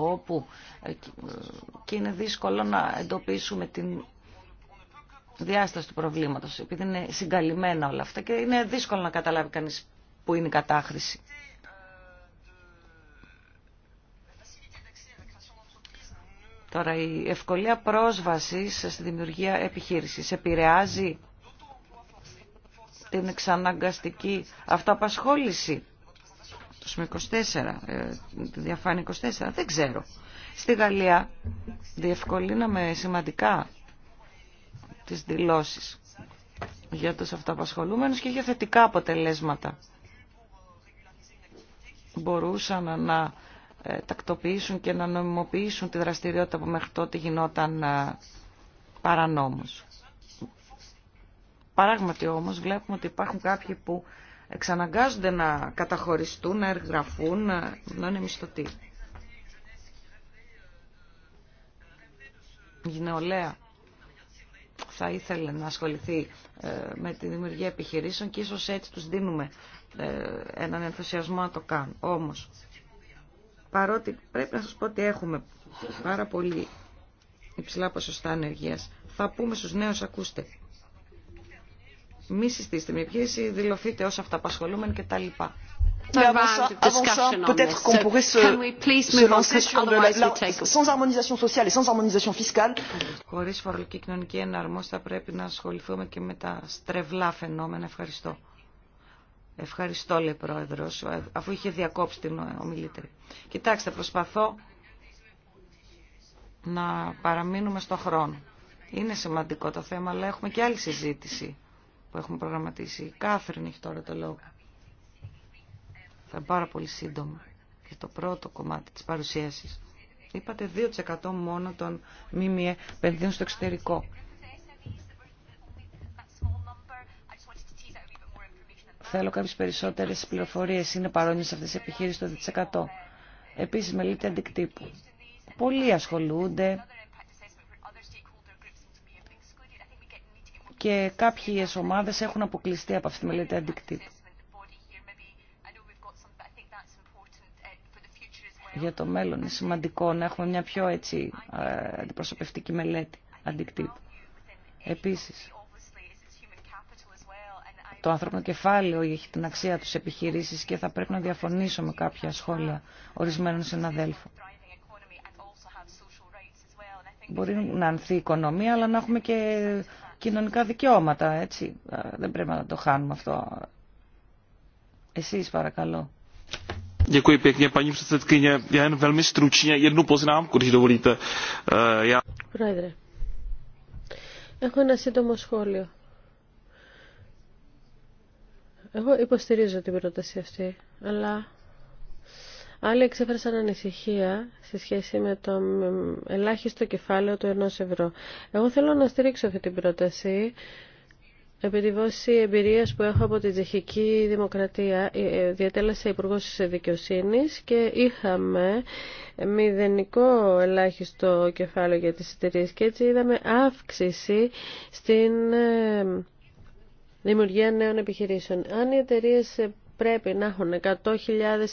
όπου ε, ε, και είναι δύσκολο να εντοπίσουμε την διάσταση του προβλήματος, επειδή είναι συγκαλυμμένα όλα αυτά και είναι δύσκολο να καταλάβει κανεί που είναι η κατάχρηση. Τώρα, η ευκολία πρόσβασης στη δημιουργία επιχείρησης επηρεάζει την εξαναγκαστική αυτοαπασχόληση. Το 24, ε, τη διαφάνεια 24, δεν ξέρω. Στη Γαλλία διευκολύναμε σημαντικά τις δηλώσεις για τους αυτοαπασχολούμενους και για θετικά αποτελέσματα μπορούσαν να ε, τακτοποιήσουν και να νομιμοποιήσουν τη δραστηριότητα που μέχρι τότε γινόταν ε, παρανόμως. Παράγματι όμως βλέπουμε ότι υπάρχουν κάποιοι που εξαναγκάζονται να καταχωριστούν, να εργραφούν, ε, να είναι μισθωτοί. Η θα ήθελε να ασχοληθεί με τη δημιουργία επιχειρήσεων και ίσως έτσι τους δίνουμε ε, έναν ενθουσιασμό να το κάνω. Όμως, παρότι πρέπει να σας πω ότι έχουμε πάρα πολύ υψηλά ποσοστά ανεργίας, θα πούμε στους νέους, ακούστε, μη συστήστε με πιέση, δηλωθείτε ως αυταπασχολούμενοι κτλ. Peut-être qu'on pourrait se lancer sur de la sans harmonisation sociale et sans harmonisation fiscale. Χωρίς φορολογική κοινωνική εναρμόση θα πρέπει να ασχοληθούμε και με τα στρεβλά φαινόμενα. Ευχαριστώ. Ευχαριστώ, λέει πρόεδρος, αφού είχε διακόψει την ομιλήτρια. Κοιτάξτε, προσπαθώ να παραμείνουμε στο χρόνο. Είναι σημαντικό το θέμα, αλλά έχουμε και άλλη συζήτηση που έχουμε προγραμματίσει. Η Κάθριν έχει τώρα το λόγο. Θα είναι πάρα πολύ σύντομα και το πρώτο κομμάτι της παρουσίασης. Είπατε 2% μόνο των ΜΜΕ επενδύουν στο εξωτερικό. Θέλω κάποιε περισσότερε πληροφορίε. Είναι παρόμοιε αυτέ οι επιχείρησει το 2%. Επίση, μελέτη αντικτύπου. Πολλοί ασχολούνται και κάποιε ομάδε έχουν αποκλειστεί από αυτή τη μελέτη αντικτύπου. Για το μέλλον είναι σημαντικό να έχουμε μια πιο έτσι ε, αντιπροσωπευτική μελέτη αντικτύπου. Επίσης, το ανθρώπινο κεφάλαιο έχει την αξία τους επιχειρήσει και θα πρέπει να διαφωνήσω με κάποια σχόλια ορισμένων συναδέλφων. Μπορεί να ανθεί η οικονομία, αλλά να έχουμε και κοινωνικά δικαιώματα, έτσι. Δεν πρέπει να το χάνουμε αυτό. Εσείς παρακαλώ. Πρόεδρε, έχω ένα σύντομο σχόλιο. Εγώ υποστηρίζω την πρόταση αυτή, αλλά άλλοι εξέφρασαν ανησυχία σε σχέση με το ελάχιστο κεφάλαιο του 1 ευρώ. Εγώ θέλω να στηρίξω αυτή την πρόταση. επειδή βόση εμπειρία που έχω από την Τσεχική Δημοκρατία, ε, ε, διατέλεσα υπουργό δικαιοσύνη και είχαμε μηδενικό ελάχιστο κεφάλαιο για τις εταιρείε και έτσι είδαμε αύξηση στην ε, δημιουργία νέων επιχειρήσεων. Αν οι εταιρείε πρέπει να έχουν 100.000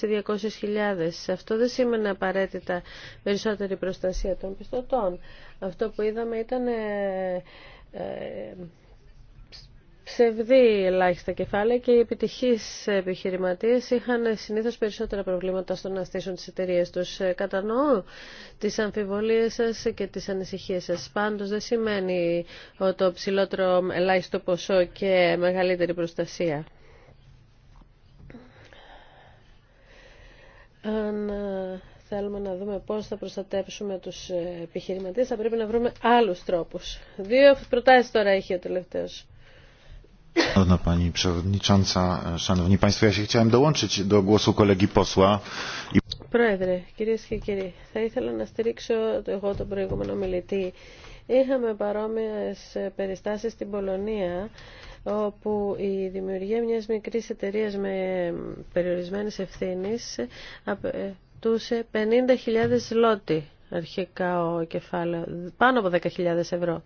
ή 200.000, αυτό δεν σήμαινε απαραίτητα περισσότερη προστασία των πιστωτών. Αυτό που είδαμε ήταν ε, ε, ψευδή ελάχιστα κεφάλαια και οι επιτυχείς επιχειρηματίες είχαν συνήθως περισσότερα προβλήματα στο να στήσουν τις εταιρείες τους. Ε, κατανοώ τις αμφιβολίες σας και τις ανησυχίες σας. Πάντως δεν σημαίνει το ψηλότερο ελάχιστο ποσό και μεγαλύτερη προστασία. Αν ε, θέλουμε να δούμε πώς θα προστατεύσουμε τους ε, επιχειρηματίες, θα πρέπει να βρούμε άλλους τρόπους. Δύο προτάσεις τώρα έχει ο τελευταίος. Πρόεδρε, κυρίες και κύριοι, θα ήθελα να στηρίξω εγώ τον προηγούμενο μιλητή. Είχαμε παρόμοιες περιστάσεις στην Πολωνία όπου η δημιουργία μιας μικρής εταιρείας με περιορισμένες ευθύνες απαιτούσε 50.000 λότι αρχικά ο κεφάλαιο, πάνω από 10.000 ευρώ.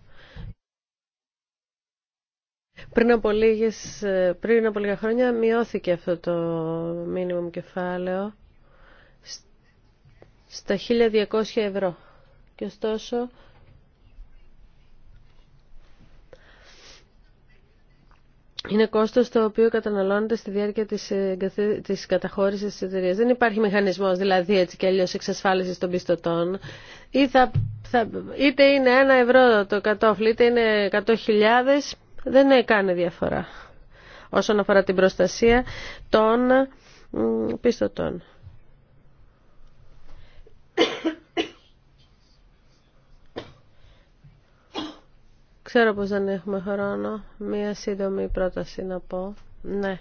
Πριν από, λίγες, ε, λίγα χρόνια μειώθηκε αυτό το μήνυμο κεφάλαιο στα 1200 ευρώ. Και ωστόσο Είναι κόστος το οποίο καταναλώνεται στη διάρκεια της, ε, της καταχώρησης της εταιρείας. Δεν υπάρχει μηχανισμός δηλαδή έτσι και αλλιώς εξασφάλισης των πιστωτών. Ή θα, είτε είναι ένα ευρώ το κατόφλι, είτε είναι 100.000 δεν έκανε διαφορά όσον αφορά την προστασία των πίστοτων. Ξέρω πως δεν έχουμε χρόνο. Μία σύντομη πρόταση να πω. Ναι.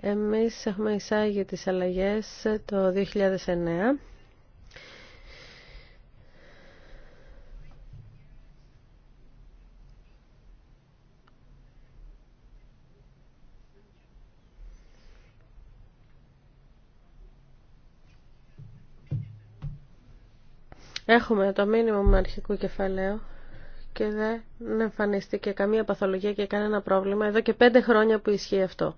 Εμείς έχουμε εισάγει τις αλλαγές το 2009 Έχουμε το μήνυμα αρχικού κεφαλαίου και δεν εμφανίστηκε καμία παθολογία και κανένα πρόβλημα εδώ και πέντε χρόνια που ισχύει αυτό.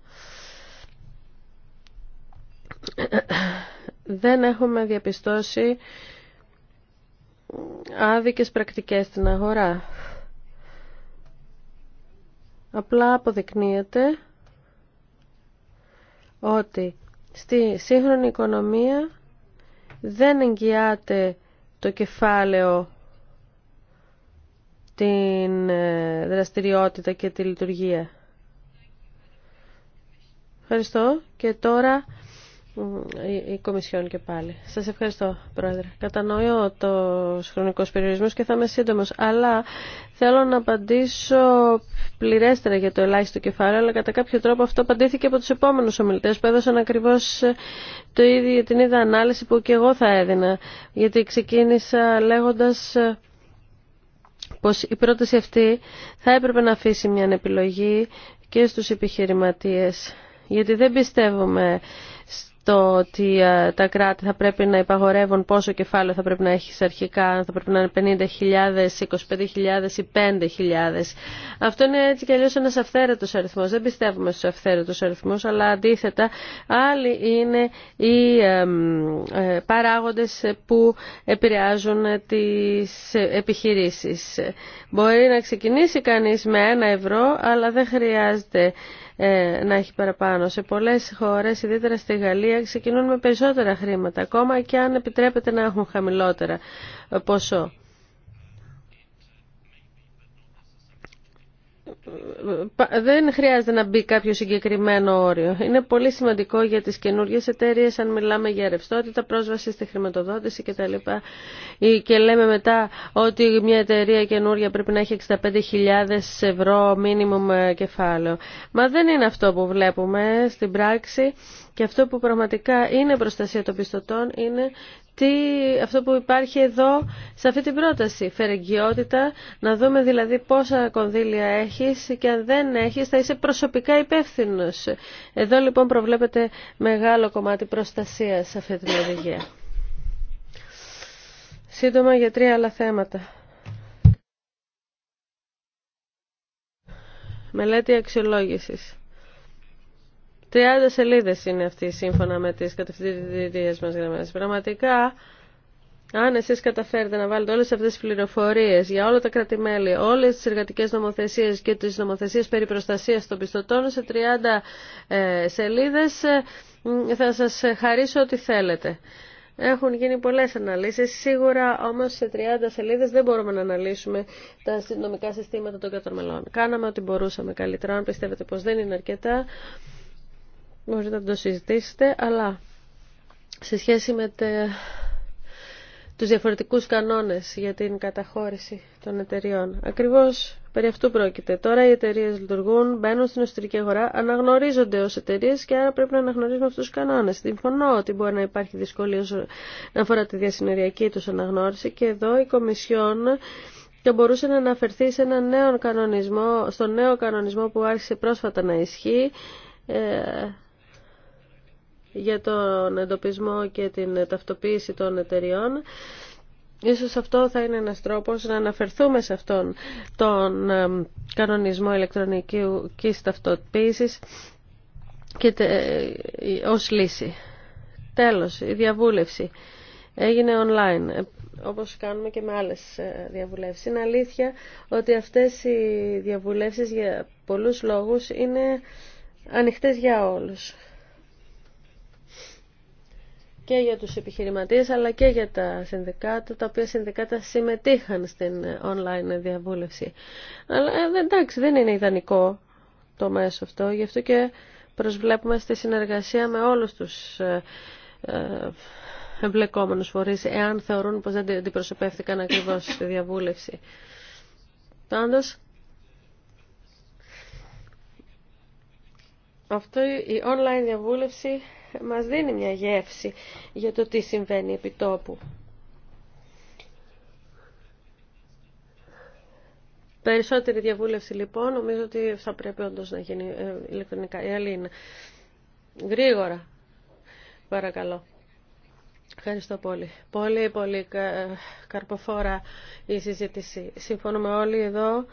Δεν έχουμε διαπιστώσει άδικες πρακτικές στην αγορά. Απλά αποδεικνύεται ότι στη σύγχρονη οικονομία δεν εγγυάται το κεφάλαιο την ε, δραστηριότητα και τη λειτουργία. Ευχαριστώ και τώρα η Κομισιόν και πάλι. Σας ευχαριστώ, Πρόεδρε. Κατανοώ το χρονικό περιορισμό και θα είμαι σύντομο, αλλά θέλω να απαντήσω πληρέστερα για το ελάχιστο κεφάλαιο, αλλά κατά κάποιο τρόπο αυτό απαντήθηκε από τους επόμενους ομιλητές που έδωσαν ακριβώς ε, το ίδιο, την ίδια ανάλυση που και εγώ θα έδινα, γιατί ξεκίνησα λέγοντας ε, πως η πρόταση αυτή θα έπρεπε να αφήσει μια επιλογή και στους επιχειρηματίες, γιατί δεν πιστεύουμε το ότι ε, τα κράτη θα πρέπει να υπαγορεύουν πόσο κεφάλαιο θα πρέπει να έχει αρχικά, θα πρέπει να είναι 50.000, 25.000 ή 5.000. Αυτό είναι έτσι κι αλλιώς ένας αυθαίρετος αριθμός. Δεν πιστεύουμε στους αυθαίρετους αριθμούς, αλλά αντίθετα άλλοι είναι οι ε, παράγοντες που επηρεάζουν τις επιχειρήσεις. Μπορεί να ξεκινήσει κανείς με ένα ευρώ, αλλά δεν χρειάζεται ε, να έχει παραπάνω. Σε πολλές χώρες, ιδιαίτερα στη Γαλλία, ξεκινούν με περισσότερα χρήματα, ακόμα και αν επιτρέπεται να έχουν χαμηλότερα ποσό. δεν χρειάζεται να μπει κάποιο συγκεκριμένο όριο. Είναι πολύ σημαντικό για τις καινούριε εταιρείε αν μιλάμε για ρευστότητα, πρόσβαση στη χρηματοδότηση κτλ. Και λέμε μετά ότι μια εταιρεία καινούργια πρέπει να έχει 65.000 ευρώ μίνιμουμ ε, κεφάλαιο. Μα δεν είναι αυτό που βλέπουμε στην πράξη και αυτό που πραγματικά είναι προστασία των πιστωτών είναι τι, αυτό που υπάρχει εδώ σε αυτή την πρόταση. Φερεγγιότητα, να δούμε δηλαδή πόσα κονδύλια έχεις και αν δεν έχεις θα είσαι προσωπικά υπεύθυνο. Εδώ λοιπόν προβλέπεται μεγάλο κομμάτι προστασίας σε αυτή την οδηγία. Σύντομα για τρία άλλα θέματα. Μελέτη αξιολόγησης. 30 σελίδε είναι αυτή σύμφωνα με τις κατευθυντήριε μα γραμμέ. Πραγματικά, αν εσεί καταφέρετε να βάλετε όλε αυτέ τις πληροφορίε για όλα τα κρατημέλη, όλε τι εργατικέ νομοθεσίε και τι νομοθεσίε περί προστασίας των πιστωτών σε 30 ε, σελίδες, ε, θα σα χαρίσω ό,τι θέλετε. Έχουν γίνει πολλές αναλύσεις, σίγουρα όμως σε 30 σελίδες δεν μπορούμε να αναλύσουμε τα νομικά συστήματα των κατορμελών. Κάναμε ό,τι μπορούσαμε καλύτερα, αν πιστεύετε πως δεν είναι αρκετά, Μπορείτε να το συζητήσετε, αλλά σε σχέση με τε, τους διαφορετικούς κανόνες για την καταχώρηση των εταιριών. Ακριβώς περί αυτού πρόκειται. Τώρα οι εταιρείε λειτουργούν, μπαίνουν στην εσωτερική αγορά, αναγνωρίζονται ως εταιρείε και άρα πρέπει να αναγνωρίζουμε αυτούς τους κανόνες. Συμφωνώ ότι μπορεί να υπάρχει δυσκολία όσον αφορά τη διασυνοριακή τους αναγνώριση και εδώ η Κομισιόν και μπορούσε να αναφερθεί σε ένα νέο κανονισμό, στον νέο κανονισμό που άρχισε πρόσφατα να ισχύει, ε, για τον εντοπισμό και την ταυτοποίηση των εταιριών. Ίσως αυτό θα είναι ένας τρόπος να αναφερθούμε σε αυτόν τον κανονισμό ηλεκτρονικής ταυτοποίησης και ε, ως λύση. Τέλος, η διαβούλευση έγινε online, ε, όπως κάνουμε και με άλλες ε, διαβουλεύσεις. Είναι αλήθεια ότι αυτές οι διαβουλεύσεις για πολλούς λόγους είναι ανοιχτές για όλους και για τους επιχειρηματίες αλλά και για τα συνδικάτα, τα οποία συνδικάτα συμμετείχαν στην online διαβούλευση. Αλλά ε, εντάξει, δεν είναι ιδανικό το μέσο αυτό, γι' αυτό και προσβλέπουμε στη συνεργασία με όλους τους ε, ε, εμπλεκόμενους φορείς, εάν θεωρούν πως δεν αντιπροσωπεύτηκαν ακριβώς στη διαβούλευση. Πάντως, αυτό η online διαβούλευση μας δίνει μια γεύση για το τι συμβαίνει επί τόπου. Περισσότερη διαβούλευση λοιπόν, νομίζω ότι θα πρέπει όντω να γίνει ε, ηλεκτρονικά. Η είναι. Γρήγορα. Παρακαλώ. Ευχαριστώ πολύ. Πολύ, πολύ καρποφόρα η συζήτηση. Συμφωνούμε όλοι εδώ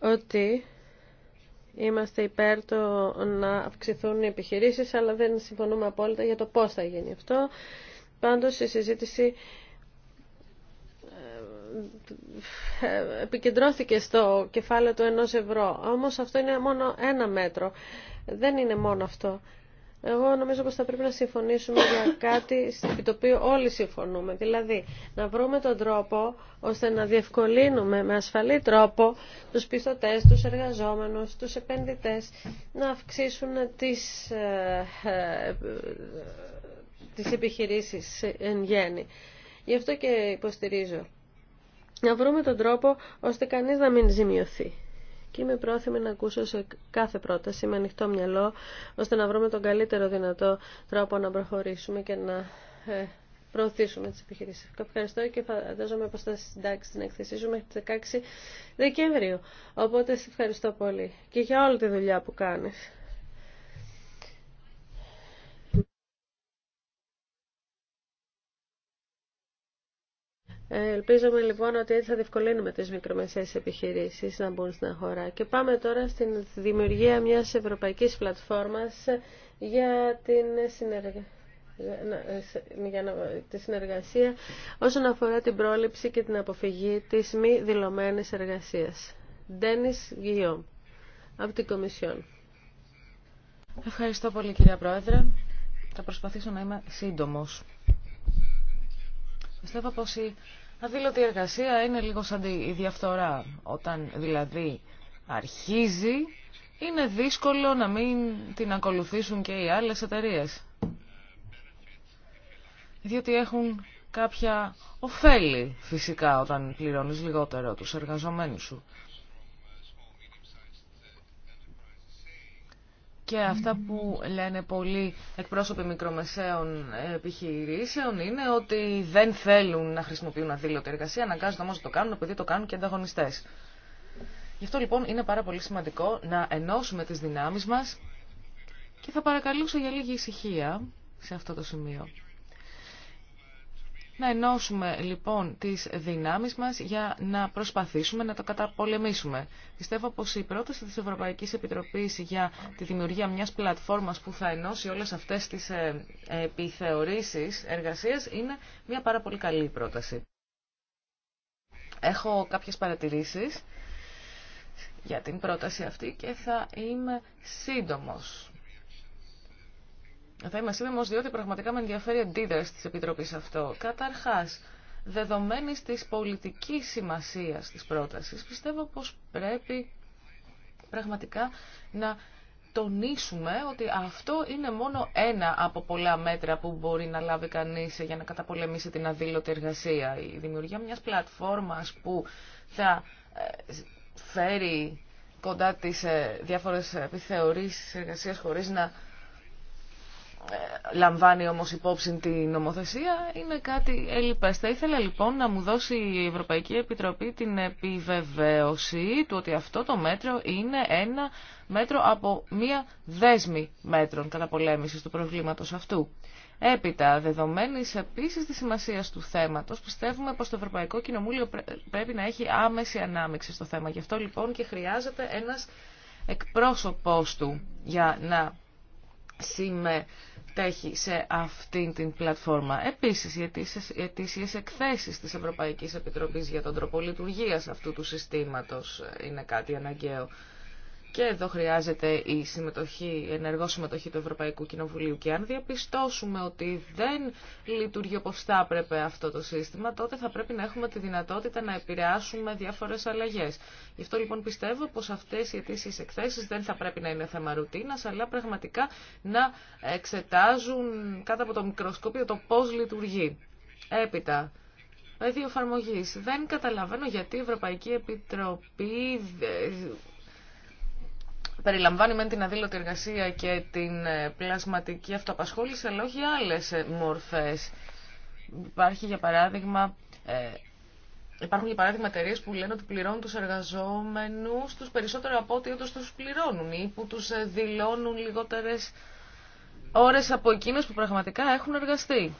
ότι Είμαστε υπέρ το να αυξηθούν οι επιχειρήσεις, αλλά δεν συμφωνούμε απόλυτα για το πώς θα γίνει αυτό. Πάντως η συζήτηση ε, επικεντρώθηκε στο κεφάλαιο του ενός ευρώ. Όμως αυτό είναι μόνο ένα μέτρο. Δεν είναι μόνο αυτό. Εγώ νομίζω πως θα πρέπει να συμφωνήσουμε για κάτι το οποίο όλοι συμφωνούμε. Δηλαδή, να βρούμε τον τρόπο ώστε να διευκολύνουμε με ασφαλή τρόπο τους πιστωτές, τους εργαζόμενους, τους επενδυτές να αυξήσουν τις, ε, ε, τις επιχειρήσεις εν γέννη. Γι' αυτό και υποστηρίζω. Να βρούμε τον τρόπο ώστε κανείς να μην ζημιωθεί και είμαι πρόθυμη να ακούσω σε κάθε πρόταση με ανοιχτό μυαλό ώστε να βρούμε τον καλύτερο δυνατό τρόπο να προχωρήσουμε και να ε, προωθήσουμε τις επιχειρήσεις. Ευχαριστώ και φαντάζομαι πως θα συντάξει την εκθεσή σου μέχρι 16 Δεκεμβρίου. Οπότε σε ευχαριστώ πολύ και για όλη τη δουλειά που κάνεις. Ελπίζουμε λοιπόν ότι έτσι θα διευκολύνουμε τις μικρομεσαίες επιχειρήσεις να μπουν στην αγορά. Και πάμε τώρα στην δημιουργία μιας ευρωπαϊκής πλατφόρμας για την ε, για τη συνεργασία όσον αφορά την πρόληψη και την αποφυγή της μη δηλωμένης εργασίας. Ντένις Γιώμ από την Κομισιόν. Ευχαριστώ πολύ κυρία Πρόεδρε. Θα προσπαθήσω να είμαι σύντομος. Πιστεύω πως η ότι Θα η εργασία είναι λίγο σαν τη διαφθορά. Όταν δηλαδή αρχίζει, είναι δύσκολο να μην την ακολουθήσουν και οι άλλες εταιρείε. Διότι έχουν κάποια ωφέλη φυσικά όταν πληρώνεις λιγότερο τους εργαζομένους σου. Και αυτά που λένε πολλοί εκπρόσωποι μικρομεσαίων επιχειρήσεων είναι ότι δεν θέλουν να χρησιμοποιούν αδίλωτη εργασία, αναγκάζονται όμω να το κάνουν επειδή το κάνουν και ανταγωνιστέ. Γι' αυτό λοιπόν είναι πάρα πολύ σημαντικό να ενώσουμε τι δυνάμει μα και θα παρακαλούσα για λίγη ησυχία σε αυτό το σημείο. Να ενώσουμε λοιπόν τις δυνάμεις μας για να προσπαθήσουμε να το καταπολεμήσουμε. Πιστεύω πως η πρόταση της Ευρωπαϊκής Επιτροπής για τη δημιουργία μιας πλατφόρμας που θα ενώσει όλες αυτές τις ε, επιθεωρήσεις εργασίας είναι μια πάρα πολύ καλή πρόταση. Έχω κάποιες παρατηρήσεις για την πρόταση αυτή και θα είμαι σύντομος. Θα είμαι σύντομο, διότι πραγματικά με ενδιαφέρει αντίδραση τη Επιτροπή αυτό. Καταρχάς, δεδομένη της πολιτικής σημασίας της πρότασης, πιστεύω πως πρέπει πραγματικά να τονίσουμε ότι αυτό είναι μόνο ένα από πολλά μέτρα που μπορεί να λάβει κανείς για να καταπολεμήσει την αδήλωτη εργασία. Η δημιουργία μιας πλατφόρμας που θα ε, φέρει κοντά τις ε, διάφορες επιθεωρήσεις εργασίας χωρίς να ε, λαμβάνει όμως υπόψη την νομοθεσία είναι κάτι ελλειπές. Θα ήθελα λοιπόν να μου δώσει η Ευρωπαϊκή Επιτροπή την επιβεβαίωση του ότι αυτό το μέτρο είναι ένα μέτρο από μία δέσμη μέτρων καταπολέμησης του προβλήματος αυτού. Έπειτα, δεδομένη επίση τη σημασία του θέματο, πιστεύουμε πω το Ευρωπαϊκό Κοινοβούλιο πρέπει να έχει άμεση ανάμειξη στο θέμα. Γι' αυτό λοιπόν και χρειάζεται ένα εκπρόσωπό του για να συμμετέχει σε αυτήν την πλατφόρμα. Επίσης, οι αιτήσιες εκθέσεις της Ευρωπαϊκής Επιτροπή για τον τρόπο λειτουργία αυτού του συστήματος είναι κάτι αναγκαίο. Και εδώ χρειάζεται η συμμετοχή, η ενεργό συμμετοχή του Ευρωπαϊκού Κοινοβουλίου. Και αν διαπιστώσουμε ότι δεν λειτουργεί όπω θα έπρεπε αυτό το σύστημα, τότε θα πρέπει να έχουμε τη δυνατότητα να επηρεάσουμε διαφορε αλλαγε Γι' αυτό λοιπόν πιστεύω πω αυτε οι αιτήσει εκθέσει δεν θα πρέπει να είναι θέμα ρουτίνα, αλλά πραγματικά να εξετάζουν κάτω από το μικροσκόπιο το πώ λειτουργεί. Έπειτα, πεδίο εφαρμογή. Δεν καταλαβαίνω γιατί η Ευρωπαϊκή Επιτροπή περιλαμβάνει μεν την αδήλωτη εργασία και την ε, πλασματική αυτοαπασχόληση, αλλά όχι άλλες ε, μορφές. Υπάρχει για παράδειγμα... Ε, υπάρχουν για παράδειγμα εταιρείε που λένε ότι πληρώνουν τους εργαζόμενους τους περισσότερο από ό,τι όντως τους πληρώνουν ή που τους δηλώνουν λιγότερες ώρες από εκείνες που πραγματικά έχουν εργαστεί.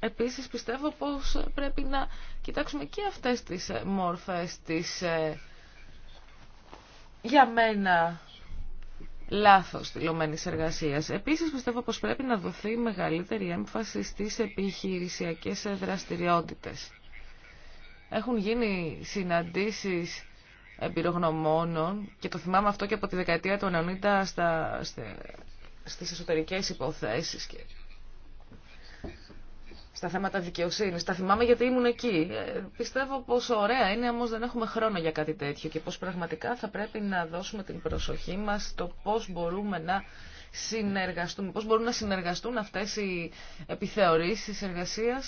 Επίσης πιστεύω πως πρέπει να κοιτάξουμε και αυτές τις μορφές της για μένα λάθος δηλωμένη εργασία. Επίσης πιστεύω πως πρέπει να δοθεί μεγαλύτερη έμφαση στις επιχειρησιακές δραστηριότητες. Έχουν γίνει συναντήσεις εμπειρογνωμόνων και το θυμάμαι αυτό και από τη δεκαετία του 90 στα, στις εσωτερικές υποθέσεις στα θέματα δικαιοσύνη. Τα θυμάμαι γιατί ήμουν εκεί. Ε, πιστεύω πω ωραία είναι, όμω δεν έχουμε χρόνο για κάτι τέτοιο και πω πραγματικά θα πρέπει να δώσουμε την προσοχή μα στο πώ μπορούμε να συνεργαστούμε, πώ μπορούν να συνεργαστούν αυτέ οι επιθεωρήσει εργασία.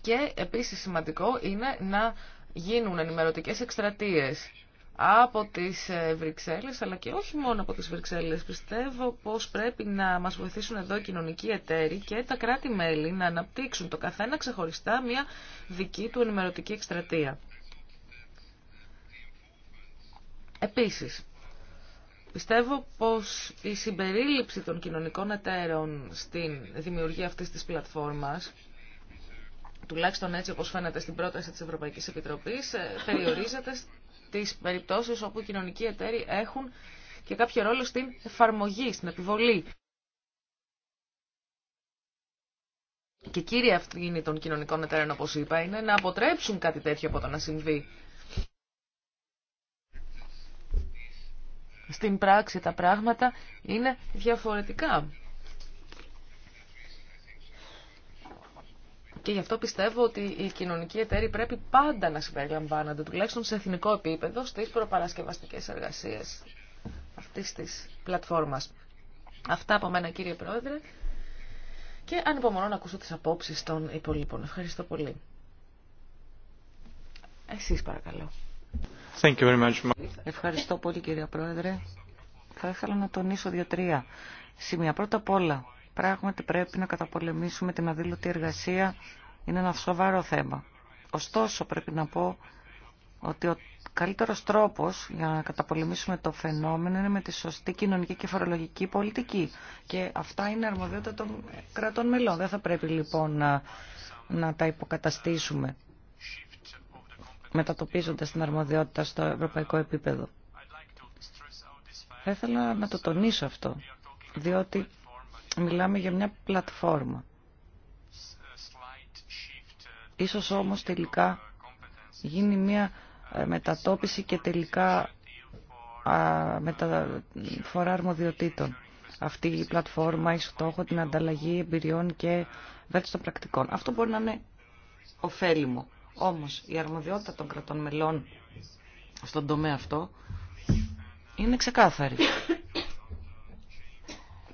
Και επίση σημαντικό είναι να γίνουν ενημερωτικέ εκστρατείε από τις ε, Βρυξέλλες, αλλά και όχι μόνο από τις Βρυξέλλες. Πιστεύω πως πρέπει να μας βοηθήσουν εδώ οι κοινωνικοί εταίροι και τα κράτη-μέλη να αναπτύξουν το καθένα ξεχωριστά μια δική του ενημερωτική εκστρατεία. Επίσης, πιστεύω πως η συμπερίληψη των κοινωνικών εταίρων στην δημιουργία αυτής της πλατφόρμας τουλάχιστον έτσι όπως φαίνεται στην πρόταση της Ευρωπαϊκής Επιτροπής, ε, περιορίζεται τις περιπτώσεις όπου οι κοινωνικοί εταίροι έχουν και κάποιο ρόλο στην εφαρμογή, στην επιβολή. Και κύρια τον των κοινωνικών εταίρων, όπω είπα, είναι να αποτρέψουν κάτι τέτοιο από το να συμβεί. Στην πράξη τα πράγματα είναι διαφορετικά. Και γι' αυτό πιστεύω ότι οι κοινωνικοί εταίροι πρέπει πάντα να συμπεριλαμβάνονται, τουλάχιστον σε εθνικό επίπεδο, στις προπαρασκευαστικές εργασίες αυτή τη πλατφόρμα. Αυτά από μένα κύριε Πρόεδρε και ανυπομονώ να ακούσω τι απόψει των υπολείπων. Ευχαριστώ πολύ. Εσείς παρακαλώ. Thank you very much. Ευχαριστώ πολύ κύριε Πρόεδρε. Θα ήθελα να τονίσω δύο-τρία σημεία. Πρώτα απ' όλα, Πράγματι πρέπει να καταπολεμήσουμε την αδήλωτη εργασία. Είναι ένα σοβαρό θέμα. Ωστόσο πρέπει να πω ότι ο καλύτερος τρόπος για να καταπολεμήσουμε το φαινόμενο είναι με τη σωστή κοινωνική και φορολογική πολιτική. Και αυτά είναι αρμοδιότητα των κρατών μελών. Δεν θα πρέπει λοιπόν να, να τα υποκαταστήσουμε μετατοπίζοντας την αρμοδιότητα στο ευρωπαϊκό επίπεδο. Θα ήθελα να το τονίσω αυτό, διότι Μιλάμε για μια πλατφόρμα. Ίσως όμως τελικά γίνει μια ε, μετατόπιση και τελικά μεταφορά αρμοδιοτήτων. Αυτή η πλατφόρμα έχει στόχο την ανταλλαγή εμπειριών και βέλτιστων πρακτικών. Αυτό μπορεί να είναι ωφέλιμο. Όμως η αρμοδιότητα των κρατών μελών στον τομέα αυτό είναι ξεκάθαρη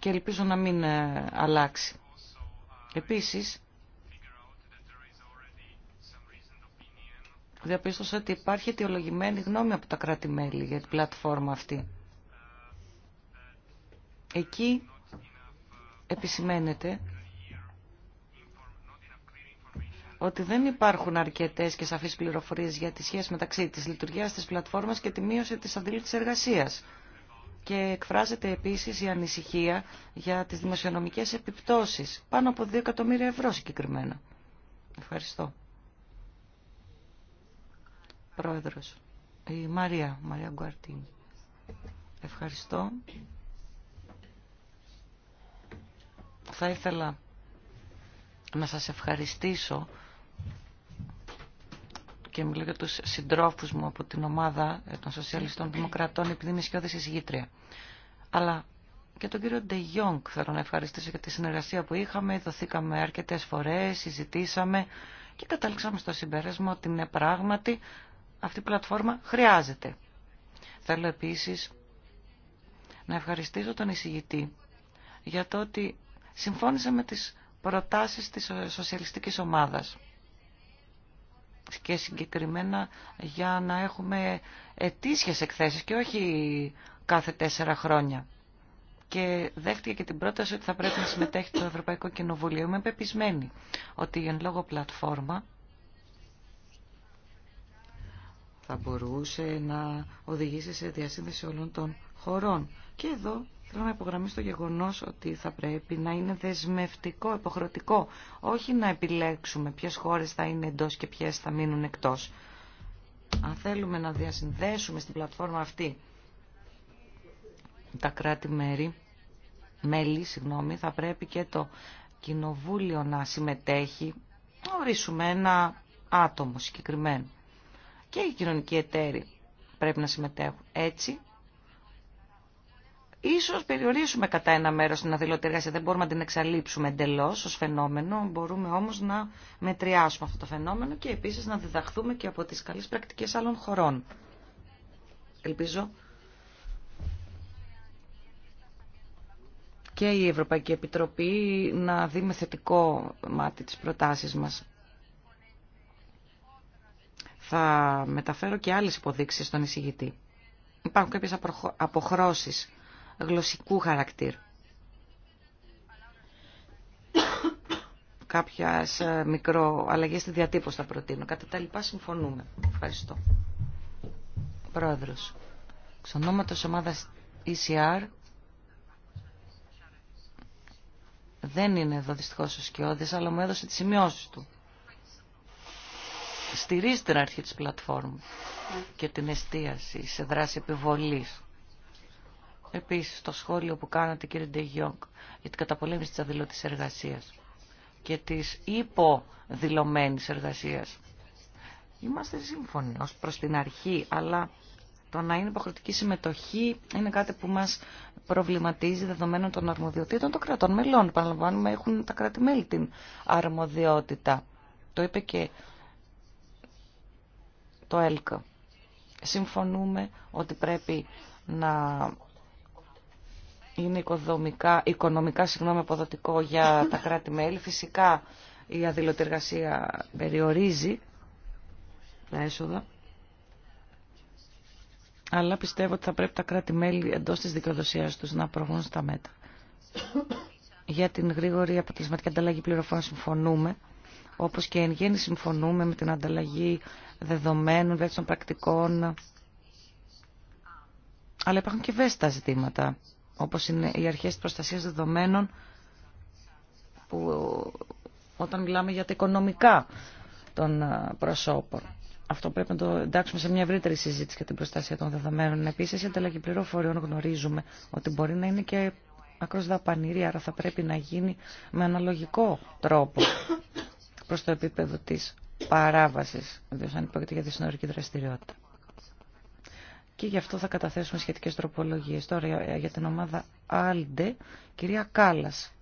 και ελπίζω να μην ε, αλλάξει. Επίσης, διαπίστωσα ότι υπάρχει αιτιολογημένη γνώμη από τα κράτη-μέλη για την πλατφόρμα αυτή. Εκεί επισημαίνεται ότι δεν υπάρχουν αρκετές και σαφείς πληροφορίες για τη σχέση μεταξύ της λειτουργίας της πλατφόρμας και τη μείωση της αντίληψης εργασίας και εκφράζεται επίσης η ανησυχία για τις δημοσιονομικές επιπτώσεις, πάνω από 2 εκατομμύρια ευρώ συγκεκριμένα. Ευχαριστώ. Πρόεδρος, η Μαρία, Μαρία Γκουαρτίνη. Ευχαριστώ. Θα ήθελα να σας ευχαριστήσω και μιλώ για τους συντρόφους μου από την ομάδα των Σοσιαλιστών Δημοκρατών επειδή είμαι σκιώδης εισηγήτρια. Αλλά και τον κύριο Ντε Γιόγκ θέλω να ευχαριστήσω για τη συνεργασία που είχαμε. Δοθήκαμε αρκετές φορές, συζητήσαμε και καταλήξαμε στο συμπέρασμα ότι είναι πράγματι αυτή η πλατφόρμα χρειάζεται. Θέλω επίσης να ευχαριστήσω τον εισηγητή για το ότι συμφώνησε με τις προτάσεις της σοσιαλιστικής ομάδας και συγκεκριμένα για να έχουμε ετήσιες εκθέσεις και όχι κάθε τέσσερα χρόνια. Και δέχτηκε και την πρόταση ότι θα πρέπει να συμμετέχει το Ευρωπαϊκό Κοινοβούλιο. Είμαι πεπισμένη ότι η εν λόγω πλατφόρμα θα μπορούσε να οδηγήσει σε διασύνδεση όλων των χωρών. Και εδώ Θέλω να υπογραμμίσω το γεγονό ότι θα πρέπει να είναι δεσμευτικό, υποχρεωτικό, όχι να επιλέξουμε ποιε χώρες θα είναι εντός και ποιε θα μείνουν εκτός. Αν θέλουμε να διασυνδέσουμε στην πλατφόρμα αυτή τα κράτη-μέρη, μέλη, συγγνώμη, θα πρέπει και το κοινοβούλιο να συμμετέχει, να ορίσουμε ένα άτομο συγκεκριμένο. Και οι κοινωνικοί εταίροι πρέπει να συμμετέχουν. Έτσι Ίσως περιορίσουμε κατά ένα μέρος την αδειλωτή εργασία, δεν μπορούμε να την εξαλείψουμε εντελώς ως φαινόμενο, μπορούμε όμως να μετριάσουμε αυτό το φαινόμενο και επίσης να διδαχθούμε και από τις καλές πρακτικές άλλων χωρών. Ελπίζω και η Ευρωπαϊκή Επιτροπή να δει με θετικό μάτι τις προτάσεις μας. Θα μεταφέρω και άλλες υποδείξεις στον εισηγητή. Υπάρχουν κάποιες αποχρώσεις γλωσσικού χαρακτήρ. κάποια ε, μικρό αλλαγή στη διατύπωση θα προτείνω. Κατά τα λοιπά συμφωνούμε. Ευχαριστώ. Πρόεδρος. Ξονόματος ομάδας ECR δεν είναι εδώ δυστυχώς ο Σκιώδης, αλλά μου έδωσε τις σημειώσεις του. Στηρίζει την αρχή της πλατφόρμας και την εστίαση σε δράση επιβολής. Επίσης, το σχόλιο που κάνατε κύριε Ντεγιόγκ για την καταπολέμηση της αδηλώτης εργασίας και της υποδηλωμένη εργασίας. Είμαστε σύμφωνοι ως προς την αρχή, αλλά το να είναι υποχρεωτική συμμετοχή είναι κάτι που μας προβληματίζει δεδομένων των αρμοδιοτήτων των κρατών μελών. Παραλαμβάνουμε, έχουν τα κράτη-μέλη την αρμοδιότητα. Το είπε και το ΕΛΚΟ. Συμφωνούμε ότι πρέπει να είναι οικονομικά συγγνώμη, αποδοτικό για τα κράτη-μέλη. Φυσικά η αδηλωτή εργασία περιορίζει τα έσοδα. Αλλά πιστεύω ότι θα πρέπει τα κράτη-μέλη εντός της δικαιοδοσίας τους να προβούν στα μέτρα. για την γρήγορη αποτελεσματική ανταλλαγή πληροφόρων συμφωνούμε όπως και εν γέννη συμφωνούμε με την ανταλλαγή δεδομένων, βέλτιστων πρακτικών. Αλλά υπάρχουν και βέστα ζητήματα όπως είναι οι αρχές της προστασίας δεδομένων που όταν μιλάμε για τα οικονομικά των ε, προσώπων. Αυτό πρέπει να το εντάξουμε σε μια ευρύτερη συζήτηση για την προστασία των δεδομένων. Επίση, η ανταλλαγή πληροφοριών γνωρίζουμε ότι μπορεί να είναι και ακρό δαπανηρή, άρα θα πρέπει να γίνει με αναλογικό τρόπο προ το επίπεδο τη παράβαση. Διότι αν υπόκειται για τη συνορική δραστηριότητα και γι' αυτό θα καταθέσουμε σχετικές τροπολογίες. Τώρα ε, ε, για την ομάδα ALDE, κυρία Κάλλας.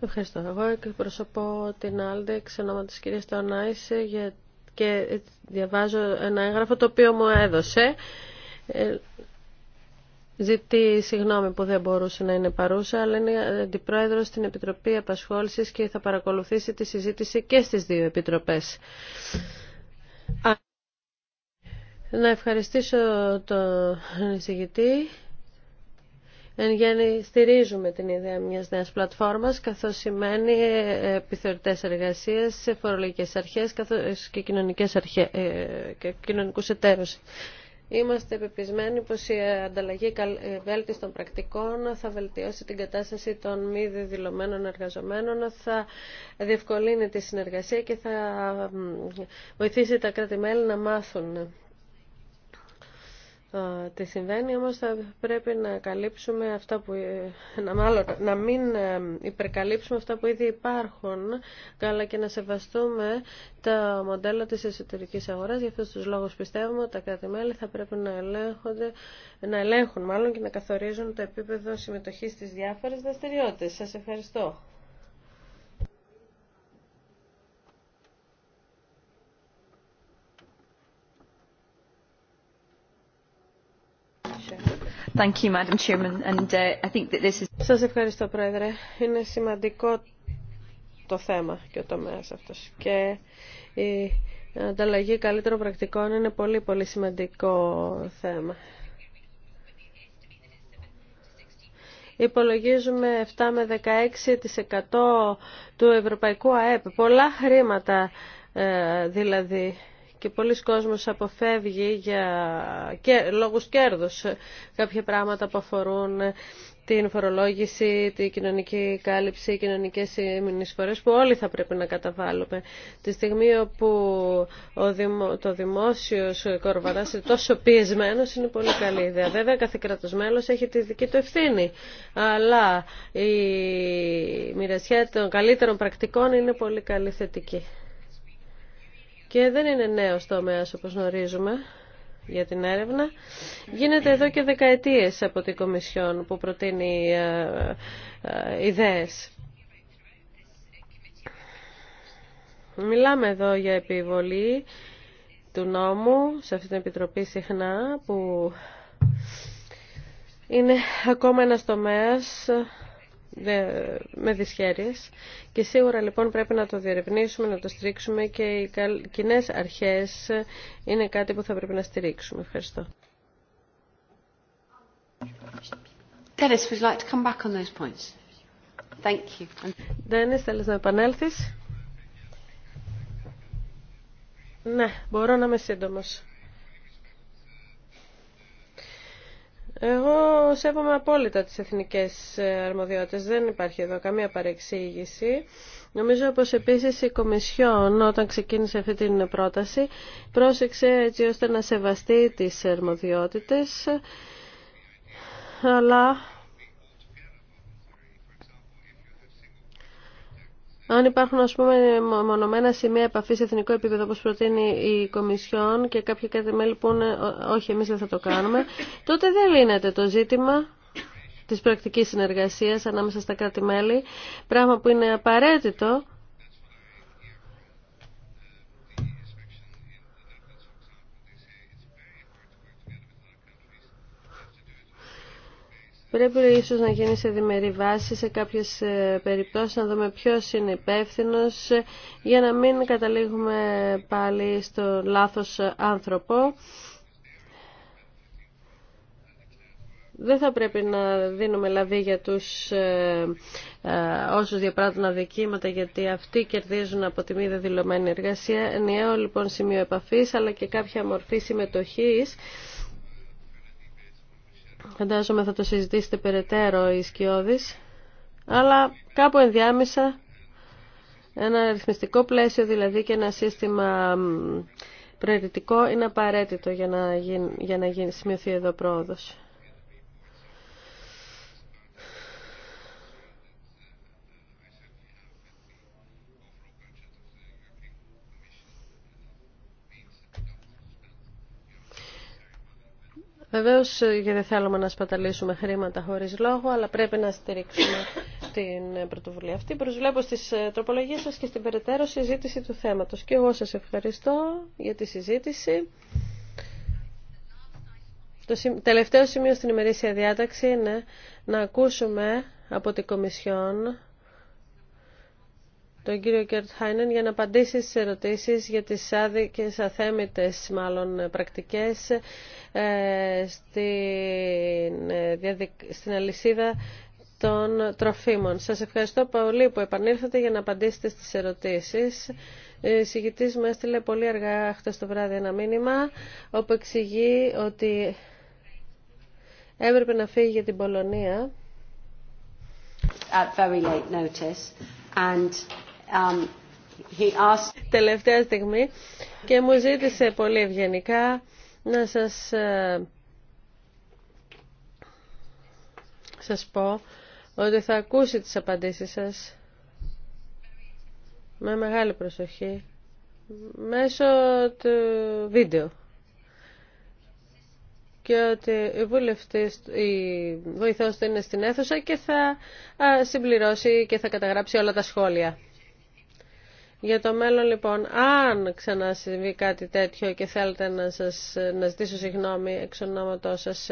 Ευχαριστώ. Εγώ εκπροσωπώ την ALDE, ξενόμα της κυρίας Τονάης, ε, και διαβάζω ένα έγγραφο το οποίο μου έδωσε. Ζητεί συγγνώμη που δεν μπορούσε να είναι παρούσα, αλλά είναι αντιπρόεδρος στην Επιτροπή Απασχόλησης και θα παρακολουθήσει τη συζήτηση και στις δύο επιτροπές. Να ευχαριστήσω τον εισηγητή. Εν γέννη στηρίζουμε την ιδέα μιας νέας πλατφόρμας, καθώς σημαίνει ε, επιθεωρητές εργασίες, σε φορολογικές αρχές καθώς και, κοινωνικές αρχές, ε, και κοινωνικούς εταίρους. Είμαστε πεπισμένοι πως η ανταλλαγή ε, βέλτιστων πρακτικών θα βελτιώσει την κατάσταση των μη διδηλωμένων εργαζομένων, θα διευκολύνει τη συνεργασία και θα βοηθήσει τα κράτη-μέλη να μάθουν τι συμβαίνει, όμως θα πρέπει να καλύψουμε αυτά που, ε, να, μάλλον, να μην ε, υπερκαλύψουμε αυτά που ήδη υπάρχουν, αλλά και να σεβαστούμε τα μοντέλα της εσωτερικής αγοράς. Γι' αυτούς τους λόγους πιστεύουμε ότι τα κράτη-μέλη θα πρέπει να, ελέγχονται, να ελέγχουν μάλλον και να καθορίζουν το επίπεδο συμμετοχής στις διάφορες δραστηριότητε. Σας ευχαριστώ. Σα uh, Σας ευχαριστώ, Πρόεδρε. Είναι σημαντικό το θέμα και ο τομέας αυτό. Και η ανταλλαγή καλύτερων πρακτικών είναι πολύ, πολύ σημαντικό θέμα. υπολογίζουμε 7 με 16% του ευρωπαϊκού ΑΕΠ. Πολλά χρήματα ε, δηλαδή και πολλοί κόσμοι αποφεύγει για και, λόγους κέρδους κάποια πράγματα που αφορούν την φορολόγηση, την κοινωνική κάλυψη, οι κοινωνικές μηνυσφορές που όλοι θα πρέπει να καταβάλουμε. Τη στιγμή όπου ο δημο, το δημόσιο κορβαράς είναι τόσο πιεσμένος είναι πολύ καλή ιδέα. Βέβαια κάθε κράτος μέλος έχει τη δική του ευθύνη, αλλά η μοιρασιά των καλύτερων πρακτικών είναι πολύ καλή θετική και δεν είναι νέος τομέας όπως γνωρίζουμε για την έρευνα. Γίνεται εδώ και δεκαετίες από την Κομισιόν που προτείνει ε, ε, ιδέες. Μιλάμε εδώ για επιβολή του νόμου σε αυτή την Επιτροπή συχνά που είναι ακόμα ένας τομέας με δυσχέρειες και σίγουρα λοιπόν πρέπει να το διερευνήσουμε, να το στρίξουμε και οι κοινέ αρχές είναι κάτι που θα πρέπει να στηρίξουμε. Ευχαριστώ. Dennis, would like to come back on those points? Thank you. θέλεις να επανέλθεις? Ναι, μπορώ να είμαι σύντομος. Εγώ σέβομαι απόλυτα τις εθνικές ε, αρμοδιότητες. Δεν υπάρχει εδώ καμία παρεξήγηση. Νομίζω πως επίσης η Κομισιόν όταν ξεκίνησε αυτή την πρόταση πρόσεξε έτσι ώστε να σεβαστεί τις αρμοδιότητες αλλά Αν υπάρχουν ας πούμε μονομένα σημεία επαφή σε εθνικό επίπεδο όπως προτείνει η Κομισιόν και καποιοι κάτι μέλη που είναι όχι εμείς δεν θα το κάνουμε, τότε δεν λύνεται το ζήτημα της πρακτικής συνεργασίας ανάμεσα στα κράτη-μέλη, πράγμα που είναι απαραίτητο Πρέπει ίσως να γίνει σε διμερή βάση σε κάποιες ε, περιπτώσεις να δούμε ποιος είναι υπεύθυνο για να μην καταλήγουμε πάλι στο λάθος άνθρωπο. Δεν θα πρέπει να δίνουμε λαβή για τους ε, ε, όσους διαπράττουν αδικήματα γιατί αυτοί κερδίζουν από τη μη δεδηλωμένη εργασία. Ενιαίο λοιπόν σημείο επαφής αλλά και κάποια μορφή συμμετοχής Φαντάζομαι θα το συζητήσετε περαιτέρω οι σκιώδεις. Αλλά κάπου ενδιάμεσα ένα αριθμιστικό πλαίσιο δηλαδή και ένα σύστημα προαιρετικό είναι απαραίτητο για να, γίνει, για να γίνει, σημειωθεί εδώ πρόοδος. Βεβαίω, και ε, δεν θέλουμε να σπαταλήσουμε χρήματα χωρί λόγο, αλλά πρέπει να στηρίξουμε την ε, πρωτοβουλία αυτή. Προσβλέπω στι ε, τροπολογίε σα και στην περαιτέρω συζήτηση του θέματο Και εγώ σα ευχαριστώ για τη συζήτηση. Το τελευταίο σημείο στην ημερήσια διάταξη είναι να ακούσουμε από την Κομισιόν τον κύριο Κέρτ Χάινεν για να απαντήσει στις ερωτήσεις για τις άδικες αθέμητες μάλλον πρακτικές ε, στην, ε, στην αλυσίδα των τροφίμων. Σας ευχαριστώ πολύ που επανήλθατε για να απαντήσετε στις ερωτήσεις. Ο ε, συγητής μου έστειλε πολύ αργά χτες το βράδυ ένα μήνυμα όπου εξηγεί ότι έπρεπε να φύγει για την Πολωνία. At very late notice and Um, Τελευταία στιγμή και μου ζήτησε πολύ ευγενικά να σας, ε, σας πω ότι θα ακούσει τις απαντήσεις σας με μεγάλη προσοχή μέσω του βίντεο και ότι η βοηθό η βοηθός του είναι στην αίθουσα και θα συμπληρώσει και θα καταγράψει όλα τα σχόλια. Για το μέλλον λοιπόν, αν ξανασυμβεί κάτι τέτοιο και θέλετε να σας να ζητήσω συγγνώμη εξ ονόματός σας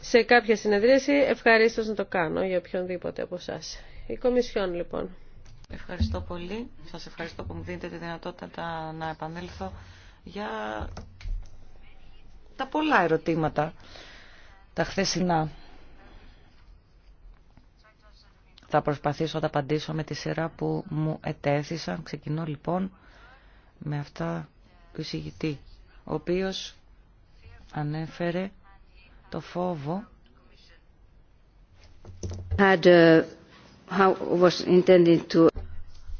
σε, κάποια συνεδρίαση, ευχαρίστω να το κάνω για οποιονδήποτε από εσά. Η Κομισιόν λοιπόν. Ευχαριστώ πολύ. Σας ευχαριστώ που μου δίνετε τη δυνατότητα να επανέλθω για τα πολλά ερωτήματα, τα χθεσινά. Θα προσπαθήσω να απαντήσω με τη σειρά που μου ετέθησαν. Ξεκινώ λοιπόν με αυτά του εισηγητή, ο οποίος ανέφερε το φόβο Had, uh, how was to...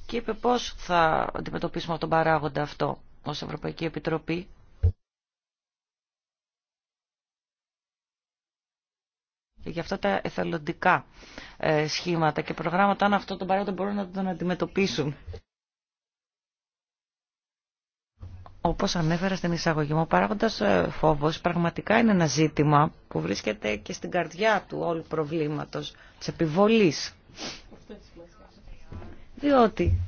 και είπε πώς θα αντιμετωπίσουμε τον παράγοντα αυτό ως Ευρωπαϊκή Επιτροπή για αυτά τα εθελοντικά ε, σχήματα και προγράμματα, αν αυτό το παράγοντα μπορούν να τον αντιμετωπίσουν. Όπως ανέφερα στην εισαγωγή μου, ο παράγοντας ε, φόβος πραγματικά είναι ένα ζήτημα που βρίσκεται και στην καρδιά του όλου προβλήματος, της επιβολής. Διότι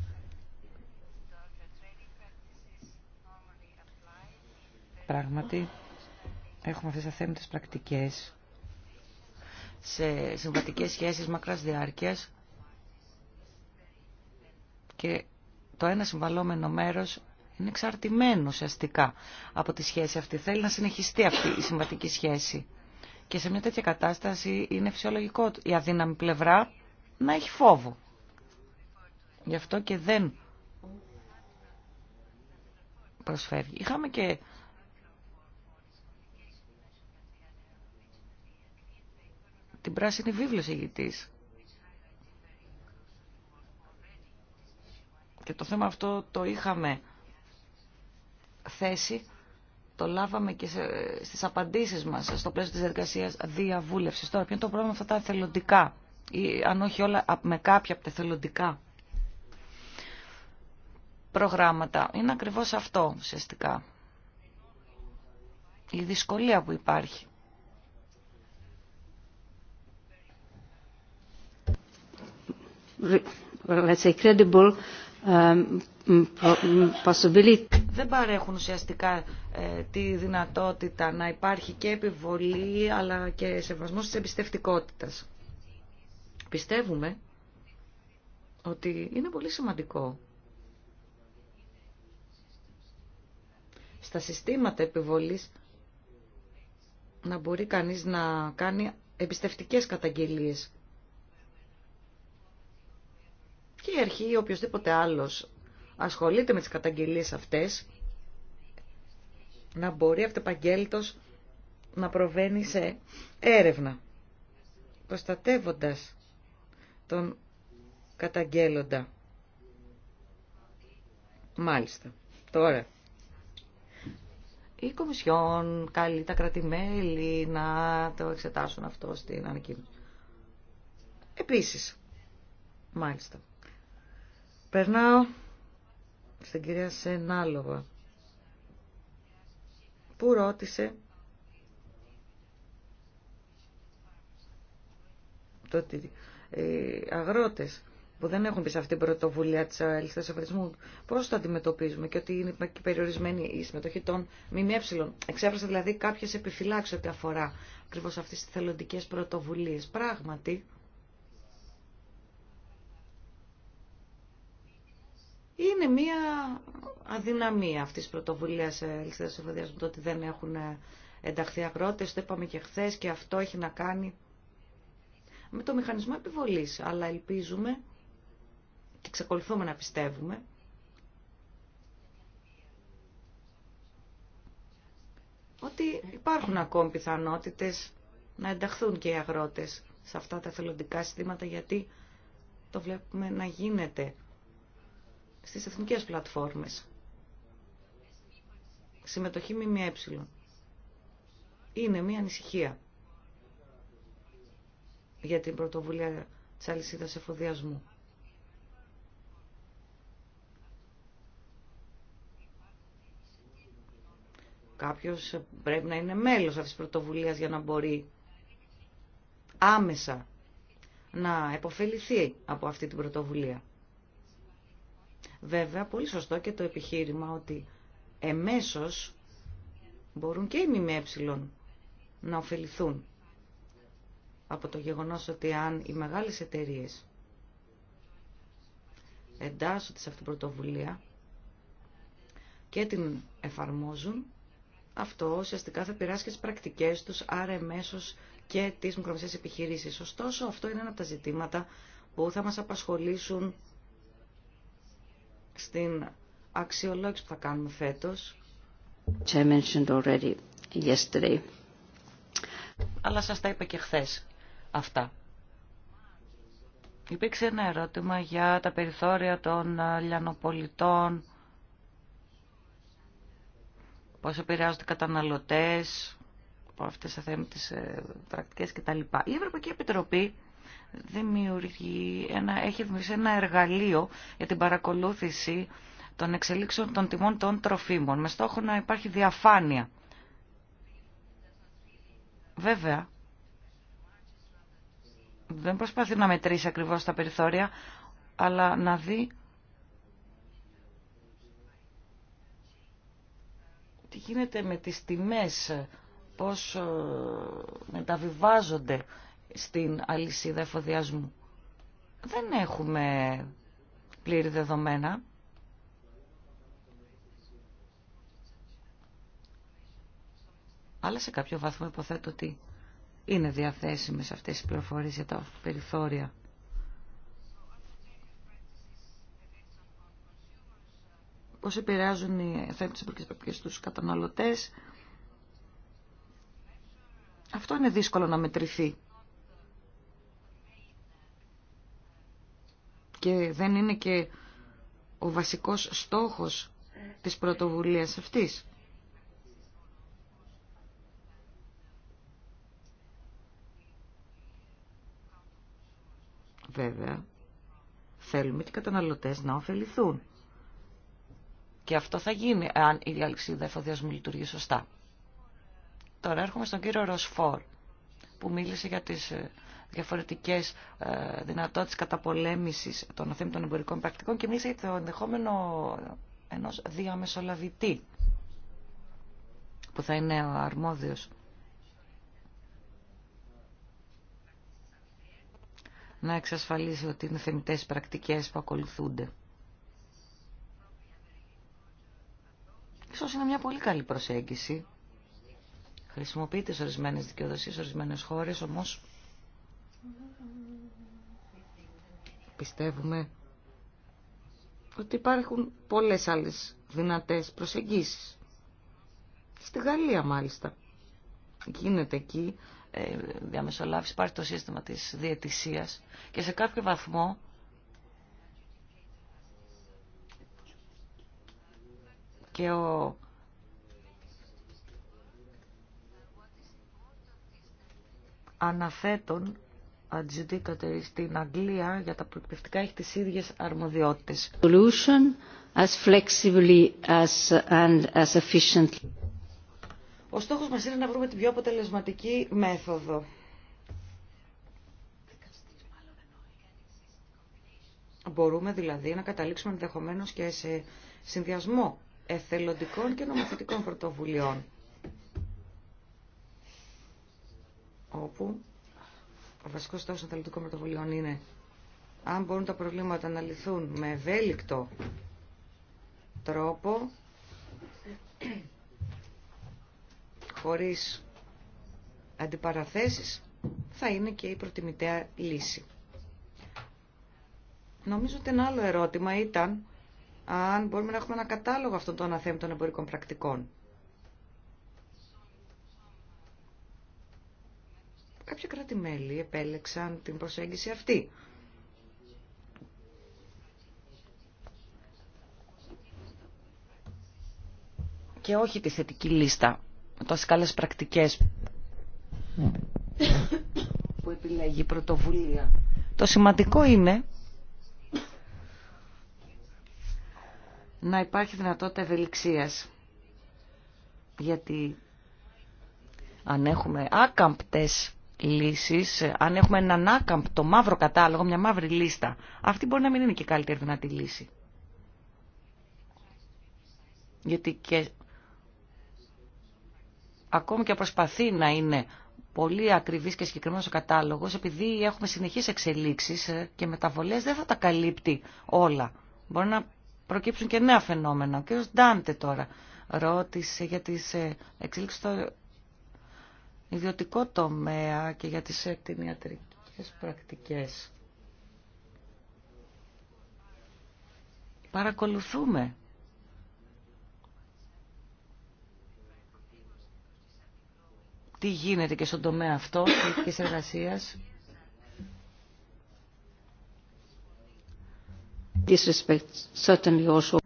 πράγματι έχουμε αυτές τις αθέμητες πρακτικές σε συμβατικές σχέσεις μακράς διάρκειας και το ένα συμβαλόμενο μέρος είναι εξαρτημένο ουσιαστικά από τη σχέση αυτή. Θέλει να συνεχιστεί αυτή η συμβατική σχέση. Και σε μια τέτοια κατάσταση είναι φυσιολογικό η αδύναμη πλευρά να έχει φόβο. Γι' αυτό και δεν προσφέρει. Είχαμε και την πράσινη βίβλο ηγητής. Και το θέμα αυτό το είχαμε θέσει, το λάβαμε και στις απαντήσεις μας στο πλαίσιο της εργασίας διαβούλευσης. Τώρα, ποιο είναι το πρόβλημα αυτά τα εθελοντικά, ή αν όχι όλα με κάποια από τα εθελοντικά προγράμματα. Είναι ακριβώς αυτό ουσιαστικά. Η δυσκολία που υπάρχει. let's say, credible um, possibility. Δεν παρέχουν ουσιαστικά ε, τη δυνατότητα να υπάρχει και επιβολή αλλά και σεβασμός της εμπιστευτικότητας. Πιστεύουμε ότι είναι πολύ σημαντικό στα συστήματα επιβολής να μπορεί κανείς να κάνει εμπιστευτικές καταγγελίες. και η αρχή ή οποιοδήποτε άλλος ασχολείται με τις καταγγελίες αυτές να μπορεί αυτεπαγγέλτος να προβαίνει σε έρευνα προστατεύοντας τον καταγγέλλοντα. Μάλιστα. Τώρα, η Κομισιόν καλεί τα κρατημέλη να το εξετάσουν αυτό στην ανακοίνωση. Επίσης, μάλιστα. Περνάω στην κυρία Σενάλοβα που ρώτησε το ότι οι αγρότες που δεν έχουν πει σε αυτήν την πρωτοβουλία τη αλυσίδα εφοδιασμού, πώ το αντιμετωπίζουμε και ότι είναι περιορισμένη η συμμετοχή των ΜΜΕ. εξέφρασε δηλαδή κάποιες επιφυλάξεις ό,τι αφορά ακριβώ αυτές τις θελοντικές πρωτοβουλίες. Πράγματι, είναι μια αδυναμία αυτής της πρωτοβουλίας ε, ελευθερίας εφοδιασμού, το ότι δεν έχουν ε, ενταχθεί αγρότες, το είπαμε και χθε και αυτό έχει να κάνει με το μηχανισμό επιβολής, αλλά ελπίζουμε και ξεκολουθούμε να πιστεύουμε ότι υπάρχουν ακόμη πιθανότητες να ενταχθούν και οι αγρότες σε αυτά τα θελοντικά συστήματα γιατί το βλέπουμε να γίνεται στις εθνικές πλατφόρμες. Συμμετοχή ΜΜΕ. Είναι μια ανησυχία για την πρωτοβουλία της αλυσίδας εφοδιασμού. Κάποιος πρέπει να είναι μέλος αυτής της πρωτοβουλίας για να μπορεί άμεσα να επωφεληθεί από αυτή την πρωτοβουλία. Βέβαια, πολύ σωστό και το επιχείρημα ότι εμέσως μπορούν και οι ΜΜΕ να ωφεληθούν από το γεγονός ότι αν οι μεγάλες εταιρείες εντάσσονται σε αυτήν την πρωτοβουλία και την εφαρμόζουν, αυτό ουσιαστικά θα πειράσει και τις πρακτικές τους, άρα εμέσως και τις μικρομεσαίες επιχειρήσεις. Ωστόσο, αυτό είναι ένα από τα ζητήματα που θα μας απασχολήσουν στην αξιολόγηση που θα κάνουμε φέτος. Αλλά σας τα είπα και χθες αυτά. Υπήρξε ένα ερώτημα για τα περιθώρια των ε, λιανοπολιτών, πώς επηρεάζονται οι καταναλωτές, από αυτές τα θέματα της ε, πρακτικές κτλ. Η Ευρωπαϊκή Επιτροπή δημιουργεί ένα, έχει δημιουργήσει ένα εργαλείο για την παρακολούθηση των εξελίξεων των τιμών των τροφίμων, με στόχο να υπάρχει διαφάνεια. Βέβαια, δεν προσπαθεί να μετρήσει ακριβώς τα περιθώρια, αλλά να δει τι γίνεται με τις τιμές, πώς ε, μεταβιβάζονται στην αλυσίδα εφοδιασμού. Δεν έχουμε πλήρη δεδομένα. Αλλά σε κάποιο βαθμό υποθέτω ότι είναι διαθέσιμες αυτές οι πληροφορίες για τα περιθώρια. Πώς επηρεάζουν οι θέσεις της τους καταναλωτές. Αυτό είναι δύσκολο να μετρηθεί. και δεν είναι και ο βασικός στόχος της πρωτοβουλίας αυτής. Βέβαια, θέλουμε και οι καταναλωτές να ωφεληθούν. Και αυτό θα γίνει αν η διαλυξίδα μου λειτουργεί σωστά. Τώρα έρχομαι στον κύριο Ροσφόρ που μίλησε για τις ε, διαφορετικές ε, δυνατότητε καταπολέμηση των αθέμητων εμπορικών πρακτικών και μίλησε για το ενδεχόμενο ενός διαμεσολαβητή που θα είναι ο αρμόδιος. να εξασφαλίσει ότι είναι θεμητές πρακτικές που ακολουθούνται. Ίσως είναι μια πολύ καλή προσέγγιση. Χρησιμοποιείται σε ορισμένες δικαιοδοσίες, σε ορισμένες χώρες, όμως Πιστεύουμε ότι υπάρχουν πολλές άλλες δυνατές προσεγγίσεις. Στη Γαλλία μάλιστα. Γίνεται εκεί ε, διαμεσολάβηση, υπάρχει το σύστημα της διαιτησίας και σε κάποιο βαθμό και ο αναθέτων adjudicator στην Αγγλία για τα προκριτικά έχει τις ίδιες αρμοδιότητες. Solution as flexibly as and as efficiently. Ο στόχος μας είναι να βρούμε την πιο αποτελεσματική μέθοδο. Μπορούμε δηλαδή να καταλήξουμε ενδεχομένω και σε συνδυασμό εθελοντικών και νομοθετικών πρωτοβουλειών. Όπου ο βασικό στόχος των θελοντικών πρωτοβουλειών είναι αν μπορούν τα προβλήματα να λυθούν με ευέλικτο τρόπο χωρίς αντιπαραθέσεις θα είναι και η προτιμητέα λύση. Νομίζω ότι ένα άλλο ερώτημα ήταν αν μπορούμε να έχουμε ένα κατάλογο αυτών των αθέμπτων εμπορικών πρακτικών. Κάποια κράτη-μέλη επέλεξαν την προσέγγιση αυτή. Και όχι τη θετική λίστα, τόσες καλές πρακτικές που επιλέγει η πρωτοβουλία. Το σημαντικό είναι να υπάρχει δυνατότητα ευελιξίας. Γιατί αν έχουμε άκαμπτες λύσεις, αν έχουμε έναν άκαμπτο μαύρο κατάλογο, μια μαύρη λίστα, αυτή μπορεί να μην είναι και η καλύτερη δυνατή λύση. Γιατί και ακόμη και προσπαθεί να είναι πολύ ακριβής και συγκεκριμένος ο κατάλογος, επειδή έχουμε συνεχείς εξελίξεις και μεταβολές, δεν θα τα καλύπτει όλα. Μπορεί να προκύψουν και νέα φαινόμενα. Ο κ. Ντάντε τώρα ρώτησε για τις ε, εξελίξεις ιδιωτικό τομέα και για τις εκτινιατρικές πρακτικές. Παρακολουθούμε τι γίνεται και στον τομέα αυτό της εργασίας. certainly also.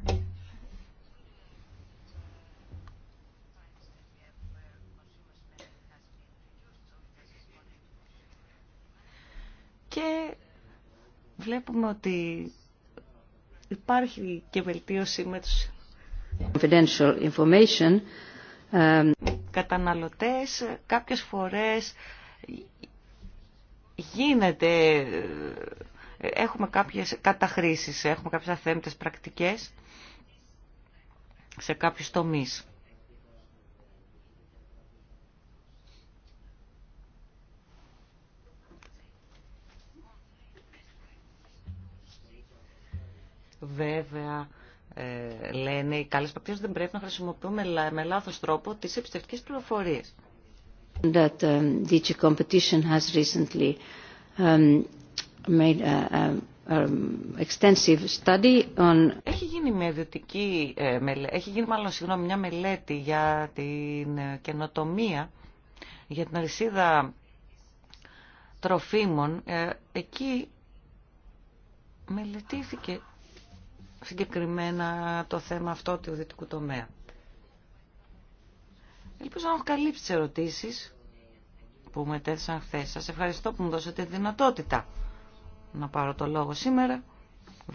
και βλέπουμε ότι υπάρχει και βελτίωση με τους information. Ε, καταναλωτές. Κάποιες φορές γίνεται, ε, έχουμε κάποιες καταχρήσεις, έχουμε κάποιες αθέμητες πρακτικές σε κάποιους τομείς. Βέβαια, ε, λένε οι καλές δεν πρέπει να χρησιμοποιούμε με λάθος τρόπο τις επιστευτικές πληροφορίες. That um, DG Competition has recently um, made a, um, extensive study on... Έχει γίνει μια ιδιωτική, ε, έχει γίνει μάλλον συγγνώμη, μια μελέτη για την ε, καινοτομία, για την αλυσίδα τροφίμων. Ε, εκεί μελετήθηκε συγκεκριμένα το θέμα αυτό του δυτικού τομέα. Ελπίζω να έχω καλύψει τις ερωτήσεις που μου ετέθησαν χθε. Σα ευχαριστώ που μου δώσατε δυνατότητα να πάρω το λόγο σήμερα.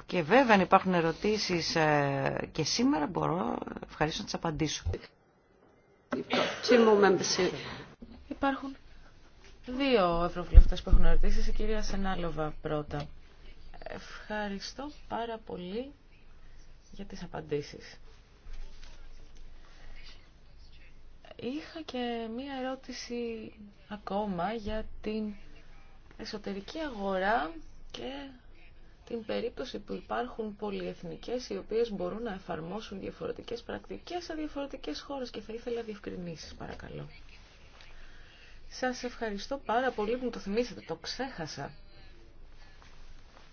Και βέβαια αν υπάρχουν ερωτήσεις ε, και σήμερα μπορώ ευχαριστώ να τις απαντήσω. Υπάρχουν δύο ευρωβουλευτές που έχουν ερωτήσεις. Η κυρία Σενάλοβα πρώτα. Ευχαριστώ πάρα πολύ για τις απαντήσεις. Είχα και μία ερώτηση ακόμα για την εσωτερική αγορά και την περίπτωση που υπάρχουν πολυεθνικές οι οποίες μπορούν να εφαρμόσουν διαφορετικές πρακτικές σε διαφορετικές χώρες και θα ήθελα διευκρινήσεις παρακαλώ. Σας ευχαριστώ πάρα πολύ που μου το θυμήσατε, το ξέχασα.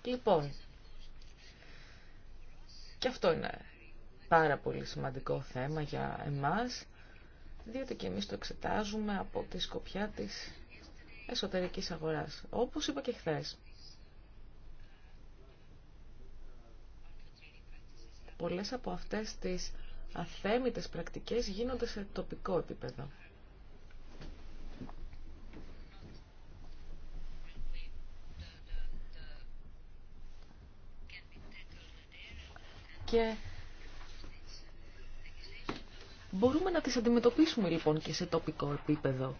Λοιπόν, και αυτό είναι πάρα πολύ σημαντικό θέμα για εμάς, διότι και εμείς το εξετάζουμε από τη σκοπιά της εσωτερικής αγοράς, όπως είπα και χθες. Πολλές από αυτές τις αθέμητες πρακτικές γίνονται σε τοπικό επίπεδο. και μπορούμε να τις αντιμετωπίσουμε λοιπόν και σε τοπικό επίπεδο.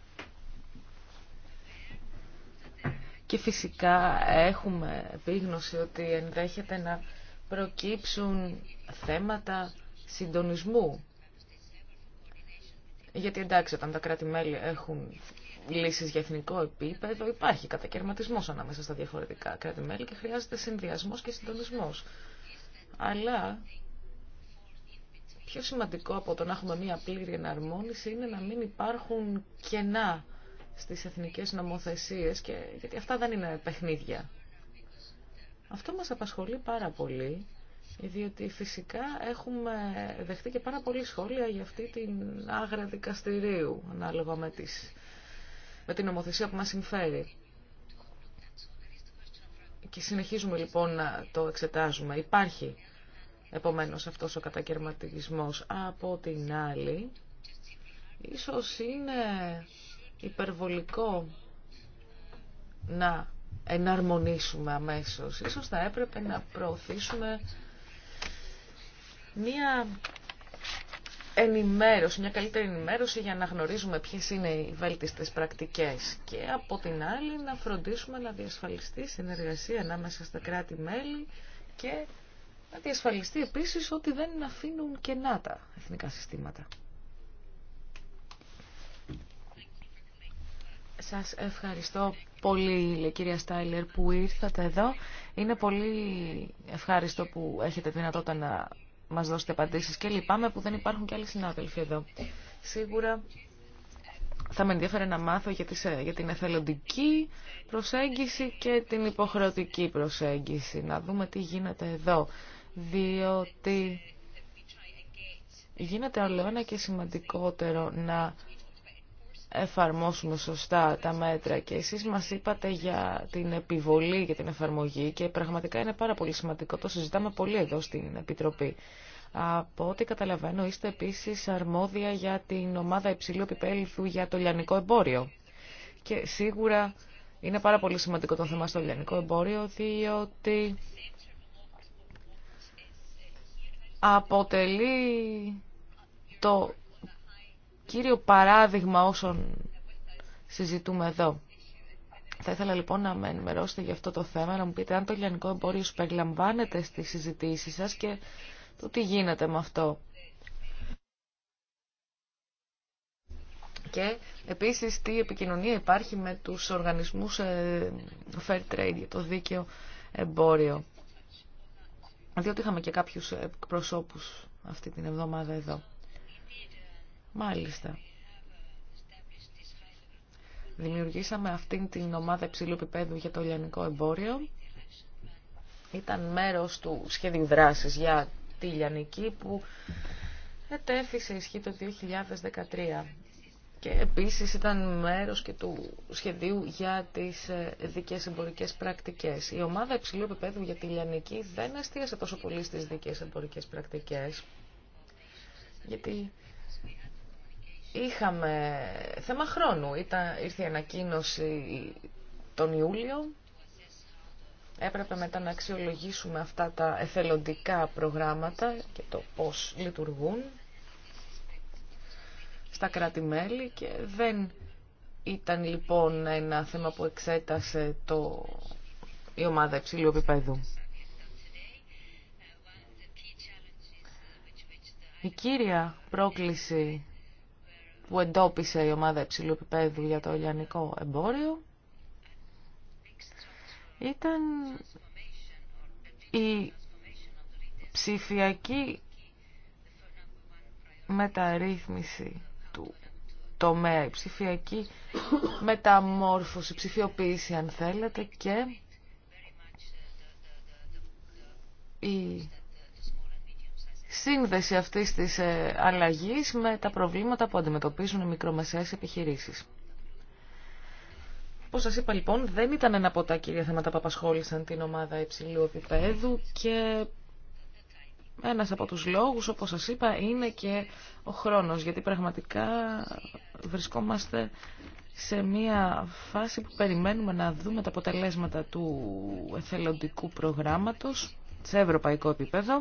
Και φυσικά έχουμε επίγνωση ότι ενδέχεται να προκύψουν θέματα συντονισμού. Γιατί εντάξει, όταν τα κράτη-μέλη έχουν λύσεις για εθνικό επίπεδο, υπάρχει κατακαιρματισμός ανάμεσα στα διαφορετικά κράτη-μέλη και χρειάζεται συνδυασμός και συντονισμός. Αλλά πιο σημαντικό από το να έχουμε μία πλήρη εναρμόνιση είναι να μην υπάρχουν κενά στις εθνικές νομοθεσίες, και, γιατί αυτά δεν είναι παιχνίδια. Αυτό μας απασχολεί πάρα πολύ, διότι φυσικά έχουμε δεχτεί και πάρα πολλή σχόλια για αυτή την άγρα δικαστηρίου, ανάλογα με, τις, με την νομοθεσία που μας συμφέρει. Και συνεχίζουμε λοιπόν να το εξετάζουμε. Υπάρχει επομένως αυτός ο κατακαιρματισμός. Από την άλλη, ίσως είναι υπερβολικό να εναρμονίσουμε αμέσως. Ίσως θα έπρεπε να προωθήσουμε μία ενημέρωση, μια καλύτερη ενημέρωση για να γνωρίζουμε ποιες είναι οι βέλτιστες πρακτικές και από την άλλη να φροντίσουμε να διασφαλιστεί συνεργασία ανάμεσα στα κράτη-μέλη και να διασφαλιστεί επίσης ότι δεν αφήνουν κενά τα εθνικά συστήματα. Σας ευχαριστώ πολύ κυρία Στάιλερ που ήρθατε εδώ. Είναι πολύ ευχάριστο που έχετε δυνατότητα να Μα δώσετε απαντήσει και λυπάμαι που δεν υπάρχουν και άλλοι συνάδελφοι εδώ. Σίγουρα θα με ενδιαφέρε να μάθω για, ε, για την εθελοντική προσέγγιση και την υποχρεωτική προσέγγιση. Να δούμε τι γίνεται εδώ. Διότι γίνεται όλο ένα και σημαντικότερο να εφαρμόσουμε σωστά τα μέτρα και εσείς μας είπατε για την επιβολή και την εφαρμογή και πραγματικά είναι πάρα πολύ σημαντικό, το συζητάμε πολύ εδώ στην Επιτροπή. Από ό,τι καταλαβαίνω είστε επίσης αρμόδια για την ομάδα υψηλού επιπέλθου για το λιανικό εμπόριο. Και σίγουρα είναι πάρα πολύ σημαντικό το θέμα στο λιανικό εμπόριο διότι αποτελεί το κύριο παράδειγμα όσων συζητούμε εδώ. Θα ήθελα λοιπόν να με ενημερώσετε για αυτό το θέμα, να μου πείτε αν το λιανικό εμπόριο περιλαμβάνεται στις συζητήσεις σας και το τι γίνεται με αυτό. Και επίσης τι επικοινωνία υπάρχει με τους οργανισμούς ε, Fair Trade για το δίκαιο εμπόριο. Διότι είχαμε και κάποιους προσώπους αυτή την εβδομάδα εδώ. Μάλιστα. Δημιουργήσαμε αυτήν την ομάδα υψηλού επίπεδου για το λιανικό εμπόριο. Ήταν μέρος του σχέδιου δράσης για τη λιανική που ετέθησε ισχύ το 2013. Και επίσης ήταν μέρος και του σχεδίου για τις ε, δικές εμπορικές πρακτικές. Η ομάδα υψηλού επίπεδου για τη λιανική δεν αστίασε τόσο πολύ στις δικές εμπορικές πρακτικές, γιατί Είχαμε θέμα χρόνου. Ήταν, ήρθε η ανακοίνωση τον Ιούλιο. Έπρεπε μετά να αξιολογήσουμε αυτά τα εθελοντικά προγράμματα και το πώς λειτουργούν στα κράτη-μέλη και δεν ήταν λοιπόν ένα θέμα που εξέτασε το... η ομάδα υψηλού επίπεδου. Η κύρια πρόκληση που εντόπισε η ομάδα υψηλού επίπεδου για το ελληνικό εμπόριο ήταν η ψηφιακή μεταρρύθμιση του τομέα, η ψηφιακή μεταμόρφωση, ψηφιοποίηση αν θέλετε και η σύνδεση αυτής της ε, αλλαγής με τα προβλήματα που αντιμετωπίζουν οι μικρομεσαίες επιχειρήσεις. Όπως σας είπα λοιπόν, δεν ήταν ένα από τα κύρια θέματα που απασχόλησαν την ομάδα υψηλού επίπεδου και ένας από τους λόγους, όπως σας είπα, είναι και ο χρόνος, γιατί πραγματικά βρισκόμαστε σε μια φάση που περιμένουμε να δούμε τα αποτελέσματα του εθελοντικού προγράμματος σε ευρωπαϊκό επίπεδο.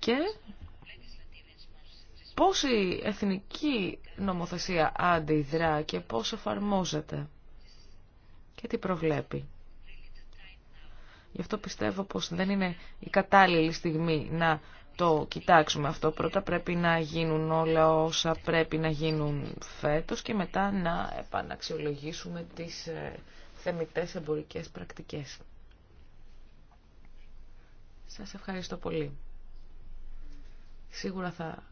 και πώς η εθνική νομοθεσία αντιδρά και πώς εφαρμόζεται και τι προβλέπει. Γι' αυτό πιστεύω πως δεν είναι η κατάλληλη στιγμή να το κοιτάξουμε αυτό. Πρώτα πρέπει να γίνουν όλα όσα πρέπει να γίνουν φέτος και μετά να επαναξιολογήσουμε τις ε, θεμητές εμπορικές πρακτικές. Σας ευχαριστώ πολύ. Σίγουρα θα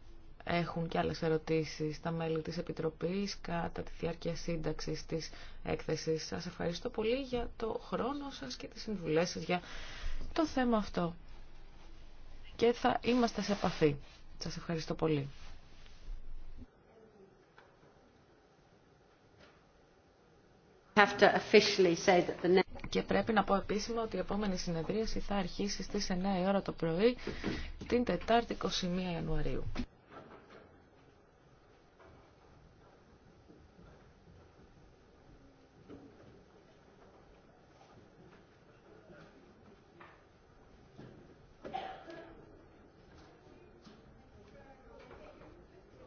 έχουν και άλλες ερωτήσεις τα μέλη της Επιτροπής κατά τη διάρκεια σύνταξης της έκθεσης. Σας ευχαριστώ πολύ για το χρόνο σας και τις συμβουλές σας για το θέμα αυτό. Και θα είμαστε σε επαφή. Σας ευχαριστώ πολύ. Και πρέπει να πω επίσημα ότι η επόμενη συνεδρίαση θα αρχίσει στις 9 η ώρα το πρωί την Τετάρτη 21 Ιανουαρίου.